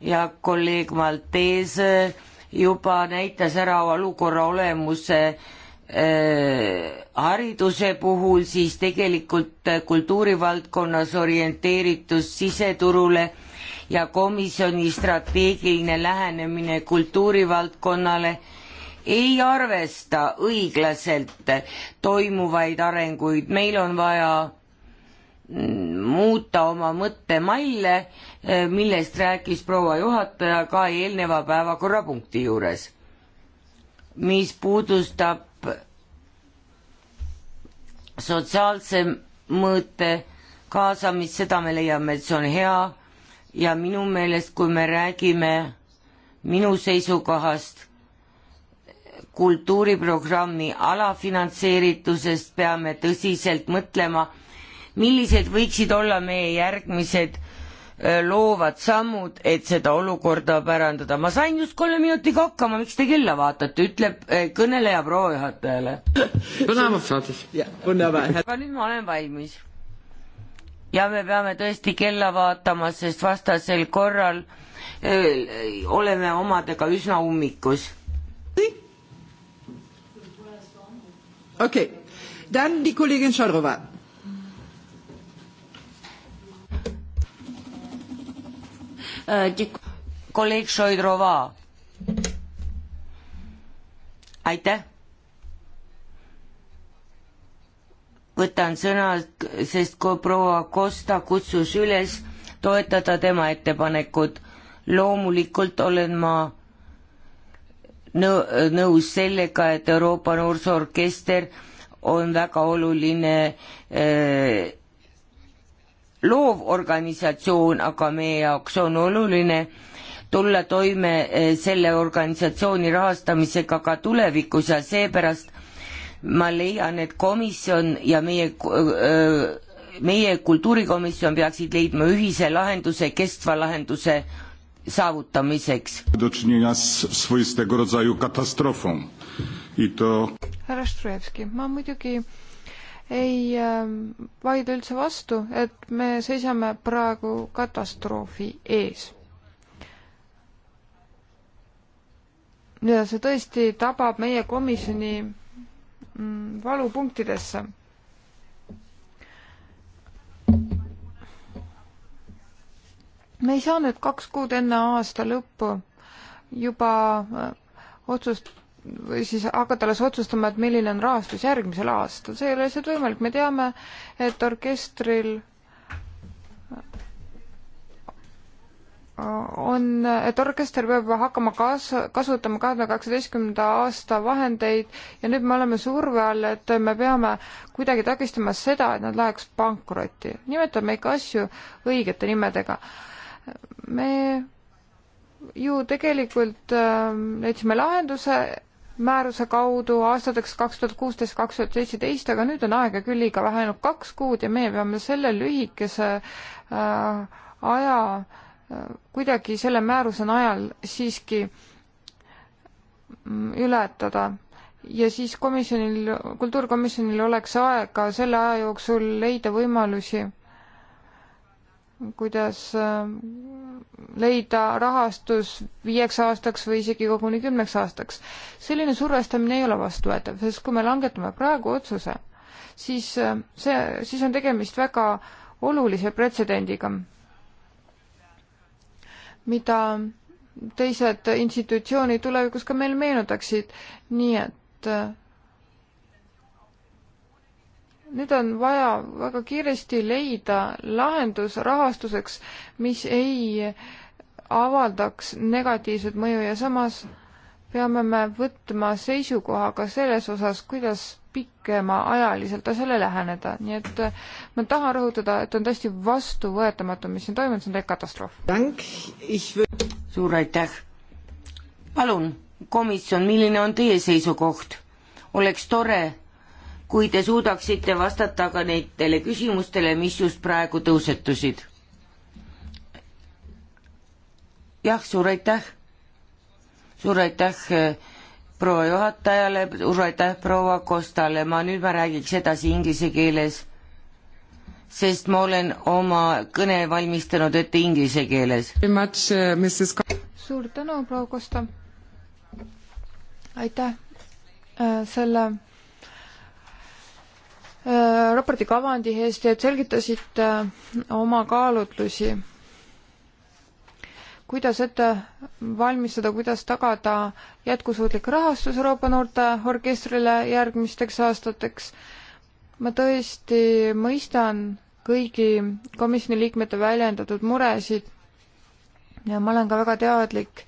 ja kolleeg Maltese juba näitas ära olukorra olemuse äh, hariduse puhul, siis tegelikult äh, kultuurivaldkonnas orienteeritus siseturule ja komisjoni strateegiline lähenemine kultuurivaldkonnale ei arvesta õiglaselt toimuvaid arenguid, meil on vaja muuta oma mõttemalle, millest rääkis proua juhataja ka eelneva päevakorrapunkti juures, mis puudustab sotsiaalse mõõte kaasamist, seda me leiame, et see on hea ja minu meelest, kui me räägime minu seisukohast kultuuriprogrammi alafinantseeritusest, peame tõsiselt mõtlema, millised võiksid olla meie järgmised äh, loovad sammud, et seda olukorda pärandada. ma sain just kolme minutiga hakkama, miks te kella vaatate, ütleb äh, kõneleja proua juhatajale. aga nüüd ma olen valmis. ja me peame tõesti kella vaatama, sest vastasel korral öö, äh, oleme omadega üsna ummikus. okei okay., tänan, kolleeg Šarova Děkuji. kolleeg Šoidrova. aitäh. võtan sõna, sest kui proua Costa kutsus üles toetada tema ettepanekut, loomulikult olen ma nõus sellega, et Euroopa Noorsoorkester on väga oluline äh, loov organisatsioon, aga meie jaoks on oluline tulla toime eh, selle organisatsiooni rahastamisega ka tulevikus ja seepärast ma leian, et komisjon ja meie eh, meie kultuurikomisjon peaksid leidma ühise lahenduse, kestva lahenduse saavutamiseks. härra Štrujevski, ma muidugi ei ähm, vaidle üldse vastu, et me seisame praegu katastroofi ees. ja see tõesti tabab meie komisjoni mm, valupunktidesse me ei saa nüüd kaks kuud enne aasta lõppu juba äh, otsust või siis hakata alles otsustama, et milline on rahastus järgmisel aastal, see ei ole lihtsalt võimalik, me teame, et orkestril on, et orkester peab hakkama kas-, kasutama kahe tuhande kaheksateistkümnenda aasta vahendeid ja nüüd me oleme surve all, et me peame kuidagi takistama seda, et nad läheks pankrotti. nimetame ikka asju õigete nimedega. me ju tegelikult äh, leidsime lahenduse, määruse kaudu aastateks kaks tuhat kuusteist, kaks tuhat seitseteist, aga nüüd on aega küll liiga vähe, ainult kaks kuud ja meie peame selle lühikese äh, aja äh, kuidagi selle määruse najal siiski mm, ületada ja siis komisjonil, kultuurkomisjonil oleks aega selle aja jooksul leida võimalusi äh, kuidas ähm, leida rahastus viieks aastaks või isegi koguni kümneks aastaks. selline survestamine ei ole vastuvõetav, sest kui me langetame praegu otsuse, siis ähm, see, siis on tegemist väga olulise pretsedendiga, mida teised institutsioonid tulevikus ka meil meenutaksid, nii et äh, nüüd on vaja väga kiiresti leida lahendus rahastuseks, mis ei avaldaks negatiivset mõju ja samas peame me võtma seisukoha ka selles osas, kuidas pikemaajaliselt asjale läheneda, nii et äh, ma tahan rõhutada, et on täiesti vastuvõetamatu, mis siin toimub, see on täielik katastroof. suur aitäh! palun, komisjon, milline on teie seisukoht? oleks tore kui te suudaksite vastata ka neile küsimustele, mis just praegu tõusetusid. jah, suur aitäh. suur aitäh eh, proua juhatajale, suur aitäh proua Kostale, ma nüüd ma räägiks edasi inglise keeles, sest ma olen oma kõne valmistanud ette inglise keeles. Eh, suur tänu, proua Kosta. aitäh eh, selle Äh, raporti kavandi eest ja et selgitasite äh, oma kaalutlusi. kuidas ette valmistada, kuidas tagada jätkusuutlik rahastus Euroopa Noorteorkestrile järgmisteks aastateks? ma tõesti mõistan kõigi komisjoni liikmete väljendatud muresid ja ma olen ka väga teadlik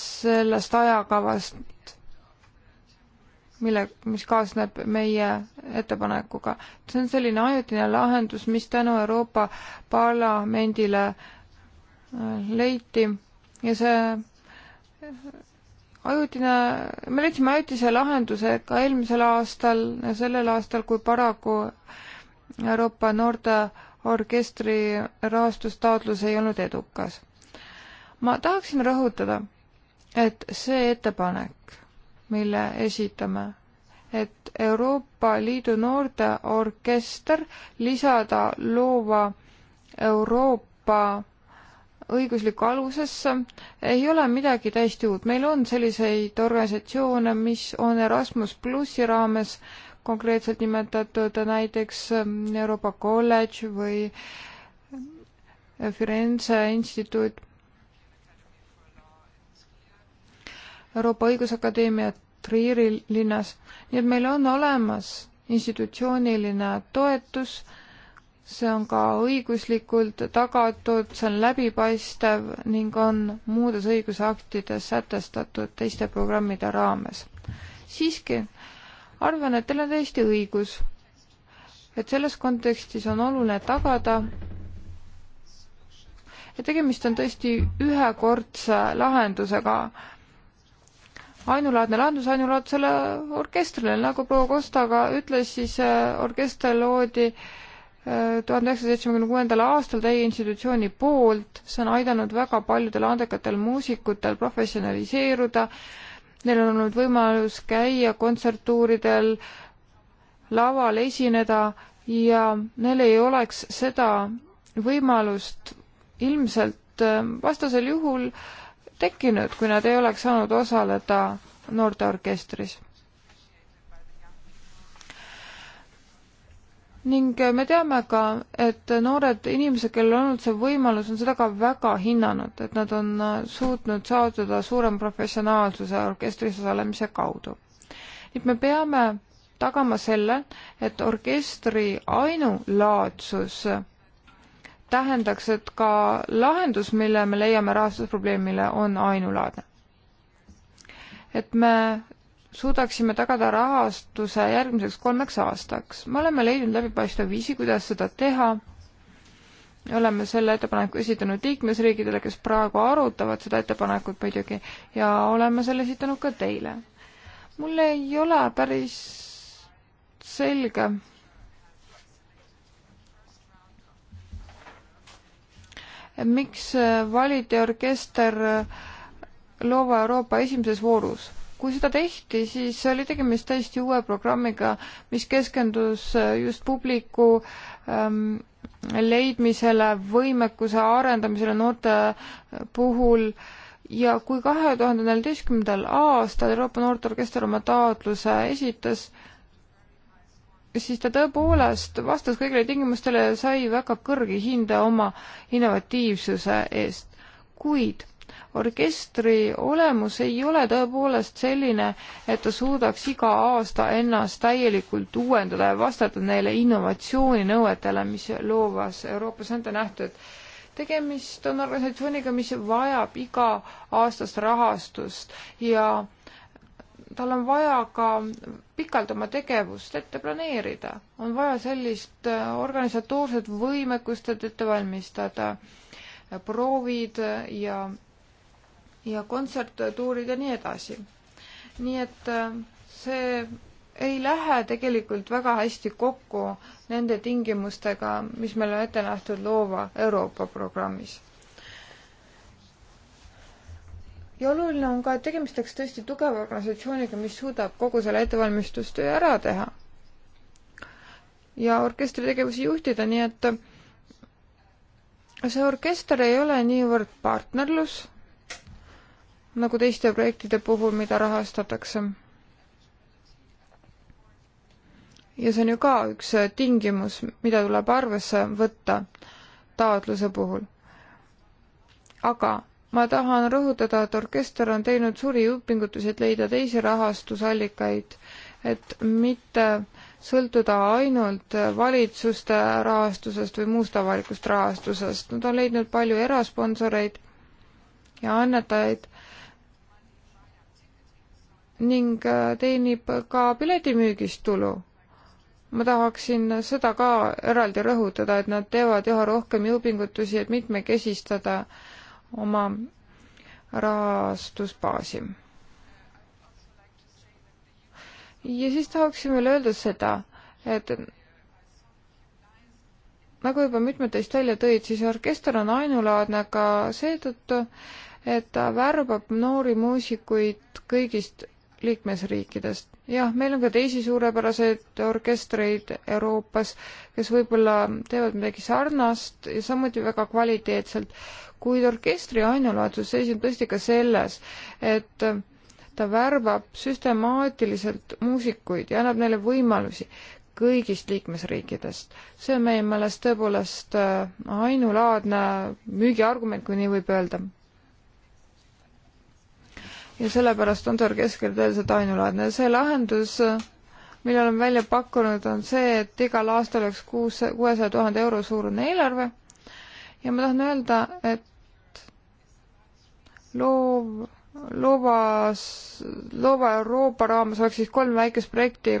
sellest ajakavast mille, mis kaasneb meie ettepanekuga. see on selline ajutine lahendus, mis tänu Euroopa Parlamendile äh, leiti ja see äh, ajutine, me leidsime ajutise lahenduse ka eelmisel aastal ja sellel aastal, kui paraku Euroopa Noorteorkestri rahastustaotlus ei olnud edukas. ma tahaksin rõhutada, et see ettepanek mille esitame, et Euroopa Liidu noorteorkester lisada loova Euroopa õiguslikku alusesse ei ole midagi täiesti uut. meil on selliseid organisatsioone, mis on Erasmus plussi raames konkreetselt nimetatud, näiteks Euroopa kolledž või Firenze instituut Euroopa Õigusakadeemia Triiri linnas, nii et meil on olemas institutsiooniline toetus, see on ka õiguslikult tagatud, see on läbipaistev ning on muudes õigusaktides sätestatud teiste programmide raames. siiski arvan, et teil on täiesti õigus, et selles kontekstis on oluline tagada, et tegemist on tõesti ühekordse lahendusega, ainulaadne lahendus ainulaadsele orkestrile, nagu proua Kosta ka ütles, siis äh, orkester loodi äh, tuhande üheksasaja seitsmekümne kuuendal aastal teie institutsiooni poolt, see on aidanud väga paljudel andekatel muusikutel professionaliseeruda, neil on olnud võimalus käia kontserttuuridel, laval esineda ja neil ei oleks seda võimalust ilmselt äh, vastasel juhul äh, tekkinud, kui nad ei oleks saanud osaleda noorteorkestris. ning me teame ka, et noored inimesed, kellel on olnud see võimalus, on seda ka väga hinnanud, et nad on suutnud saavutada suurem professionaalsuse orkestris osalemise kaudu. nüüd me peame tagama selle, et orkestri ainulaadsus tähendaks, et ka lahendus, mille me leiame rahastusprobleemile, on ainulaadne. et me suudaksime tagada rahastuse järgmiseks kolmeks aastaks. me oleme leidnud läbipaistva viisi, kuidas seda teha. oleme selle ettepaneku esitanud liikmesriigidele, kes praegu arutavad seda ettepanekut muidugi ja oleme selle esitanud ka teile. mul ei ole päris selge miks äh, valiti orkester äh, Loova Euroopa esimeses voorus? kui seda tehti, siis oli tegemist täiesti uue programmiga, mis keskendus äh, just publiku ähm, leidmisele, võimekuse arendamisele noorte puhul ja kui kahe tuhande neljateistkümnendal aastal Euroopa Noorteorkester oma taotluse esitas, siis ta tõepoolest vastas kõigile tingimustele ja sai väga kõrge hinde oma innovatiivsuse eest. kuid orkestri olemus ei ole tõepoolest selline, et ta suudaks iga aasta ennast täielikult uuendada ja vastata neile innovatsiooninõuetele, mis loovas Euroopas on ta nähtud. tegemist on organisatsiooniga, mis vajab iga-aastast rahastust ja tal on vaja ka pikalt oma tegevust ette planeerida, on vaja sellist äh, organisatoorset võimekust, et ette valmistada proovid ja, ja kontserttuurid ja nii edasi. nii et äh, see ei lähe tegelikult väga hästi kokku nende tingimustega, mis meil on ette nähtud loova Euroopa programmis ja oluline on ka, et tegemist oleks tõesti tugeva organisatsiooniga, mis suudab kogu selle ettevalmistustöö ära teha. ja orkestri tegevusi juhtida, nii et see orkester ei ole niivõrd partnerlus, nagu teiste projektide puhul, mida rahastatakse. ja see on ju ka üks tingimus, mida tuleb arvesse võtta taotluse puhul. aga ma tahan rõhutada, et orkester on teinud suuri jõupingutusi, et leida teisi rahastusallikaid, et mitte sõltuda ainult valitsuste rahastusest või muust avalikust rahastusest. Nad on leidnud palju erasponsoreid ja annetajaid ning äh, teenib ka piletimüügist tulu. ma tahaksin seda ka eraldi rõhutada, et nad teevad üha rohkem jõupingutusi, et mitmekesistada äh, oma rahastusbaasi. ja siis tahaksin veel öelda seda, et nagu juba mitmed teist välja tõid, siis orkester on ainulaadne ka seetõttu, et ta värbab noori muusikuid kõigist liikmesriikidest. jah, meil on ka teisi suurepäraseid orkestreid Euroopas, kes võib-olla teevad midagi sarnast ja samuti väga kvaliteetselt, kuid orkestri ainulaadsus seisneb tõesti ka selles, et ta värbab süstemaatiliselt muusikuid ja annab neile võimalusi kõigist liikmesriikidest. see on meie meelest tõepoolest äh, ainulaadne müügiargument, kui nii võib öelda. ja sellepärast on see orkester tõeliselt ainulaadne. see lahendus, mille oleme välja pakkunud, on see, et igal aastal oleks kuus, kuuesaja tuhande euro suurune eelarve ja ma tahan öelda, et loov, loovas, loova Euroopa raames oleks siis kolm väikest projekti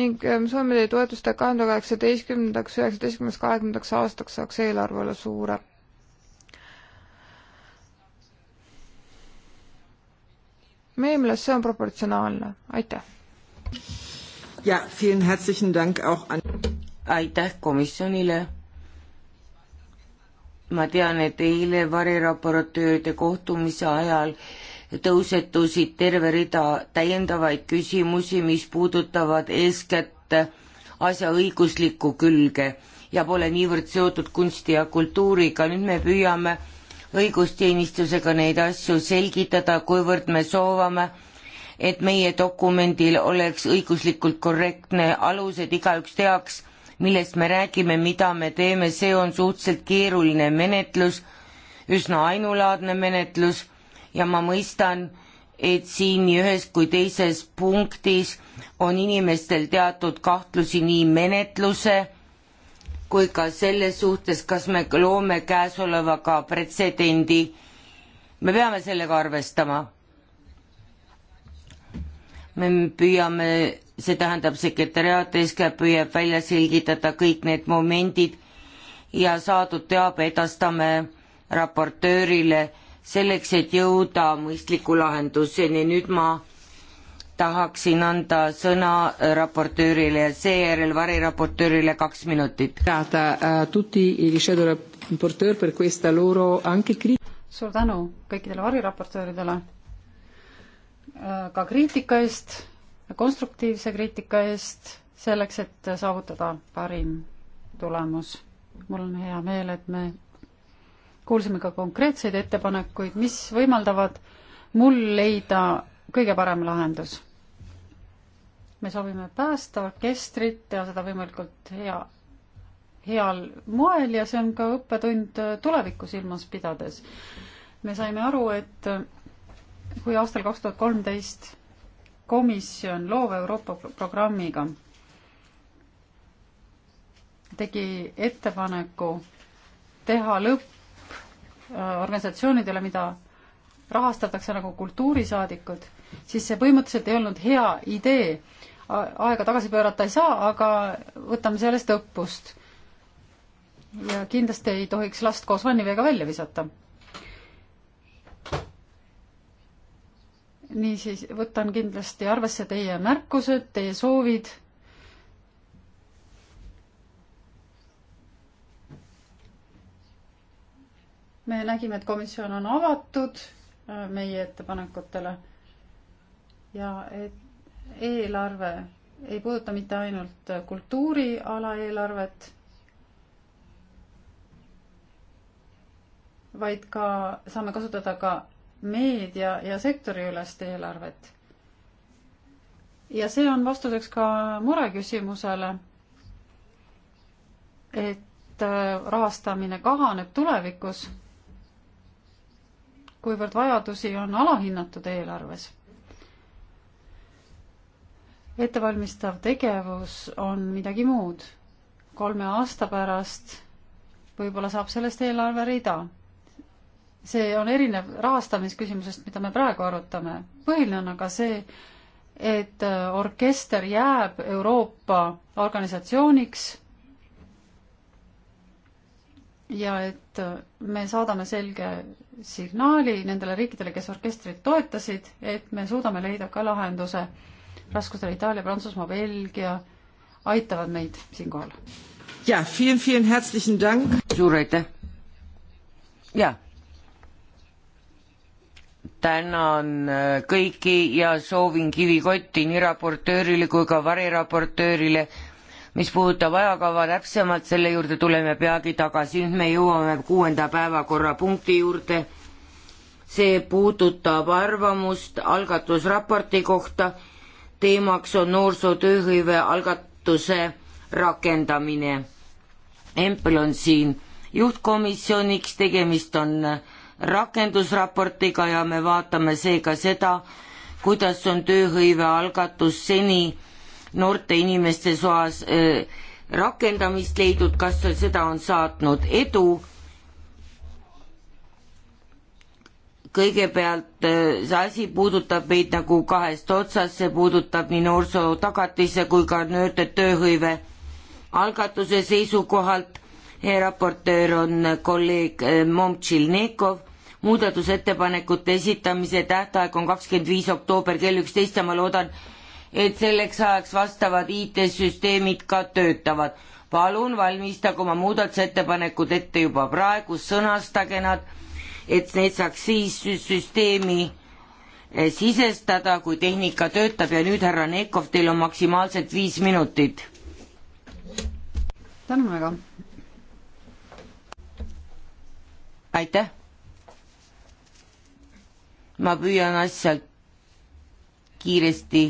ning ähm, Soome toetuste kahe tuhande kaheksateistkümnendaks, üheksateistkümnendaks, kahekümnendaks aastaks saaks eelarve olla suurem meie meelest see on proportsionaalne, aitäh. ja, aitäh komisjonile ma tean, et eile variraportööride kohtumise ajal tõusetusid terve rida täiendavaid küsimusi, mis puudutavad eeskätt asja õiguslikku külge ja pole niivõrd seotud kunsti ja kultuuriga, nüüd me püüame õigusteenistusega neid asju selgitada, kuivõrd me soovame, et meie dokumendil oleks õiguslikult korrektne alus, et igaüks teaks, millest me räägime, mida me teeme, see on suhteliselt keeruline menetlus, üsna ainulaadne menetlus ja ma mõistan, et siin nii ühes kui teises punktis on inimestel teatud kahtlusi nii menetluse kui ka selle suhtes, kas me loome käesolevaga pretsedendi. me peame sellega arvestama. me püüame see tähendab, sekretäriaat eeskätt püüab välja selgitada kõik need momendid ja saadud teabe edastame raportöörile selleks, et jõuda mõistliku lahenduseni. nüüd ma tahaksin anda sõna raportöörile ja seejärel variraportöörile kaks minutit. suur tänu kõikidele variraportööridele ka kriitika eest konstruktiivse kriitika eest, selleks, et saavutada parim tulemus. mul on hea meel, et me kuulsime ka konkreetseid ettepanekuid, mis võimaldavad mul leida kõige parem lahendus. me soovime päästa orkestrit, teha seda võimalikult hea, heal moel ja see on ka õppetund tulevikku silmas pidades. me saime aru, et kui aastal kaks tuhat kolmteist komisjon Loov Euroopa programmiga tegi ettepaneku teha lõpp äh, organisatsioonidele, mida rahastatakse nagu kultuurisaadikud, siis see põhimõtteliselt ei olnud hea idee. aega tagasi pöörata ei saa, aga võtame sellest õppust. ja kindlasti ei tohiks last koos vanniveega välja visata niisiis võtan kindlasti arvesse teie märkused, teie soovid. me nägime, et komisjon on avatud äh, meie ettepanekutele ja et eelarve ei puuduta mitte ainult kultuuriala eelarvet, vaid ka saame kasutada ka meedia ja sektoriülest eelarvet. ja see on vastuseks ka mureküsimusele, et äh, rahastamine kahaneb tulevikus, kuivõrd vajadusi on alahinnatud eelarves ettevalmistav tegevus on midagi muud. kolme aasta pärast võib-olla saab sellest eelarverida see on erinev rahastamisküsimusest, mida me praegu arutame. põhiline on aga see, et äh, orkester jääb Euroopa organisatsiooniks ja et äh, me saadame selge signaali nendele riikidele, kes orkestrit toetasid, et me suudame leida ka lahenduse raskustele Itaalia, Prantsusmaa, Belgia aitavad meid siinkohal. ja, suur aitäh! ja tänan äh, kõiki ja soovin kivikotti nii raportöörile kui ka variraportöörile. mis puudutab ajakava täpsemalt, selle juurde tuleme peagi tagasi, nüüd me jõuame kuuenda päevakorrapunkti juurde. see puudutab arvamust algatusraporti kohta. teemaks on noorsootööhõive algatuse rakendamine. Empel on siin juhtkomisjoniks, tegemist on äh, rakendusraportiga ja me vaatame seega seda, kuidas on tööhõive algatus seni noorte inimeste soas eh, rakendamist leidnud, kas seda on saatnud edu. kõigepealt eh, see asi puudutab meid nagu kahest otsast, see puudutab nii noorsootagatise kui ka nöörde tööhõive algatuse seisukohalt raportöör on kolleeg eh, Momtšilnikov, muudatusettepanekute esitamise tähtaeg on kakskümmend viis oktoober kell üksteist ja ma loodan, et selleks ajaks vastavad IT-süsteemid ka töötavad. palun valmistage oma muudatusettepanekud ette juba praegu, sõnastage nad, et need saaks siis süsteemi eh, sisestada, kui tehnika töötab ja nüüd, härra Neekov, teil on maksimaalselt viis minutit. tänan väga aitäh. ma püüan asja kiiresti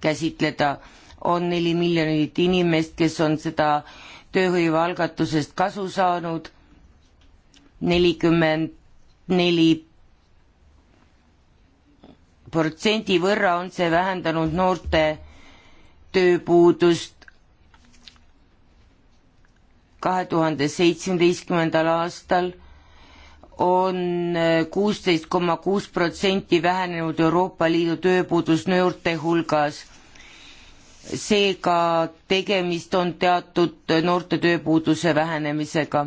käsitleda. on neli miljonit inimest, kes on seda tööhõivealgatusest kasu saanud. nelikümmend neli protsendi võrra on see vähendanud noorte tööpuudust kahe tuhande seitsmeteistkümnendal aastal on kuusteist koma kuus protsenti vähenenud Euroopa Liidu tööpuudus noorte hulgas. seega tegemist on teatud noorte tööpuuduse vähenemisega.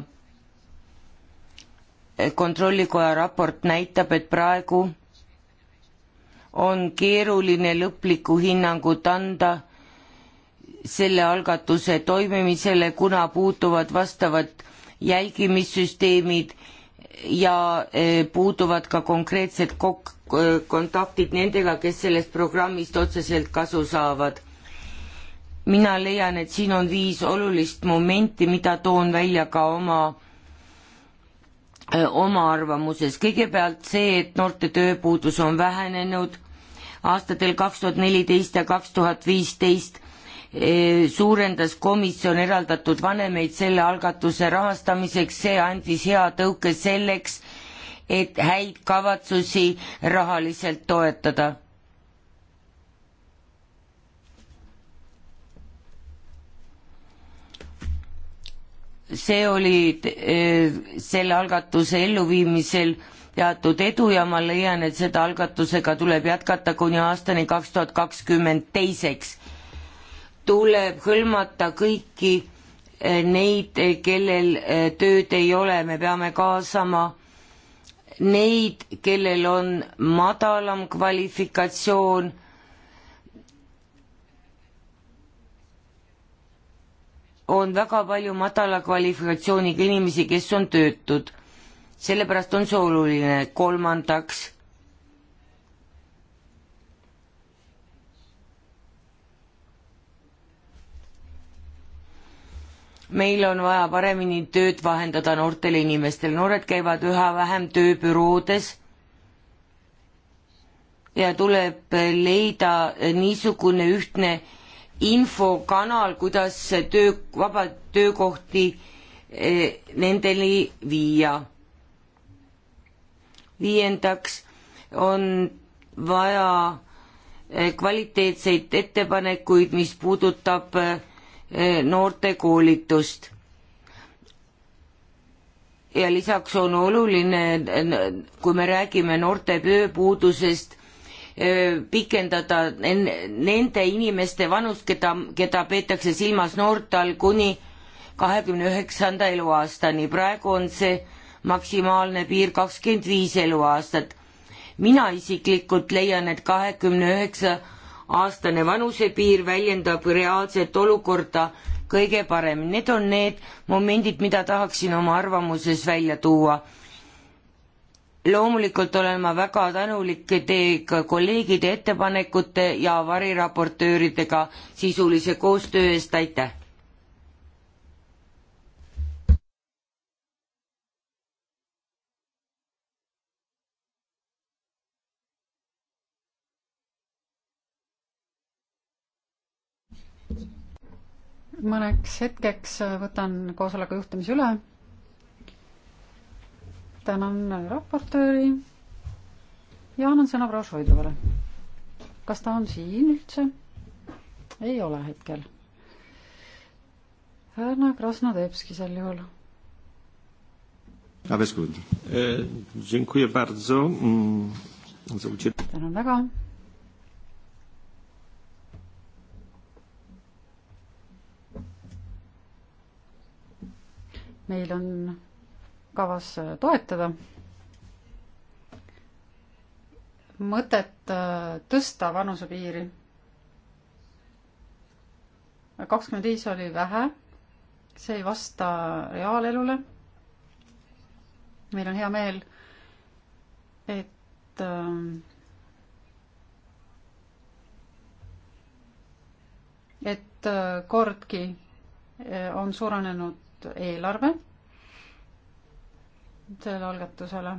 kontrollikoja raport näitab, et praegu on keeruline lõplikku hinnangut anda selle algatuse toimimisele, kuna puuduvad vastavad jälgimissüsteemid ja e, puuduvad ka konkreetsed kok-, e, kontaktid nendega, kes sellest programmist otseselt kasu saavad. mina leian, et siin on viis olulist momenti, mida toon välja ka oma, e, oma arvamuses. kõigepealt see, et noorte tööpuudus on vähenenud aastatel kaks tuhat neliteist ja kaks tuhat viisteist Eh, suurendas komisjon eraldatud vanemeid selle algatuse rahastamiseks, see andis hea tõuke selleks, et häid kavatsusi rahaliselt toetada. see oli eh, selle algatuse elluviimisel teatud edu ja ma leian, et seda algatusega tuleb jätkata kuni aastani kaks tuhat kakskümmend teiseks tuleb hõlmata kõiki eh, neid, kellel eh, tööd ei ole, me peame kaasama neid, kellel on madalam kvalifikatsioon on väga palju madala kvalifikatsiooniga inimesi, kes on töötud. sellepärast on see oluline. kolmandaks, meil on vaja paremini tööd vahendada noortele inimestele, noored käivad üha vähem tööbüroodes ja tuleb leida niisugune ühtne infokanal, kuidas töö, vaba töökohti eh, nendeni viia. viiendaks on vaja eh, kvaliteetseid ettepanekuid, mis puudutab äh, Eh, noorte koolitust. ja lisaks on oluline, kui me räägime noorte tööpuudusest, eh, pikendada nende inimeste vanust, keda, keda peetakse silmas noorte all kuni kahekümne üheksanda eluaastani, praegu on see maksimaalne piir kakskümmend viis eluaastat. mina isiklikult leian, et kahekümne üheksa aastane vanusepiir väljendab reaalset olukorda kõige paremini. Need on need momendid, mida tahaksin oma arvamuses välja tuua. loomulikult olen ma väga tänulik teie kolleegide ettepanekute ja variraportööridega sisulise koostöö eest, aitäh! mõneks hetkeks võtan koosoleku juhtimise üle. tänan raportööri ja annan sõna proua Šoidovale. kas ta on siin üldse? ei ole hetkel. härra Krasnodebski sel juhul. Eh, mm, tänan väga meil on kavas toetada mõtet äh, tõsta vanusepiiri. kakskümmend viis oli vähe, see ei vasta reaalelule. meil on hea meel, et äh, et äh, kordki on suurenenud eraldatud eelarve sellele algatusele.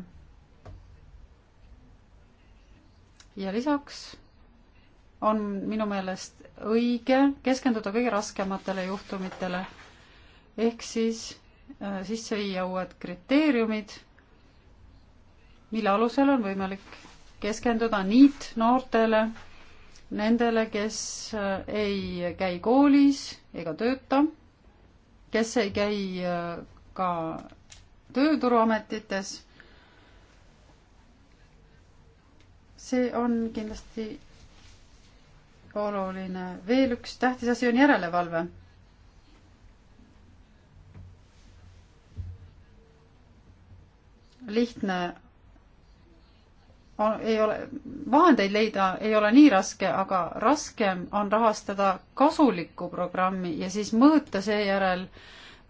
ja lisaks on minu meelest õige keskenduda kõige raskematele juhtumitele ehk siis äh, sisse viia uued kriteeriumid, mille alusel on võimalik keskenduda niitnoortele, nendele, kes äh, ei käi koolis ega tööta kes ei käi äh, ka tööturuametites. see on kindlasti oluline. veel üks tähtis asi on järelevalve. lihtne ei ole, vahendeid leida ei ole nii raske, aga raskem on rahastada kasulikku programmi ja siis mõõta seejärel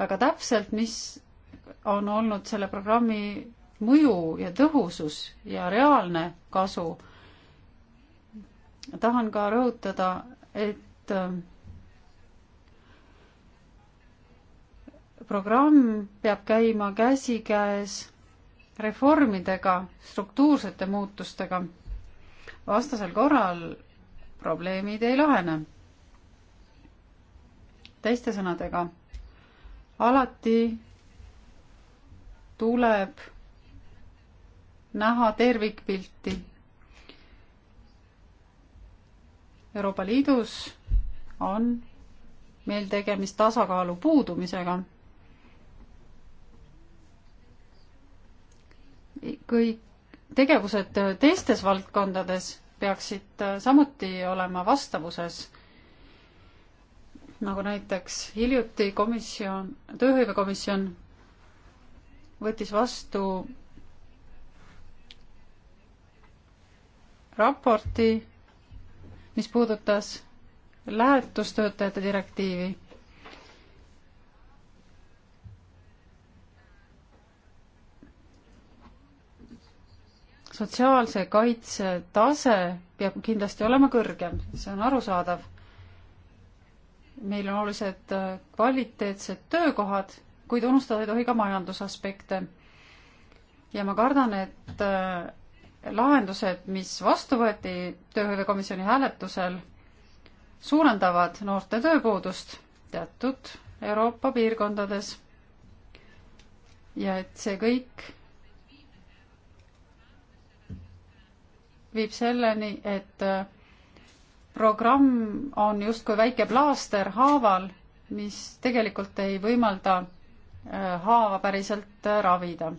väga täpselt, mis on olnud selle programmi mõju ja tõhusus ja reaalne kasu. tahan ka rõhutada, et äh, programm peab käima käsikäes reformidega, struktuursete muutustega. vastasel korral probleemid ei lahene. teiste sõnadega, alati tuleb näha tervikpilti. Euroopa Liidus on meil tegemist tasakaalu puudumisega kõik tegevused teistes valdkondades peaksid äh, samuti olema vastavuses. nagu näiteks hiljuti komisjon, tööhõivekomisjon võttis vastu raporti, mis puudutas lähetustöötajate direktiivi sotsiaalse kaitse tase peab kindlasti olema kõrgem, see on arusaadav. meil on olulised äh, kvaliteetsed töökohad, kuid unustada ei tohi ka majandusaspekte. ja ma kardan, et äh, lahendused, mis vastu võeti tööhõivekomisjoni hääletusel, suurendavad noorte tööpuudust teatud Euroopa piirkondades. ja et see kõik viib selleni, et äh, programm on justkui väike plaaster haaval, mis tegelikult ei võimalda äh, haava päriselt äh, ravida.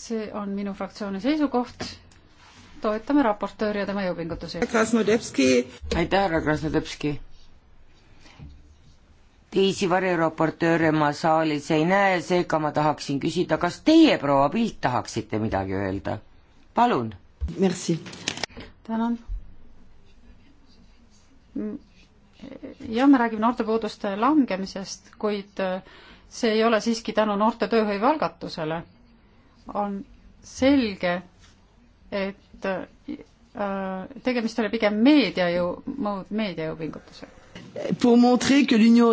see on minu fraktsiooni seisukoht. toetame raportööri ja tema jõupingutusi. aitäh, härra Krasnodebski! teisi variraportööre ma saalis ei näe, seega ma tahaksin küsida, kas teie, proua Pilt, tahaksite midagi öelda? palun. tänan. jah, me räägime noortepuuduste langemisest, kuid äh, see ei ole siiski tänu noorte tööhõive algatusele. on selge, et äh, tegemist oli pigem meediajõu, meediajõupingutusega.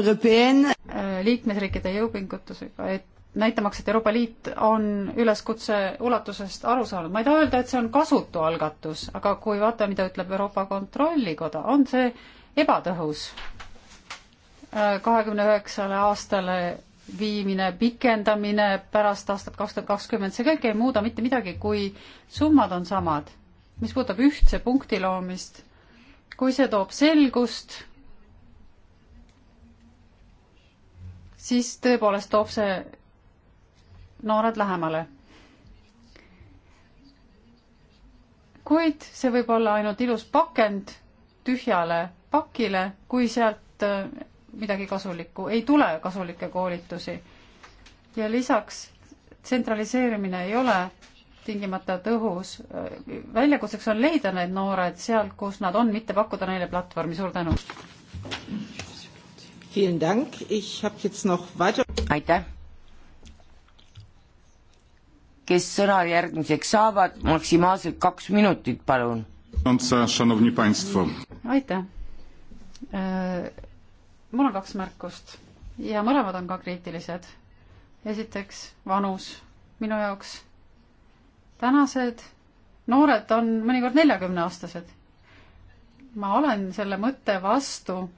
Äh, liikmesriikide jõupingutusega, et näitamaks, et Euroopa Liit on üleskutse ulatusest aru saanud. ma ei taha öelda, et see on kasutu algatus, aga kui vaata, mida ütleb Euroopa Kontrollikoda, on see ebatõhus. kahekümne üheksale aastale viimine, pikendamine pärast aastat kaks tuhat kakskümmend, see kõik ei muuda mitte midagi, kui summad on samad. mis puudutab ühtse punkti loomist, kui see toob selgust, siis tõepoolest toob see noored lähemale. kuid see võib olla ainult ilus pakend tühjale pakile, kui sealt äh, midagi kasulikku ei tule, kasulikke koolitusi. ja lisaks tsentraliseerimine ei ole tingimata tõhus. väljakutseks on leida need noored sealt, kus nad on, mitte pakkuda neile platvormi. suur tänu! aitäh! kes sõna järgmiseks saavad, maksimaalselt kaks minutit, palun. aitäh. mul on kaks märkust ja mõlemad on ka kriitilised. esiteks vanus minu jaoks. tänased noored on mõnikord neljakümneaastased. ma olen selle mõtte vastu,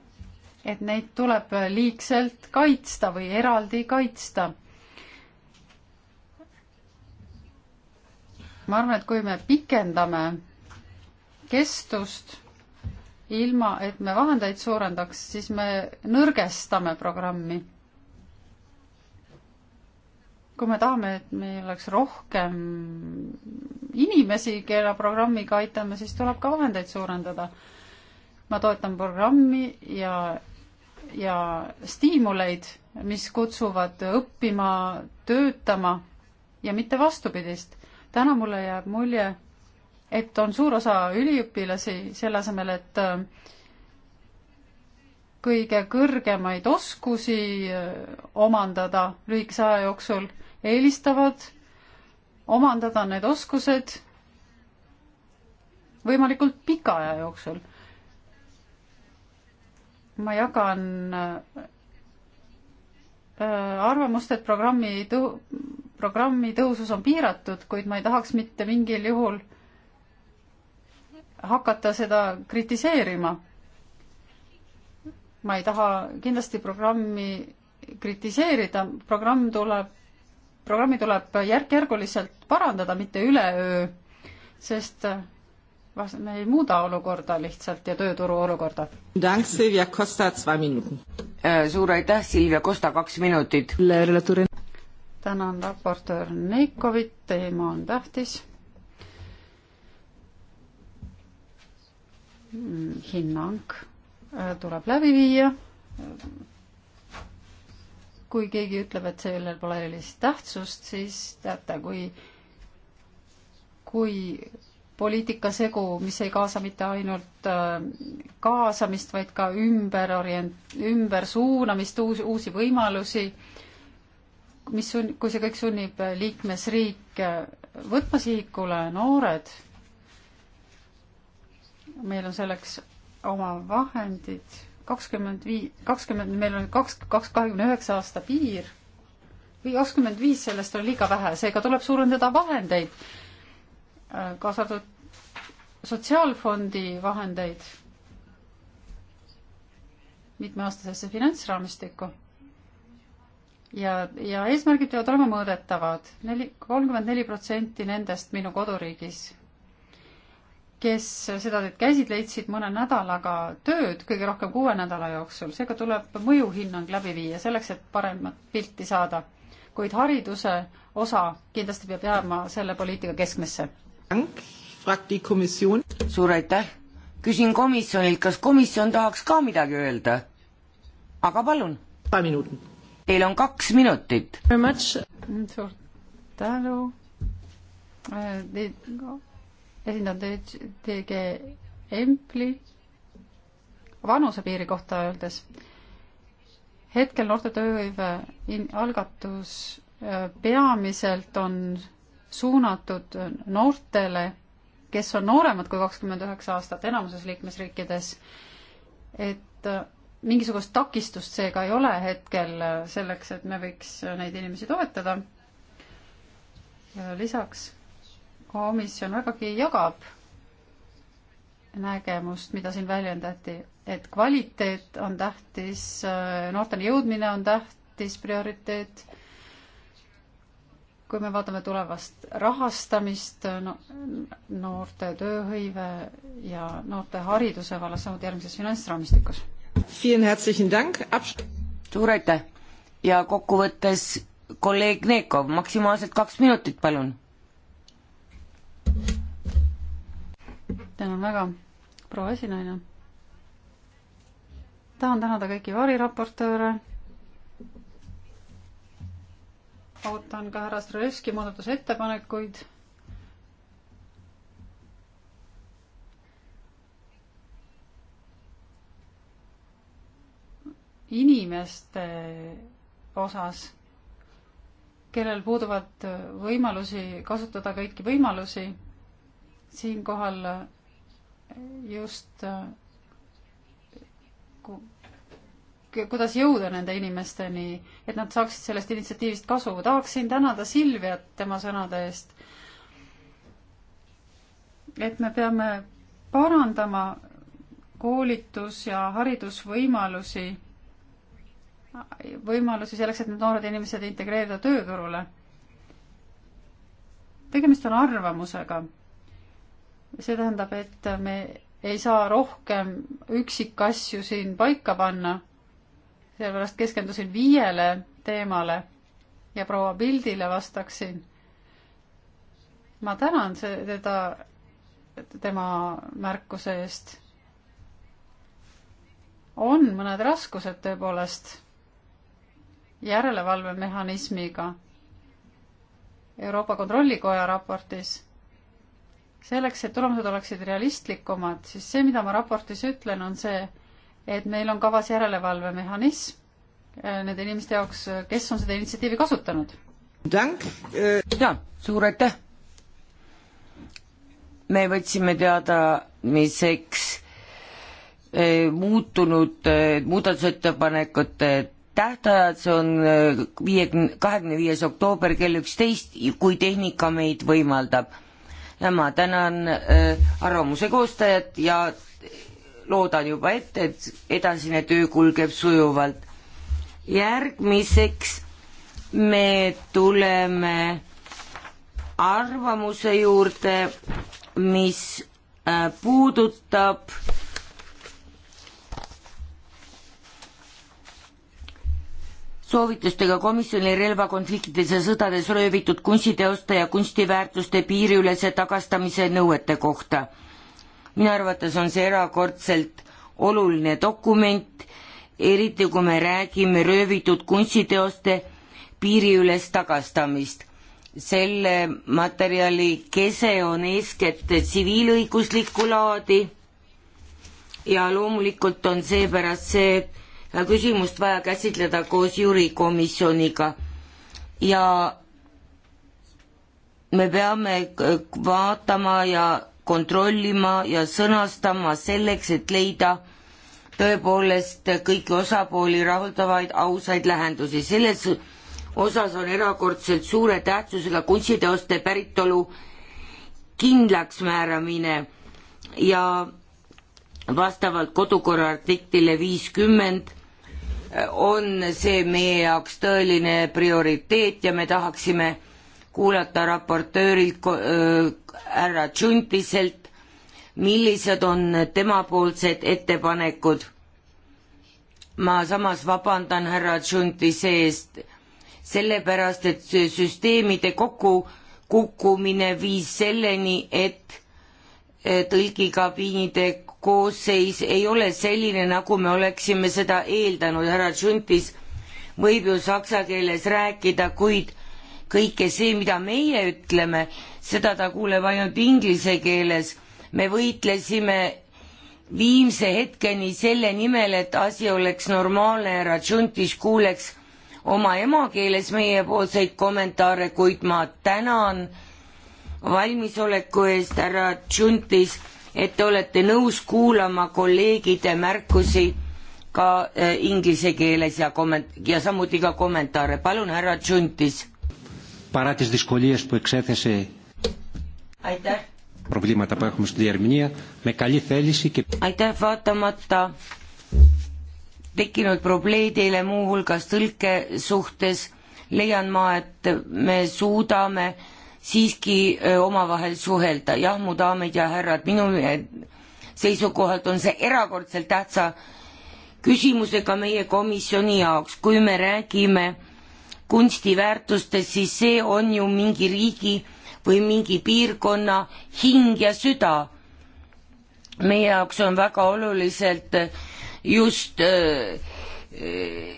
et neid tuleb liigselt kaitsta või eraldi kaitsta ma arvan, et kui me pikendame kestust ilma, et me vahendeid suurendaks, siis me nõrgestame programmi. kui me tahame, et meil oleks rohkem inimesi, kelle programmiga aitame, siis tuleb ka vahendeid suurendada. ma toetan programmi ja, ja stiimuleid, mis kutsuvad õppima, töötama ja mitte vastupidist täna mulle jääb mulje, et on suur osa üliõpilasi selle asemel, et äh, kõige kõrgemaid oskusi äh, omandada lühikese aja jooksul, eelistavad omandada need oskused võimalikult pika aja jooksul. ma jagan äh, arvamust, et programmi tõhu-, programmi tõhusus on piiratud, kuid ma ei tahaks mitte mingil juhul hakata seda kritiseerima. ma ei taha kindlasti programmi kritiseerida, programm tuleb, programmi tuleb järk-järguliselt parandada, mitte üleöö, sest me ei muuda olukorda lihtsalt ja tööturu olukorda. Äh, suur aitäh, Silvia Kosta, kaks minutit tänan raportöör Neikovit, teema on tähtis. hinnang äh, tuleb läbi viia. kui keegi ütleb, et sellel pole erilist tähtsust, siis teate, kui, kui poliitikasegu, mis ei kaasa mitte ainult äh, kaasamist, vaid ka ümberorient-, ümbersuunamist, uus, uusi võimalusi mis sun-, kui see kõik sunnib liikmesriike võtma sihikule noored, meil on selleks oma vahendid, kakskümmend viis, kakskümmend, meil on kaks, kaks, kahekümne üheksa aasta piir või kakskümmend viis, sellest on liiga vähe, seega tuleb suurendada vahendeid, kaasa arvatud sotsiaalfondi vahendeid mitmeaastasesse finantsraamistikku ja, ja eesmärgid peavad olema mõõdetavad. neli, kolmkümmend neli protsenti nendest minu koduriigis, kes seda teed käisid, leidsid mõne nädalaga tööd, kõige rohkem kuue nädala jooksul, seega tuleb mõjuhinnang läbi viia selleks, et paremat pilti saada. kuid hariduse osa kindlasti peab jääma selle poliitika keskmesse. suur aitäh, küsin komisjonilt, kas komisjon tahaks ka midagi öelda? aga palun. paar minutit Teil on kaks minutit. suur tänu. Äh, esindan teid TG Empli vanusepiiri kohta öeldes. hetkel noorte tööhõive algatus äh, peamiselt on suunatud noortele, kes on nooremad kui kakskümmend üheksa aastat enamuses liikmesriikides, et äh, mingisugust takistust seega ei ole hetkel selleks, et me võiks neid inimesi toetada. lisaks komisjon vägagi jagab nägemust, mida siin väljendati, et kvaliteet on tähtis, noorteni jõudmine on tähtis prioriteet. kui me vaatame tulevast rahastamist no,, noorte tööhõive ja noorte hariduse vallas, samuti järgmises finantsraamistikus suur aitäh ja kokkuvõttes kolleeg Neekov, maksimaalselt kaks minutit, palun. tänan väga, proua esinaine. tahan tänada kõiki variraportööre. ootan ka härra Strelevski muudatusettepanekuid inimeste osas, kellel puuduvad võimalusi kasutada kõiki võimalusi, siinkohal just ku, kuidas jõuda nende inimesteni, et nad saaksid sellest initsiatiivist kasu. tahaksin tänada Silviat tema sõnade eest. et me peame parandama koolitus- ja haridusvõimalusi võimalusi selleks, et need noored inimesed integreerida tööturule. tegemist on arvamusega. see tähendab, et me ei saa rohkem üksikasju siin paika panna. sellepärast keskendusin viiele teemale ja proua Pildile vastaksin. ma tänan see, teda, tema märkuse eest. on mõned raskused tõepoolest järelevalvemehhanismiga Euroopa Kontrollikoja raportis, selleks, et tulemused oleksid realistlikumad, siis see, mida ma raportis ütlen, on see, et meil on kavas järelevalvemehhanism eh, nende inimeste jaoks, kes on seda initsiatiivi kasutanud. Eh. ja, suur aitäh! me võtsime teadmiseks eh, muutunud muudatusettepanekute tähtajad, see on äh, viiekümne, kahekümne viies oktoober kell üksteist, kui tehnika meid võimaldab. ja ma tänan äh, arvamuse koostajat ja loodan juba ette, et edasine töö kulgeb sujuvalt. järgmiseks me tuleme arvamuse juurde, mis äh, puudutab soovitustega komisjoni relvakonfliktides ja sõdades röövitud kunstiteoste ja kunstiväärtuste piiriülese tagastamise nõuete kohta. minu arvates on see erakordselt oluline dokument, eriti kui me räägime röövitud kunstiteoste piiriüles tagastamist. selle materjali kese on eeskätt tsiviilõiguslikku laadi ja loomulikult on seepärast see, see Äh, küsimust vaja käsitleda koos juurikomisjoniga ja me peame vaatama ja kontrollima ja sõnastama selleks, et leida tõepoolest kõiki osapooli rahuldavaid ausaid lähendusi. selles osas on erakordselt suure tähtsusega kunstiteoste päritolu kindlaksmääramine ja vastavalt kodukorra artiklile viiskümmend on see meie jaoks tõeline prioriteet ja me tahaksime kuulata raportöörilt äh, härra Tšuntiselt, millised on temapoolsed ettepanekud. ma samas vabandan härra Tšuntise eest, sellepärast et süsteemide kokkukukkumine viis selleni, et tõlgikabiinide koosseis ei ole selline, nagu me oleksime seda eeldanud, härra Tšuntis võib ju saksa keeles rääkida, kuid kõike see, mida meie ütleme, seda ta kuuleb ainult inglise keeles. me võitlesime viimse hetkeni selle nimel, et asi oleks normaalne, härra Tšuntis kuuleks oma emakeeles meiepoolseid kommentaare, kuid ma tänan valmisoleku eest, härra Tšuntis et te olete nõus kuulama kolleegide märkusi ka eh, inglise keeles ja komment- ja samuti ka kommentaare, palun härra Tšuntis. aitäh. προβλήματα που έχουμε στη διερμηνία με καλή θέληση και... Aitäh vaatamata tekkinud probleemidele muuhulgas tõlke suhtes leian ma, et me suudame äh, siiski omavahel suhelda. jah, mu daamid ja härrad, minu eh, seisukohalt on see erakordselt tähtsa küsimusega meie komisjoni jaoks, kui me räägime kunstiväärtustest, siis see on ju mingi riigi või mingi piirkonna hing ja süda. meie jaoks on väga oluliselt eh, just öö, öö,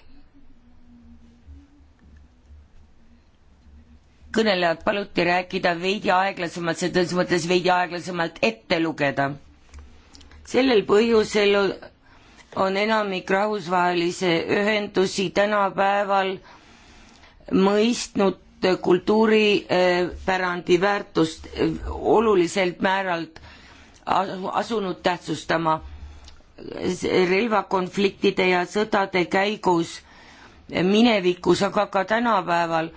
kõnelejad paluti rääkida veidi aeglasemalt, selles mõttes veidi aeglasemalt ette lugeda. sellel põhjusel on enamik rahvusvahelisi ühendusi tänapäeval mõistnud kultuuripärandi väärtust oluliselt määralt asunud tähtsustama relvakonfliktide ja sõdade käigus minevikus, aga ka tänapäeval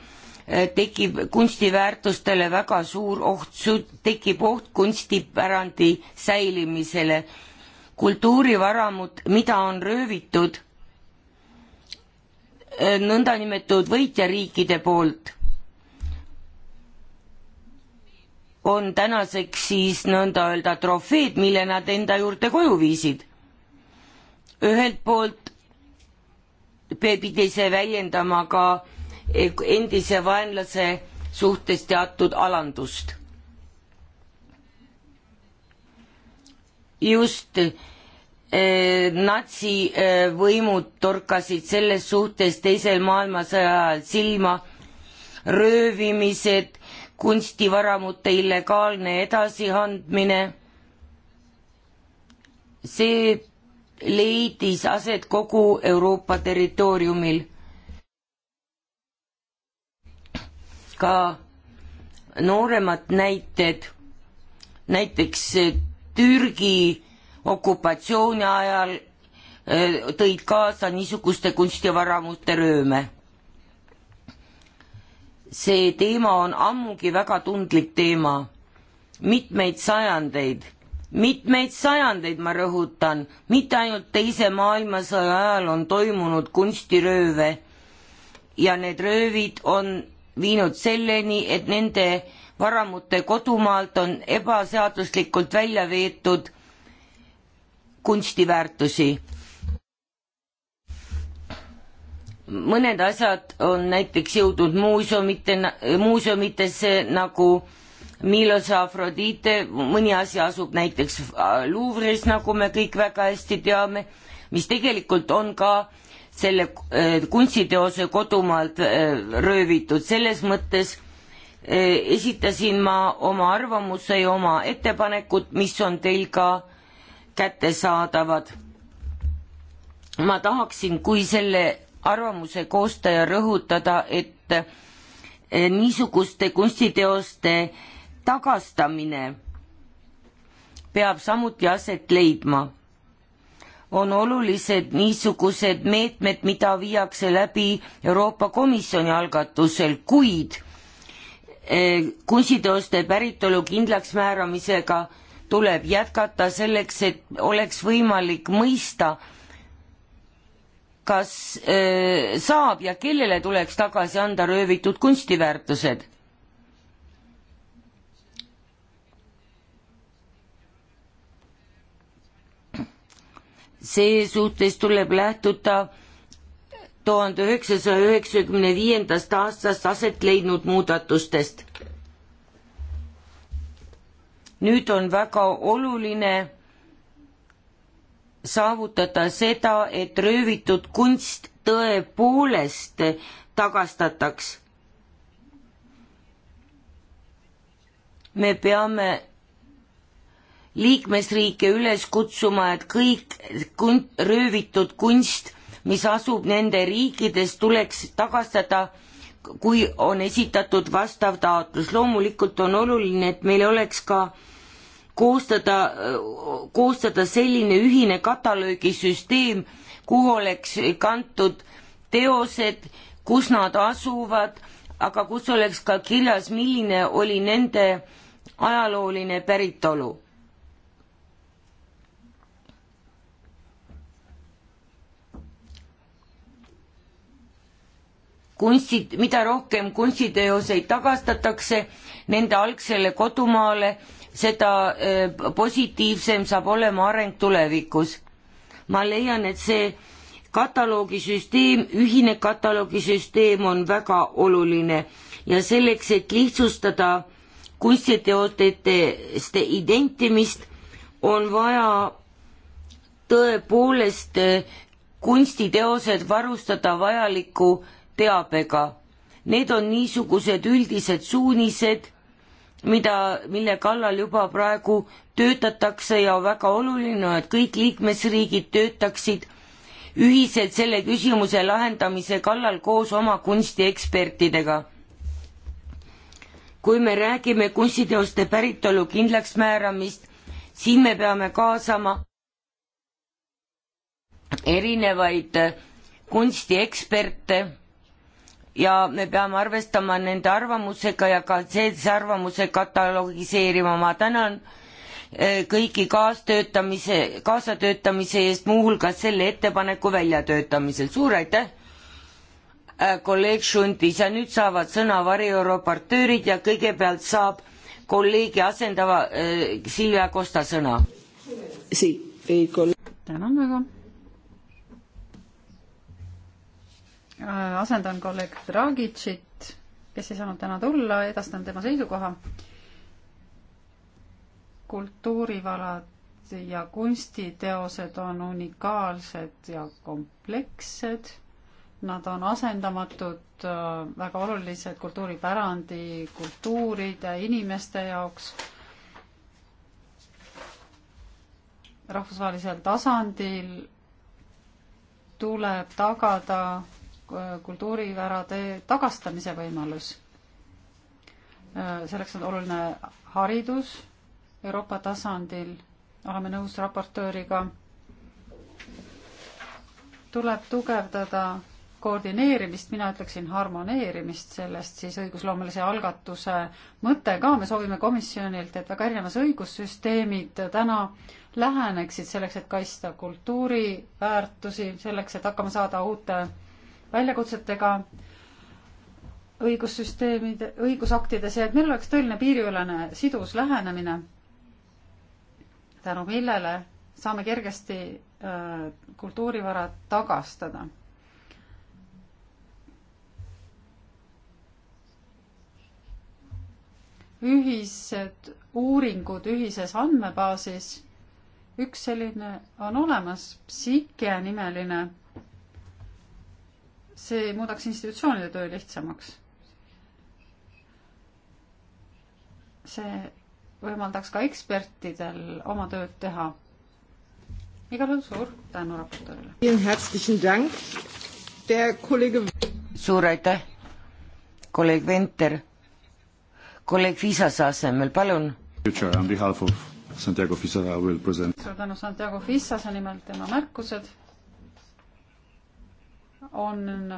tekib kunstiväärtustele väga suur oht, tekib oht kunstipärandi säilimisele. kultuurivaramud, mida on röövitud eh, nõndanimetatud võitjariikide poolt, on tänaseks siis nõnda öelda trofeed, mille nad enda juurde koju viisid. ühelt poolt pidi see väljendama ka endise vaenlase suhtes teatud alandust. just eh, natsivõimud torkasid selles suhtes teisel maailmasõja ajal silma, röövimised, kunstivaramute illegaalne edasiandmine, see leidis aset kogu Euroopa territooriumil ka nooremad näited, näiteks eh, Türgi okupatsiooni ajal eh, tõid kaasa niisuguste kunstivaramute rööme. see teema on ammugi väga tundlik teema, mitmeid sajandeid mitmeid sajandeid, ma rõhutan, mitte ainult Teise maailmasõja ajal on toimunud kunstirööve ja need röövid on viinud selleni, et nende varamute kodumaalt on ebaseaduslikult välja veetud kunstiväärtusi. mõned asjad on näiteks jõudnud muuseumite, muuseumitesse nagu Milos Afrodite, mõni asi asub näiteks Louvre'is, nagu me kõik väga hästi teame, mis tegelikult on ka äh, selle äh, kunstiteose kodumaalt äh, röövitud, selles mõttes äh, esitasin ma oma arvamuse ja oma ettepanekud, mis on teil ka kättesaadavad. ma tahaksin, kui selle arvamuse koostaja rõhutada, et niisuguste kunstiteoste tagastamine peab samuti aset leidma on olulised niisugused meetmed, mida viiakse läbi Euroopa Komisjoni algatusel, kuid eh, kunstiteoste päritolu kindlaksmääramisega tuleb jätkata selleks, et oleks võimalik mõista, kas öö, eh, saab ja kellele tuleks tagasi anda röövitud kunstiväärtused see suhtes tuleb lähtuda tuhande üheksasaja üheksakümne viiendast aastast aset leidnud muudatustest. nüüd on väga oluline saavutada seda, et röövitud kunst tõepoolest tagastataks. me peame liikmesriike üles kutsuma, et kõik kun-, röövitud kunst, mis asub nende riikides, tuleks tagastada, kui on esitatud vastav taotlus. loomulikult on oluline, et meil oleks ka koostada, koostada selline ühine kataloogisüsteem, kuhu oleks kantud teosed, kus nad asuvad, aga kus oleks ka kirjas, milline oli nende ajalooline päritolu kunstid, mida rohkem kunstiteoseid tagastatakse nende algsele kodumaale, seda eh, positiivsem saab olema areng tulevikus. ma leian, et see kataloogisüsteem, ühine kataloogisüsteem on väga oluline ja selleks, et lihtsustada kunstiteoteste identimist, on vaja tõepoolest eh, kunstiteosed varustada vajaliku teabega. Need on niisugused üldised suunised, mida, mille kallal juba praegu töötatakse ja väga oluline on, et kõik liikmesriigid töötaksid ühiselt selle küsimuse lahendamise kallal koos oma kunstiekspertidega. kui me räägime kunstiteoste päritolu kindlaksmääramist, siin me peame kaasama erinevaid kunstieksperte ja me peame arvestama nende arvamusega ja ka sellise arvamuse katalogiseerima, ma tänan eh, kõiki kaastöötamise, kaasatöötamise eest, muuhulgas selle ettepaneku väljatöötamisel, suur aitäh! Äh, kolleeg Šuntis ja nüüd saavad sõna varieuraportöörid ja kõigepealt saab kolleegi asendava äh, Silvia Kosta sõna. tänan väga Äh, asendan kolleeg Dragicit, kes ei saanud täna tulla, edastan tema seisukoha. kultuurivalad ja kunstiteosed on unikaalsed ja komplekssed. Nad on asendamatud, äh, väga olulised kultuuripärandi, kultuuride, inimeste jaoks rahvusvahelisel tasandil tuleb tagada kultuurivärade tagastamise võimalus. selleks on oluline haridus Euroopa tasandil, oleme nõus raportööriga. tuleb tugevdada koordineerimist, mina ütleksin harmoneerimist sellest siis õigusloomelise algatuse mõte ka, me soovime komisjonilt, et väga erinevas õigussüsteemid täna läheneksid selleks, et kaitsta kultuuriväärtusi, selleks, et hakkama saada uute väljakutsetega õigussüsteemide, õigusaktides ja et meil oleks tõeline piiriülene sidus lähenemine, tänu millele saame kergesti äh, kultuurivarad tagastada. ühised uuringud ühises andmebaasis, üks selline on olemas, Psyche nimeline see muudaks institutsioonide töö lihtsamaks. see võimaldaks ka ekspertidel oma tööd teha. igal juhul suur tänu raportöörile. suur aitäh, kolleeg Venter. kolleeg Fisase asemel, palun. suur tänu Santiago Fisase nimel tema märkused on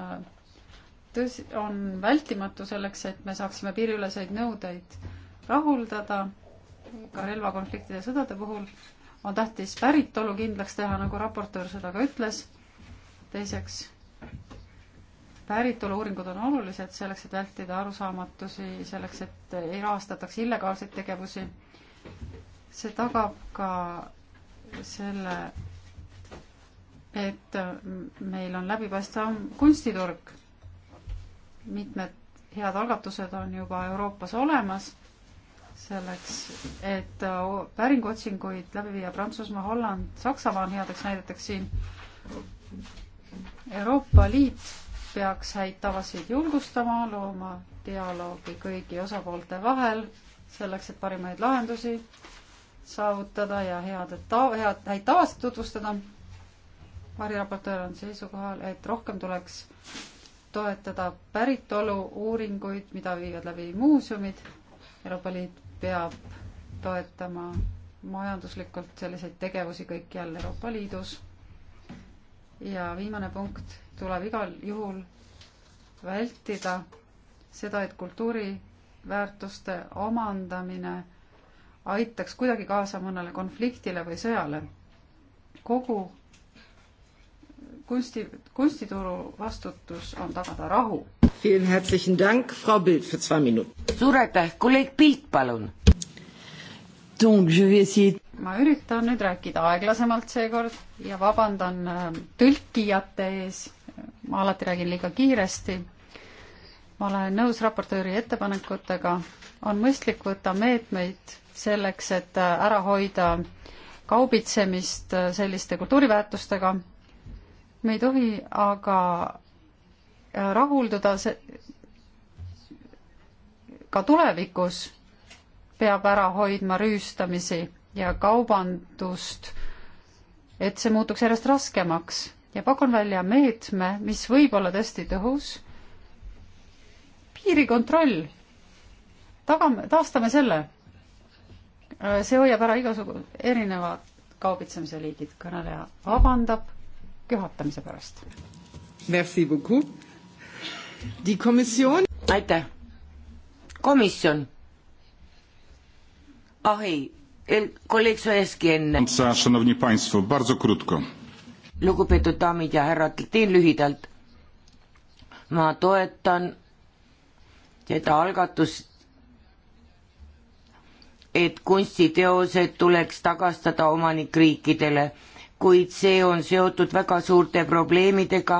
tõsi, on vältimatu selleks, et me saaksime piiriüleseid nõudeid rahuldada, ka relvakonfliktide sõdade puhul on tähtis päritolu kindlaks teha, nagu raportöör seda ka ütles. teiseks, päritolu-uuringud on olulised selleks, et vältida arusaamatusi, selleks, et ei rahastataks illegaalseid tegevusi. see tagab ka selle et äh, meil on läbipaistvam kunstiturg. mitmed head algatused on juba Euroopas olemas selleks, et äh, päringuotsinguid läbi viia Prantsusmaa, Holland, Saksamaa on headeks näideteks siin. Euroopa Liit peaks häid tavasid julgustama, looma dialoogi kõigi osapoolte vahel, selleks, et parimaid lahendusi saavutada ja head, head, häid tavasid tutvustada variraportöör on seisukohal, et rohkem tuleks toetada päritolu uuringuid, mida viivad läbi muuseumid. Euroopa Liit peab toetama majanduslikult selliseid tegevusi kõikjal Euroopa Liidus. ja viimane punkt, tuleb igal juhul vältida seda, et kultuuriväärtuste omandamine aitaks kuidagi kaasa mõnele konfliktile või sõjale. kogu kunsti, kunstituru vastutus on tagada rahu. suur aitäh, kolleeg Pilt, palun. ma üritan nüüd rääkida aeglasemalt seekord ja vabandan ähm, tõlkijate ees. ma alati räägin liiga kiiresti. ma olen nõus raportööri ettepanekutega. on mõistlik võtta meetmeid selleks, et äh, ära hoida kaubitsemist äh, selliste kultuuriväärtustega me ei tohi aga äh, rahulduda se-, ka tulevikus peab ära hoidma rüüstamisi ja kaubandust, et see muutuks järjest raskemaks ja pakun välja meetme, mis võib olla tõesti tõhus, piirikontroll, tagame, taastame selle. Äh, see hoiab ära igasugu erinevad kaubitsemise liigid, kõneleja vabandab köhatamise pärast. Merci beaucoup. Die Kommission. aitäh. komisjon. ah ei, kolleeg Soeski enne. lugupeetud daamid ja härrad, teen lühidalt. ma toetan seda algatust, et kunstiteosed tuleks tagastada omanikriikidele kuid see on seotud väga suurte probleemidega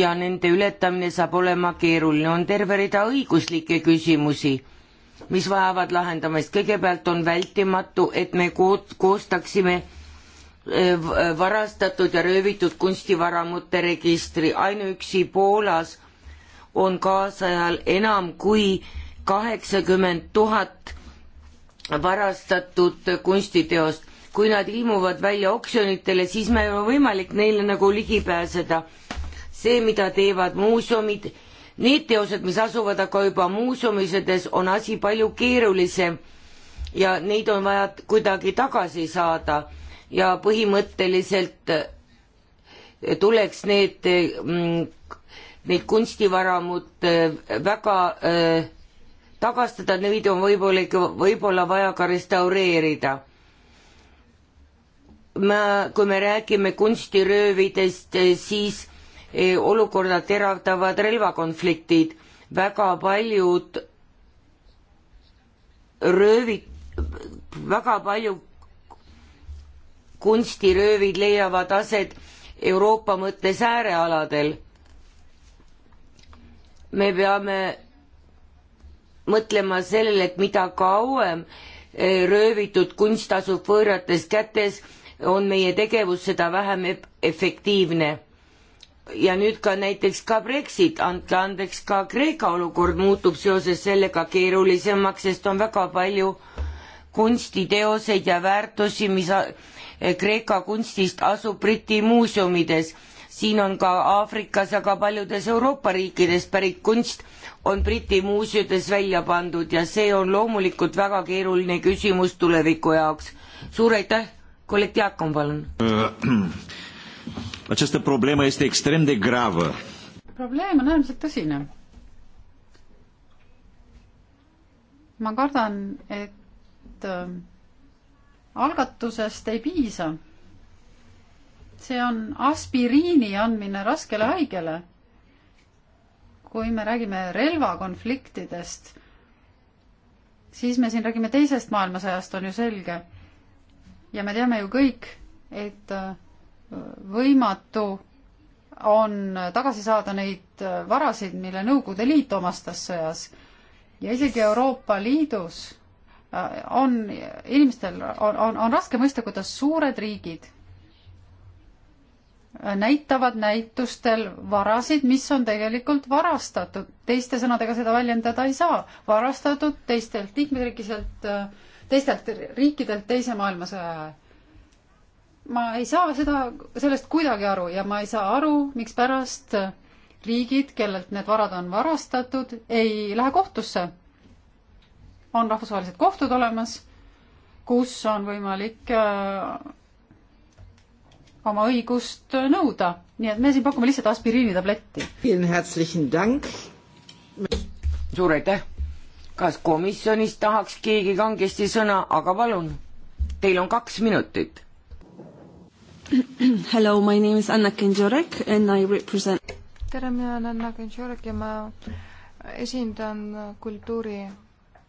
ja nende ületamine saab olema keeruline. on terve rida õiguslikke küsimusi, mis vajavad lahendamist. kõigepealt on vältimatu, et me koostaksime äh, varastatud ja röövitud kunstivaramute registri. ainuüksi Poolas on kaasajal enam kui kaheksakümmend tuhat varastatud kunstiteost kui nad ilmuvad välja oksjonitele, siis meil on võimalik neile nagu ligi pääseda. see, mida teevad muuseumid, need teosed, mis asuvad aga juba muuseumisedes, on asi palju keerulisem ja neid on vaja kuidagi tagasi saada ja põhimõtteliselt eh, tuleks need, mm, neid kunstivaramud eh, väga äh, tagastada, neid on võib-olla, võib-olla vaja ka restaureerida ma, kui me räägime kunstiröövidest, eh, siis eh, olukorda teravdavad relvakonfliktid. väga paljud röövid, väga palju kunstiröövid leiavad aset Euroopa mõttes äärealadel. me peame mõtlema sellele, et mida kauem eh, röövitud kunst asub võõrates kätes, on meie tegevus, seda vähem efektiivne. ja nüüd ka näiteks ka Brexit, andke andeks, ka Kreeka olukord muutub seoses sellega keerulisemaks, sest on väga palju kunstiteoseid ja väärtusi, mis Kreeka kunstist asub Briti muuseumides siin on ka Aafrikas, aga paljudes Euroopa riikides pärit kunst on Briti muuseumides välja pandud ja see on loomulikult väga keeruline küsimus tuleviku jaoks. suur aitäh Coleg Diacon, vă Această problemă este extrem de gravă. probleem on äärmiselt tõsine. ma kardan, et ähm, algatusest ei piisa. see on aspiriini andmine raskele haigele. kui me räägime relvakonfliktidest, siis me siin räägime teisest maailmasõjast, on ju selge ja me teame ju kõik, et äh, võimatu on tagasi saada neid äh, varasid, mille Nõukogude Liit omastas sõjas. ja isegi Euroopa Liidus äh, on inimestel, on, on, on raske mõista, kuidas suured riigid näitavad näitustel varasid, mis on tegelikult varastatud. teiste sõnadega seda väljendada ei saa. varastatud teistelt liikmesriikiselt äh, teistelt riikidelt teise maailmasõja ajal. ma ei saa seda, sellest kuidagi aru ja ma ei saa aru, mikspärast riigid, kellelt need varad on varastatud, ei lähe kohtusse. on rahvusvahelised kohtud olemas, kus on võimalik äh, oma õigust nõuda, nii et me siin pakume lihtsalt aspiriinitabletti. suur aitäh! kas komisjonis tahaks keegi kangesti sõna, aga palun, teil on kaks minutit. Hello, my name is Anna Kendjorek and I represent tere, mina olen Anna Kendjorek ja ma esindan kultuuri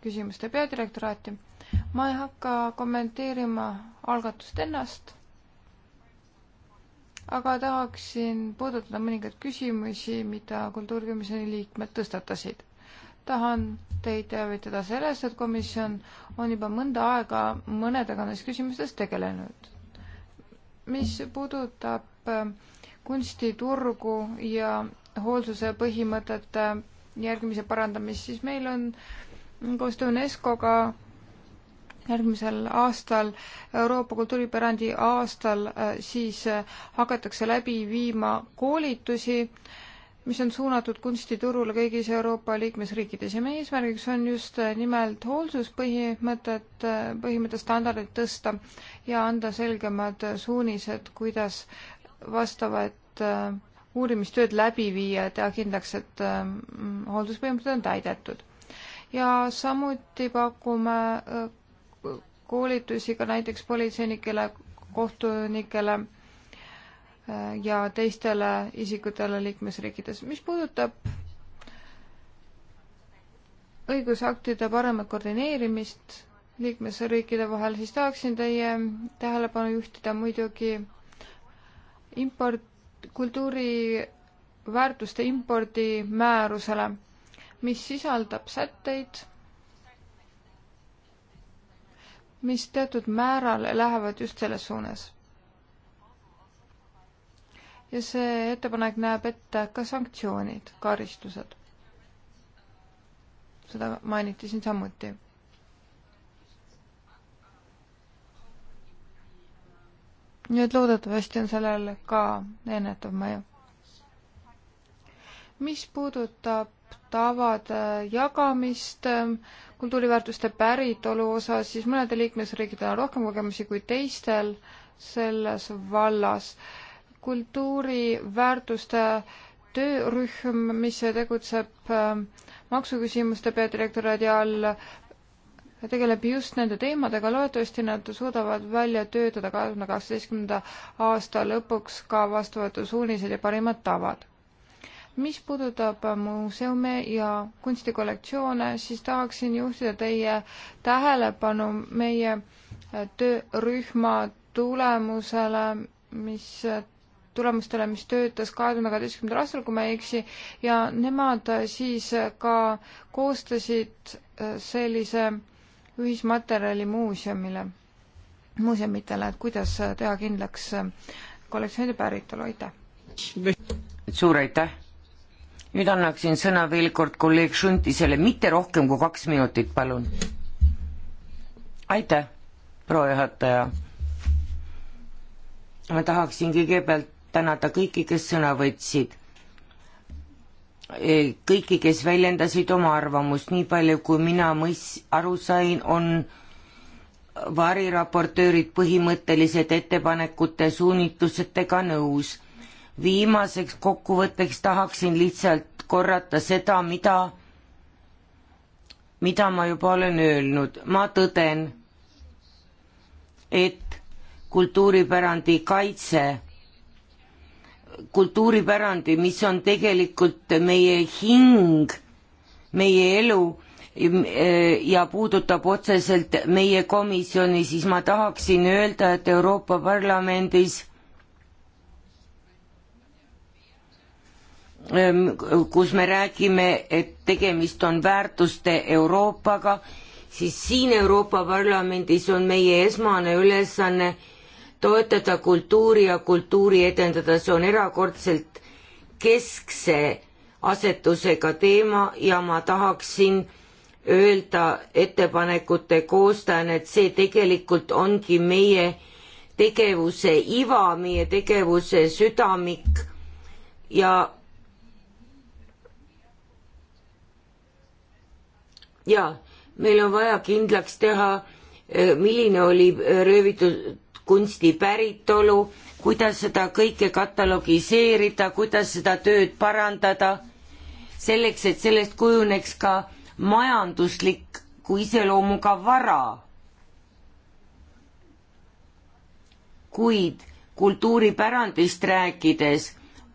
küsimuste peadirektoraati. ma ei hakka kommenteerima algatust ennast, aga tahaksin puudutada mõningaid küsimusi, mida kultuurikomisjoni liikmed tõstatasid tahan teid teavitada sellest, et komisjon on juba mõnda aega mõnedega neist küsimustest tegelenud. mis puudutab äh, kunstiturgu ja hoolsuse põhimõtete järgimise parandamist, siis meil on koostöö UNESCO-ga järgmisel aastal, Euroopa kultuuripärandi aastal, äh, siis äh, hakatakse läbi viima koolitusi äh, mis on suunatud kunstiturule kõigis Euroopa liikmesriikides ja meie eesmärgiks on just äh, nimelt hoolsuspõhimõtet, äh, põhimõtte standardit tõsta ja anda selgemad äh, suunised, kuidas vastavad uurimistööd läbi viia, teha kindlaks, et hoolduspõhimõtted on täidetud. ja samuti pakume koolitusi ka näiteks politseinikele, kohtunikele Äh, ja teistele isikutele liikmesriikides. mis puudutab õigusaktide paremat koordineerimist liikmesriikide vahel, siis tahaksin teie tähelepanu juhtida muidugi import, kultuuriväärtuste impordimäärusele, mis sisaldab sätteid, mis teatud määral lähevad just selles suunas ja see ettepanek näeb ette ka sanktsioonid, karistused. seda mainiti siin samuti. nii et loodetavasti on sellel ka ennetav mõju. mis puudutab tavade jagamist ähm, kultuuriväärtuste päritolu osas, siis mõnedel liikmesriikidel on rohkem kogemusi kui teistel selles vallas äh, kultuuriväärtuste töörühm, mis tegutseb ähm, maksuküsimuste peadirektoraadi all, tegeleb just nende teemadega, loodetavasti nad suudavad välja töötada kahe tuhande kaheksateistkümnenda aasta lõpuks ka vastuvõetud suunised ja parimad tavad. mis puudutab muuseume ja kunstikollektsioone, siis tahaksin juhtida teie tähelepanu meie töörühma tulemusele, mis tulemustele, mis töötas kahe tuhande kaheteistkümnendal aastal, kui ma ei eksi, ja nemad siis ka koostasid äh, sellise ühismaterjali muuseumile, muuseumitele, et kuidas äh, teha kindlaks äh, kollektsioonide päritolu, aitäh! suur aitäh! nüüd annaksin sõna veel kord kolleeg Šuntisele, mitte rohkem kui kaks minutit, palun. aitäh, proua juhataja. ma tahaksin kõigepealt tänada kõiki, kes sõna võtsid. Eh, kõiki, kes väljendasid oma arvamust, nii palju kui mina mõis-, aru sain, on variraportöörid põhimõttelised ettepanekute suunitlusetega nõus. viimaseks kokkuvõtteks tahaksin lihtsalt korrata seda, mida, mida ma juba olen öelnud, ma tõden, et kultuuripärandi kaitse kultuuripärandi, mis on tegelikult meie hing, meie elu ja puudutab otseselt meie komisjoni, siis ma tahaksin öelda, et Euroopa Parlamendis ehm, kus me räägime, et tegemist on väärtuste Euroopaga, siis siin Euroopa Parlamendis on meie esmane ülesanne toetada kultuuri ja kultuuri edendada, see on erakordselt keskse asetusega teema ja ma tahaksin öelda ettepanekute koostajana, et see tegelikult ongi meie tegevuse iva, meie tegevuse südamik ja ja meil on vaja kindlaks teha, milline oli röövitud kunsti päritolu, kuidas seda kõike katalogiseerida, kuidas seda tööd parandada, selleks, et sellest kujuneks ka majandusliku iseloomuga vara. kuid kultuuripärandist rääkides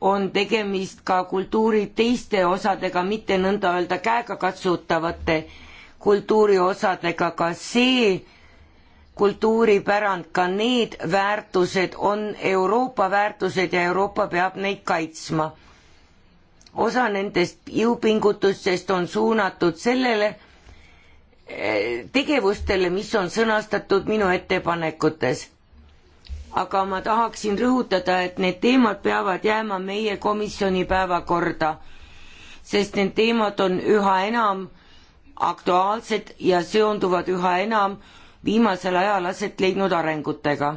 on tegemist ka kultuuri teiste osadega, mitte nõnda öelda käegakatsutavate kultuuriosadega, ka see kultuuripärand, ka need väärtused on Euroopa väärtused ja Euroopa peab neid kaitsma. osa nendest jõupingutustest on suunatud sellele eh, tegevustele, mis on sõnastatud minu ettepanekutes. aga ma tahaksin rõhutada, et need teemad peavad jääma meie komisjoni päevakorda, sest need teemad on üha enam aktuaalsed ja seonduvad üha enam viimasel ajal aset leidnud arengutega.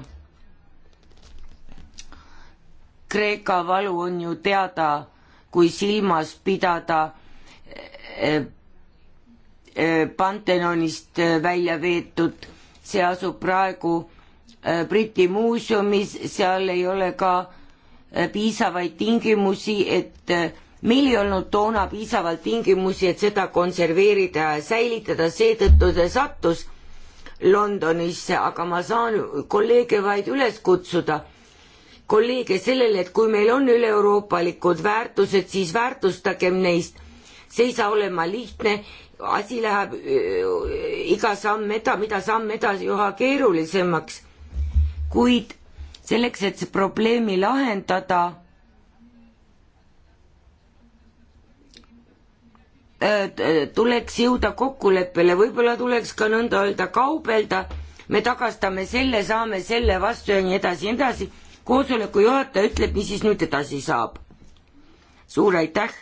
Kreeka valu on ju teada, kui silmas pidada eh, eh, Pantenonist eh, välja veetud, see asub praegu Briti muuseumis, seal ei ole ka piisavaid tingimusi, et meil ei olnud toona piisavalt tingimusi, et seda konserveerida ja säilitada, seetõttu ta sattus Londonisse, aga ma saan kolleege vaid üles kutsuda, kolleege sellele, et kui meil on üleeuroopalikud väärtused, siis väärtustagem neist. see ei saa olema lihtne, asi läheb äh, iga samm eda-, mida samm edasi, üha keerulisemaks. kuid selleks, et see probleemi lahendada Äh, tuleks jõuda kokkuleppele, võib-olla tuleks ka nõnda öelda kaubelda, me tagastame selle, saame selle vastu ja nii edasi ja nii edasi. koosoleku juhataja ütleb, mis siis nüüd edasi saab. suur aitäh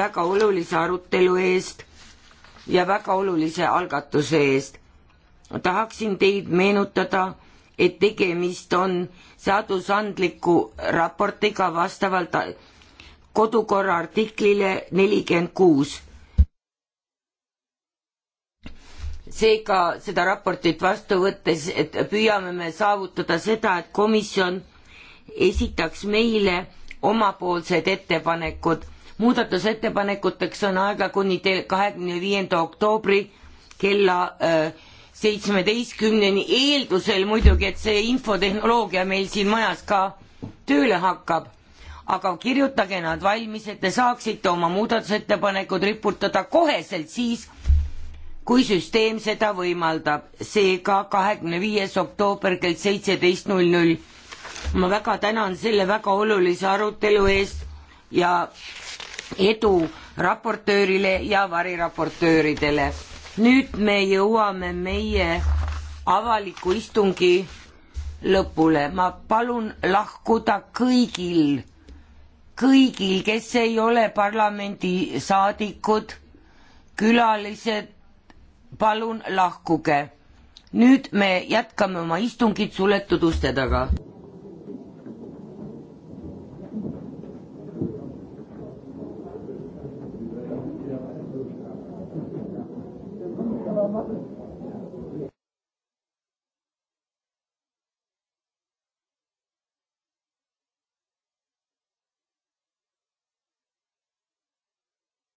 väga olulise arutelu eest ja väga olulise algatuse eest. tahaksin teid meenutada, et tegemist on seadusandliku raportiga vastavalt kodukorra artiklile nelikümmend kuus seega seda raportit vastu võttes püüame me saavutada seda, et komisjon esitaks meile omapoolsed ettepanekud. muudatusettepanekuteks on aega kuni kahekümne viienda oktoobri kella äh, seitsmeteistkümneni, eeldusel muidugi, et see infotehnoloogia meil siin majas ka tööle hakkab. aga kirjutage nad valmis, et te saaksite oma muudatusettepanekud riputada koheselt siis, kui süsteem seda võimaldab, seega kahekümne viies oktoober kell seitseteist null null. ma väga tänan selle väga olulise arutelu eest ja edu raportöörile ja variraportööridele. nüüd me jõuame meie avaliku istungi lõpule, ma palun lahkuda kõigil, kõigil, kes ei ole parlamendisaadikud, külalised, palun lahkuge. nüüd me jätkame oma istungit suletud uste taga. Thank you.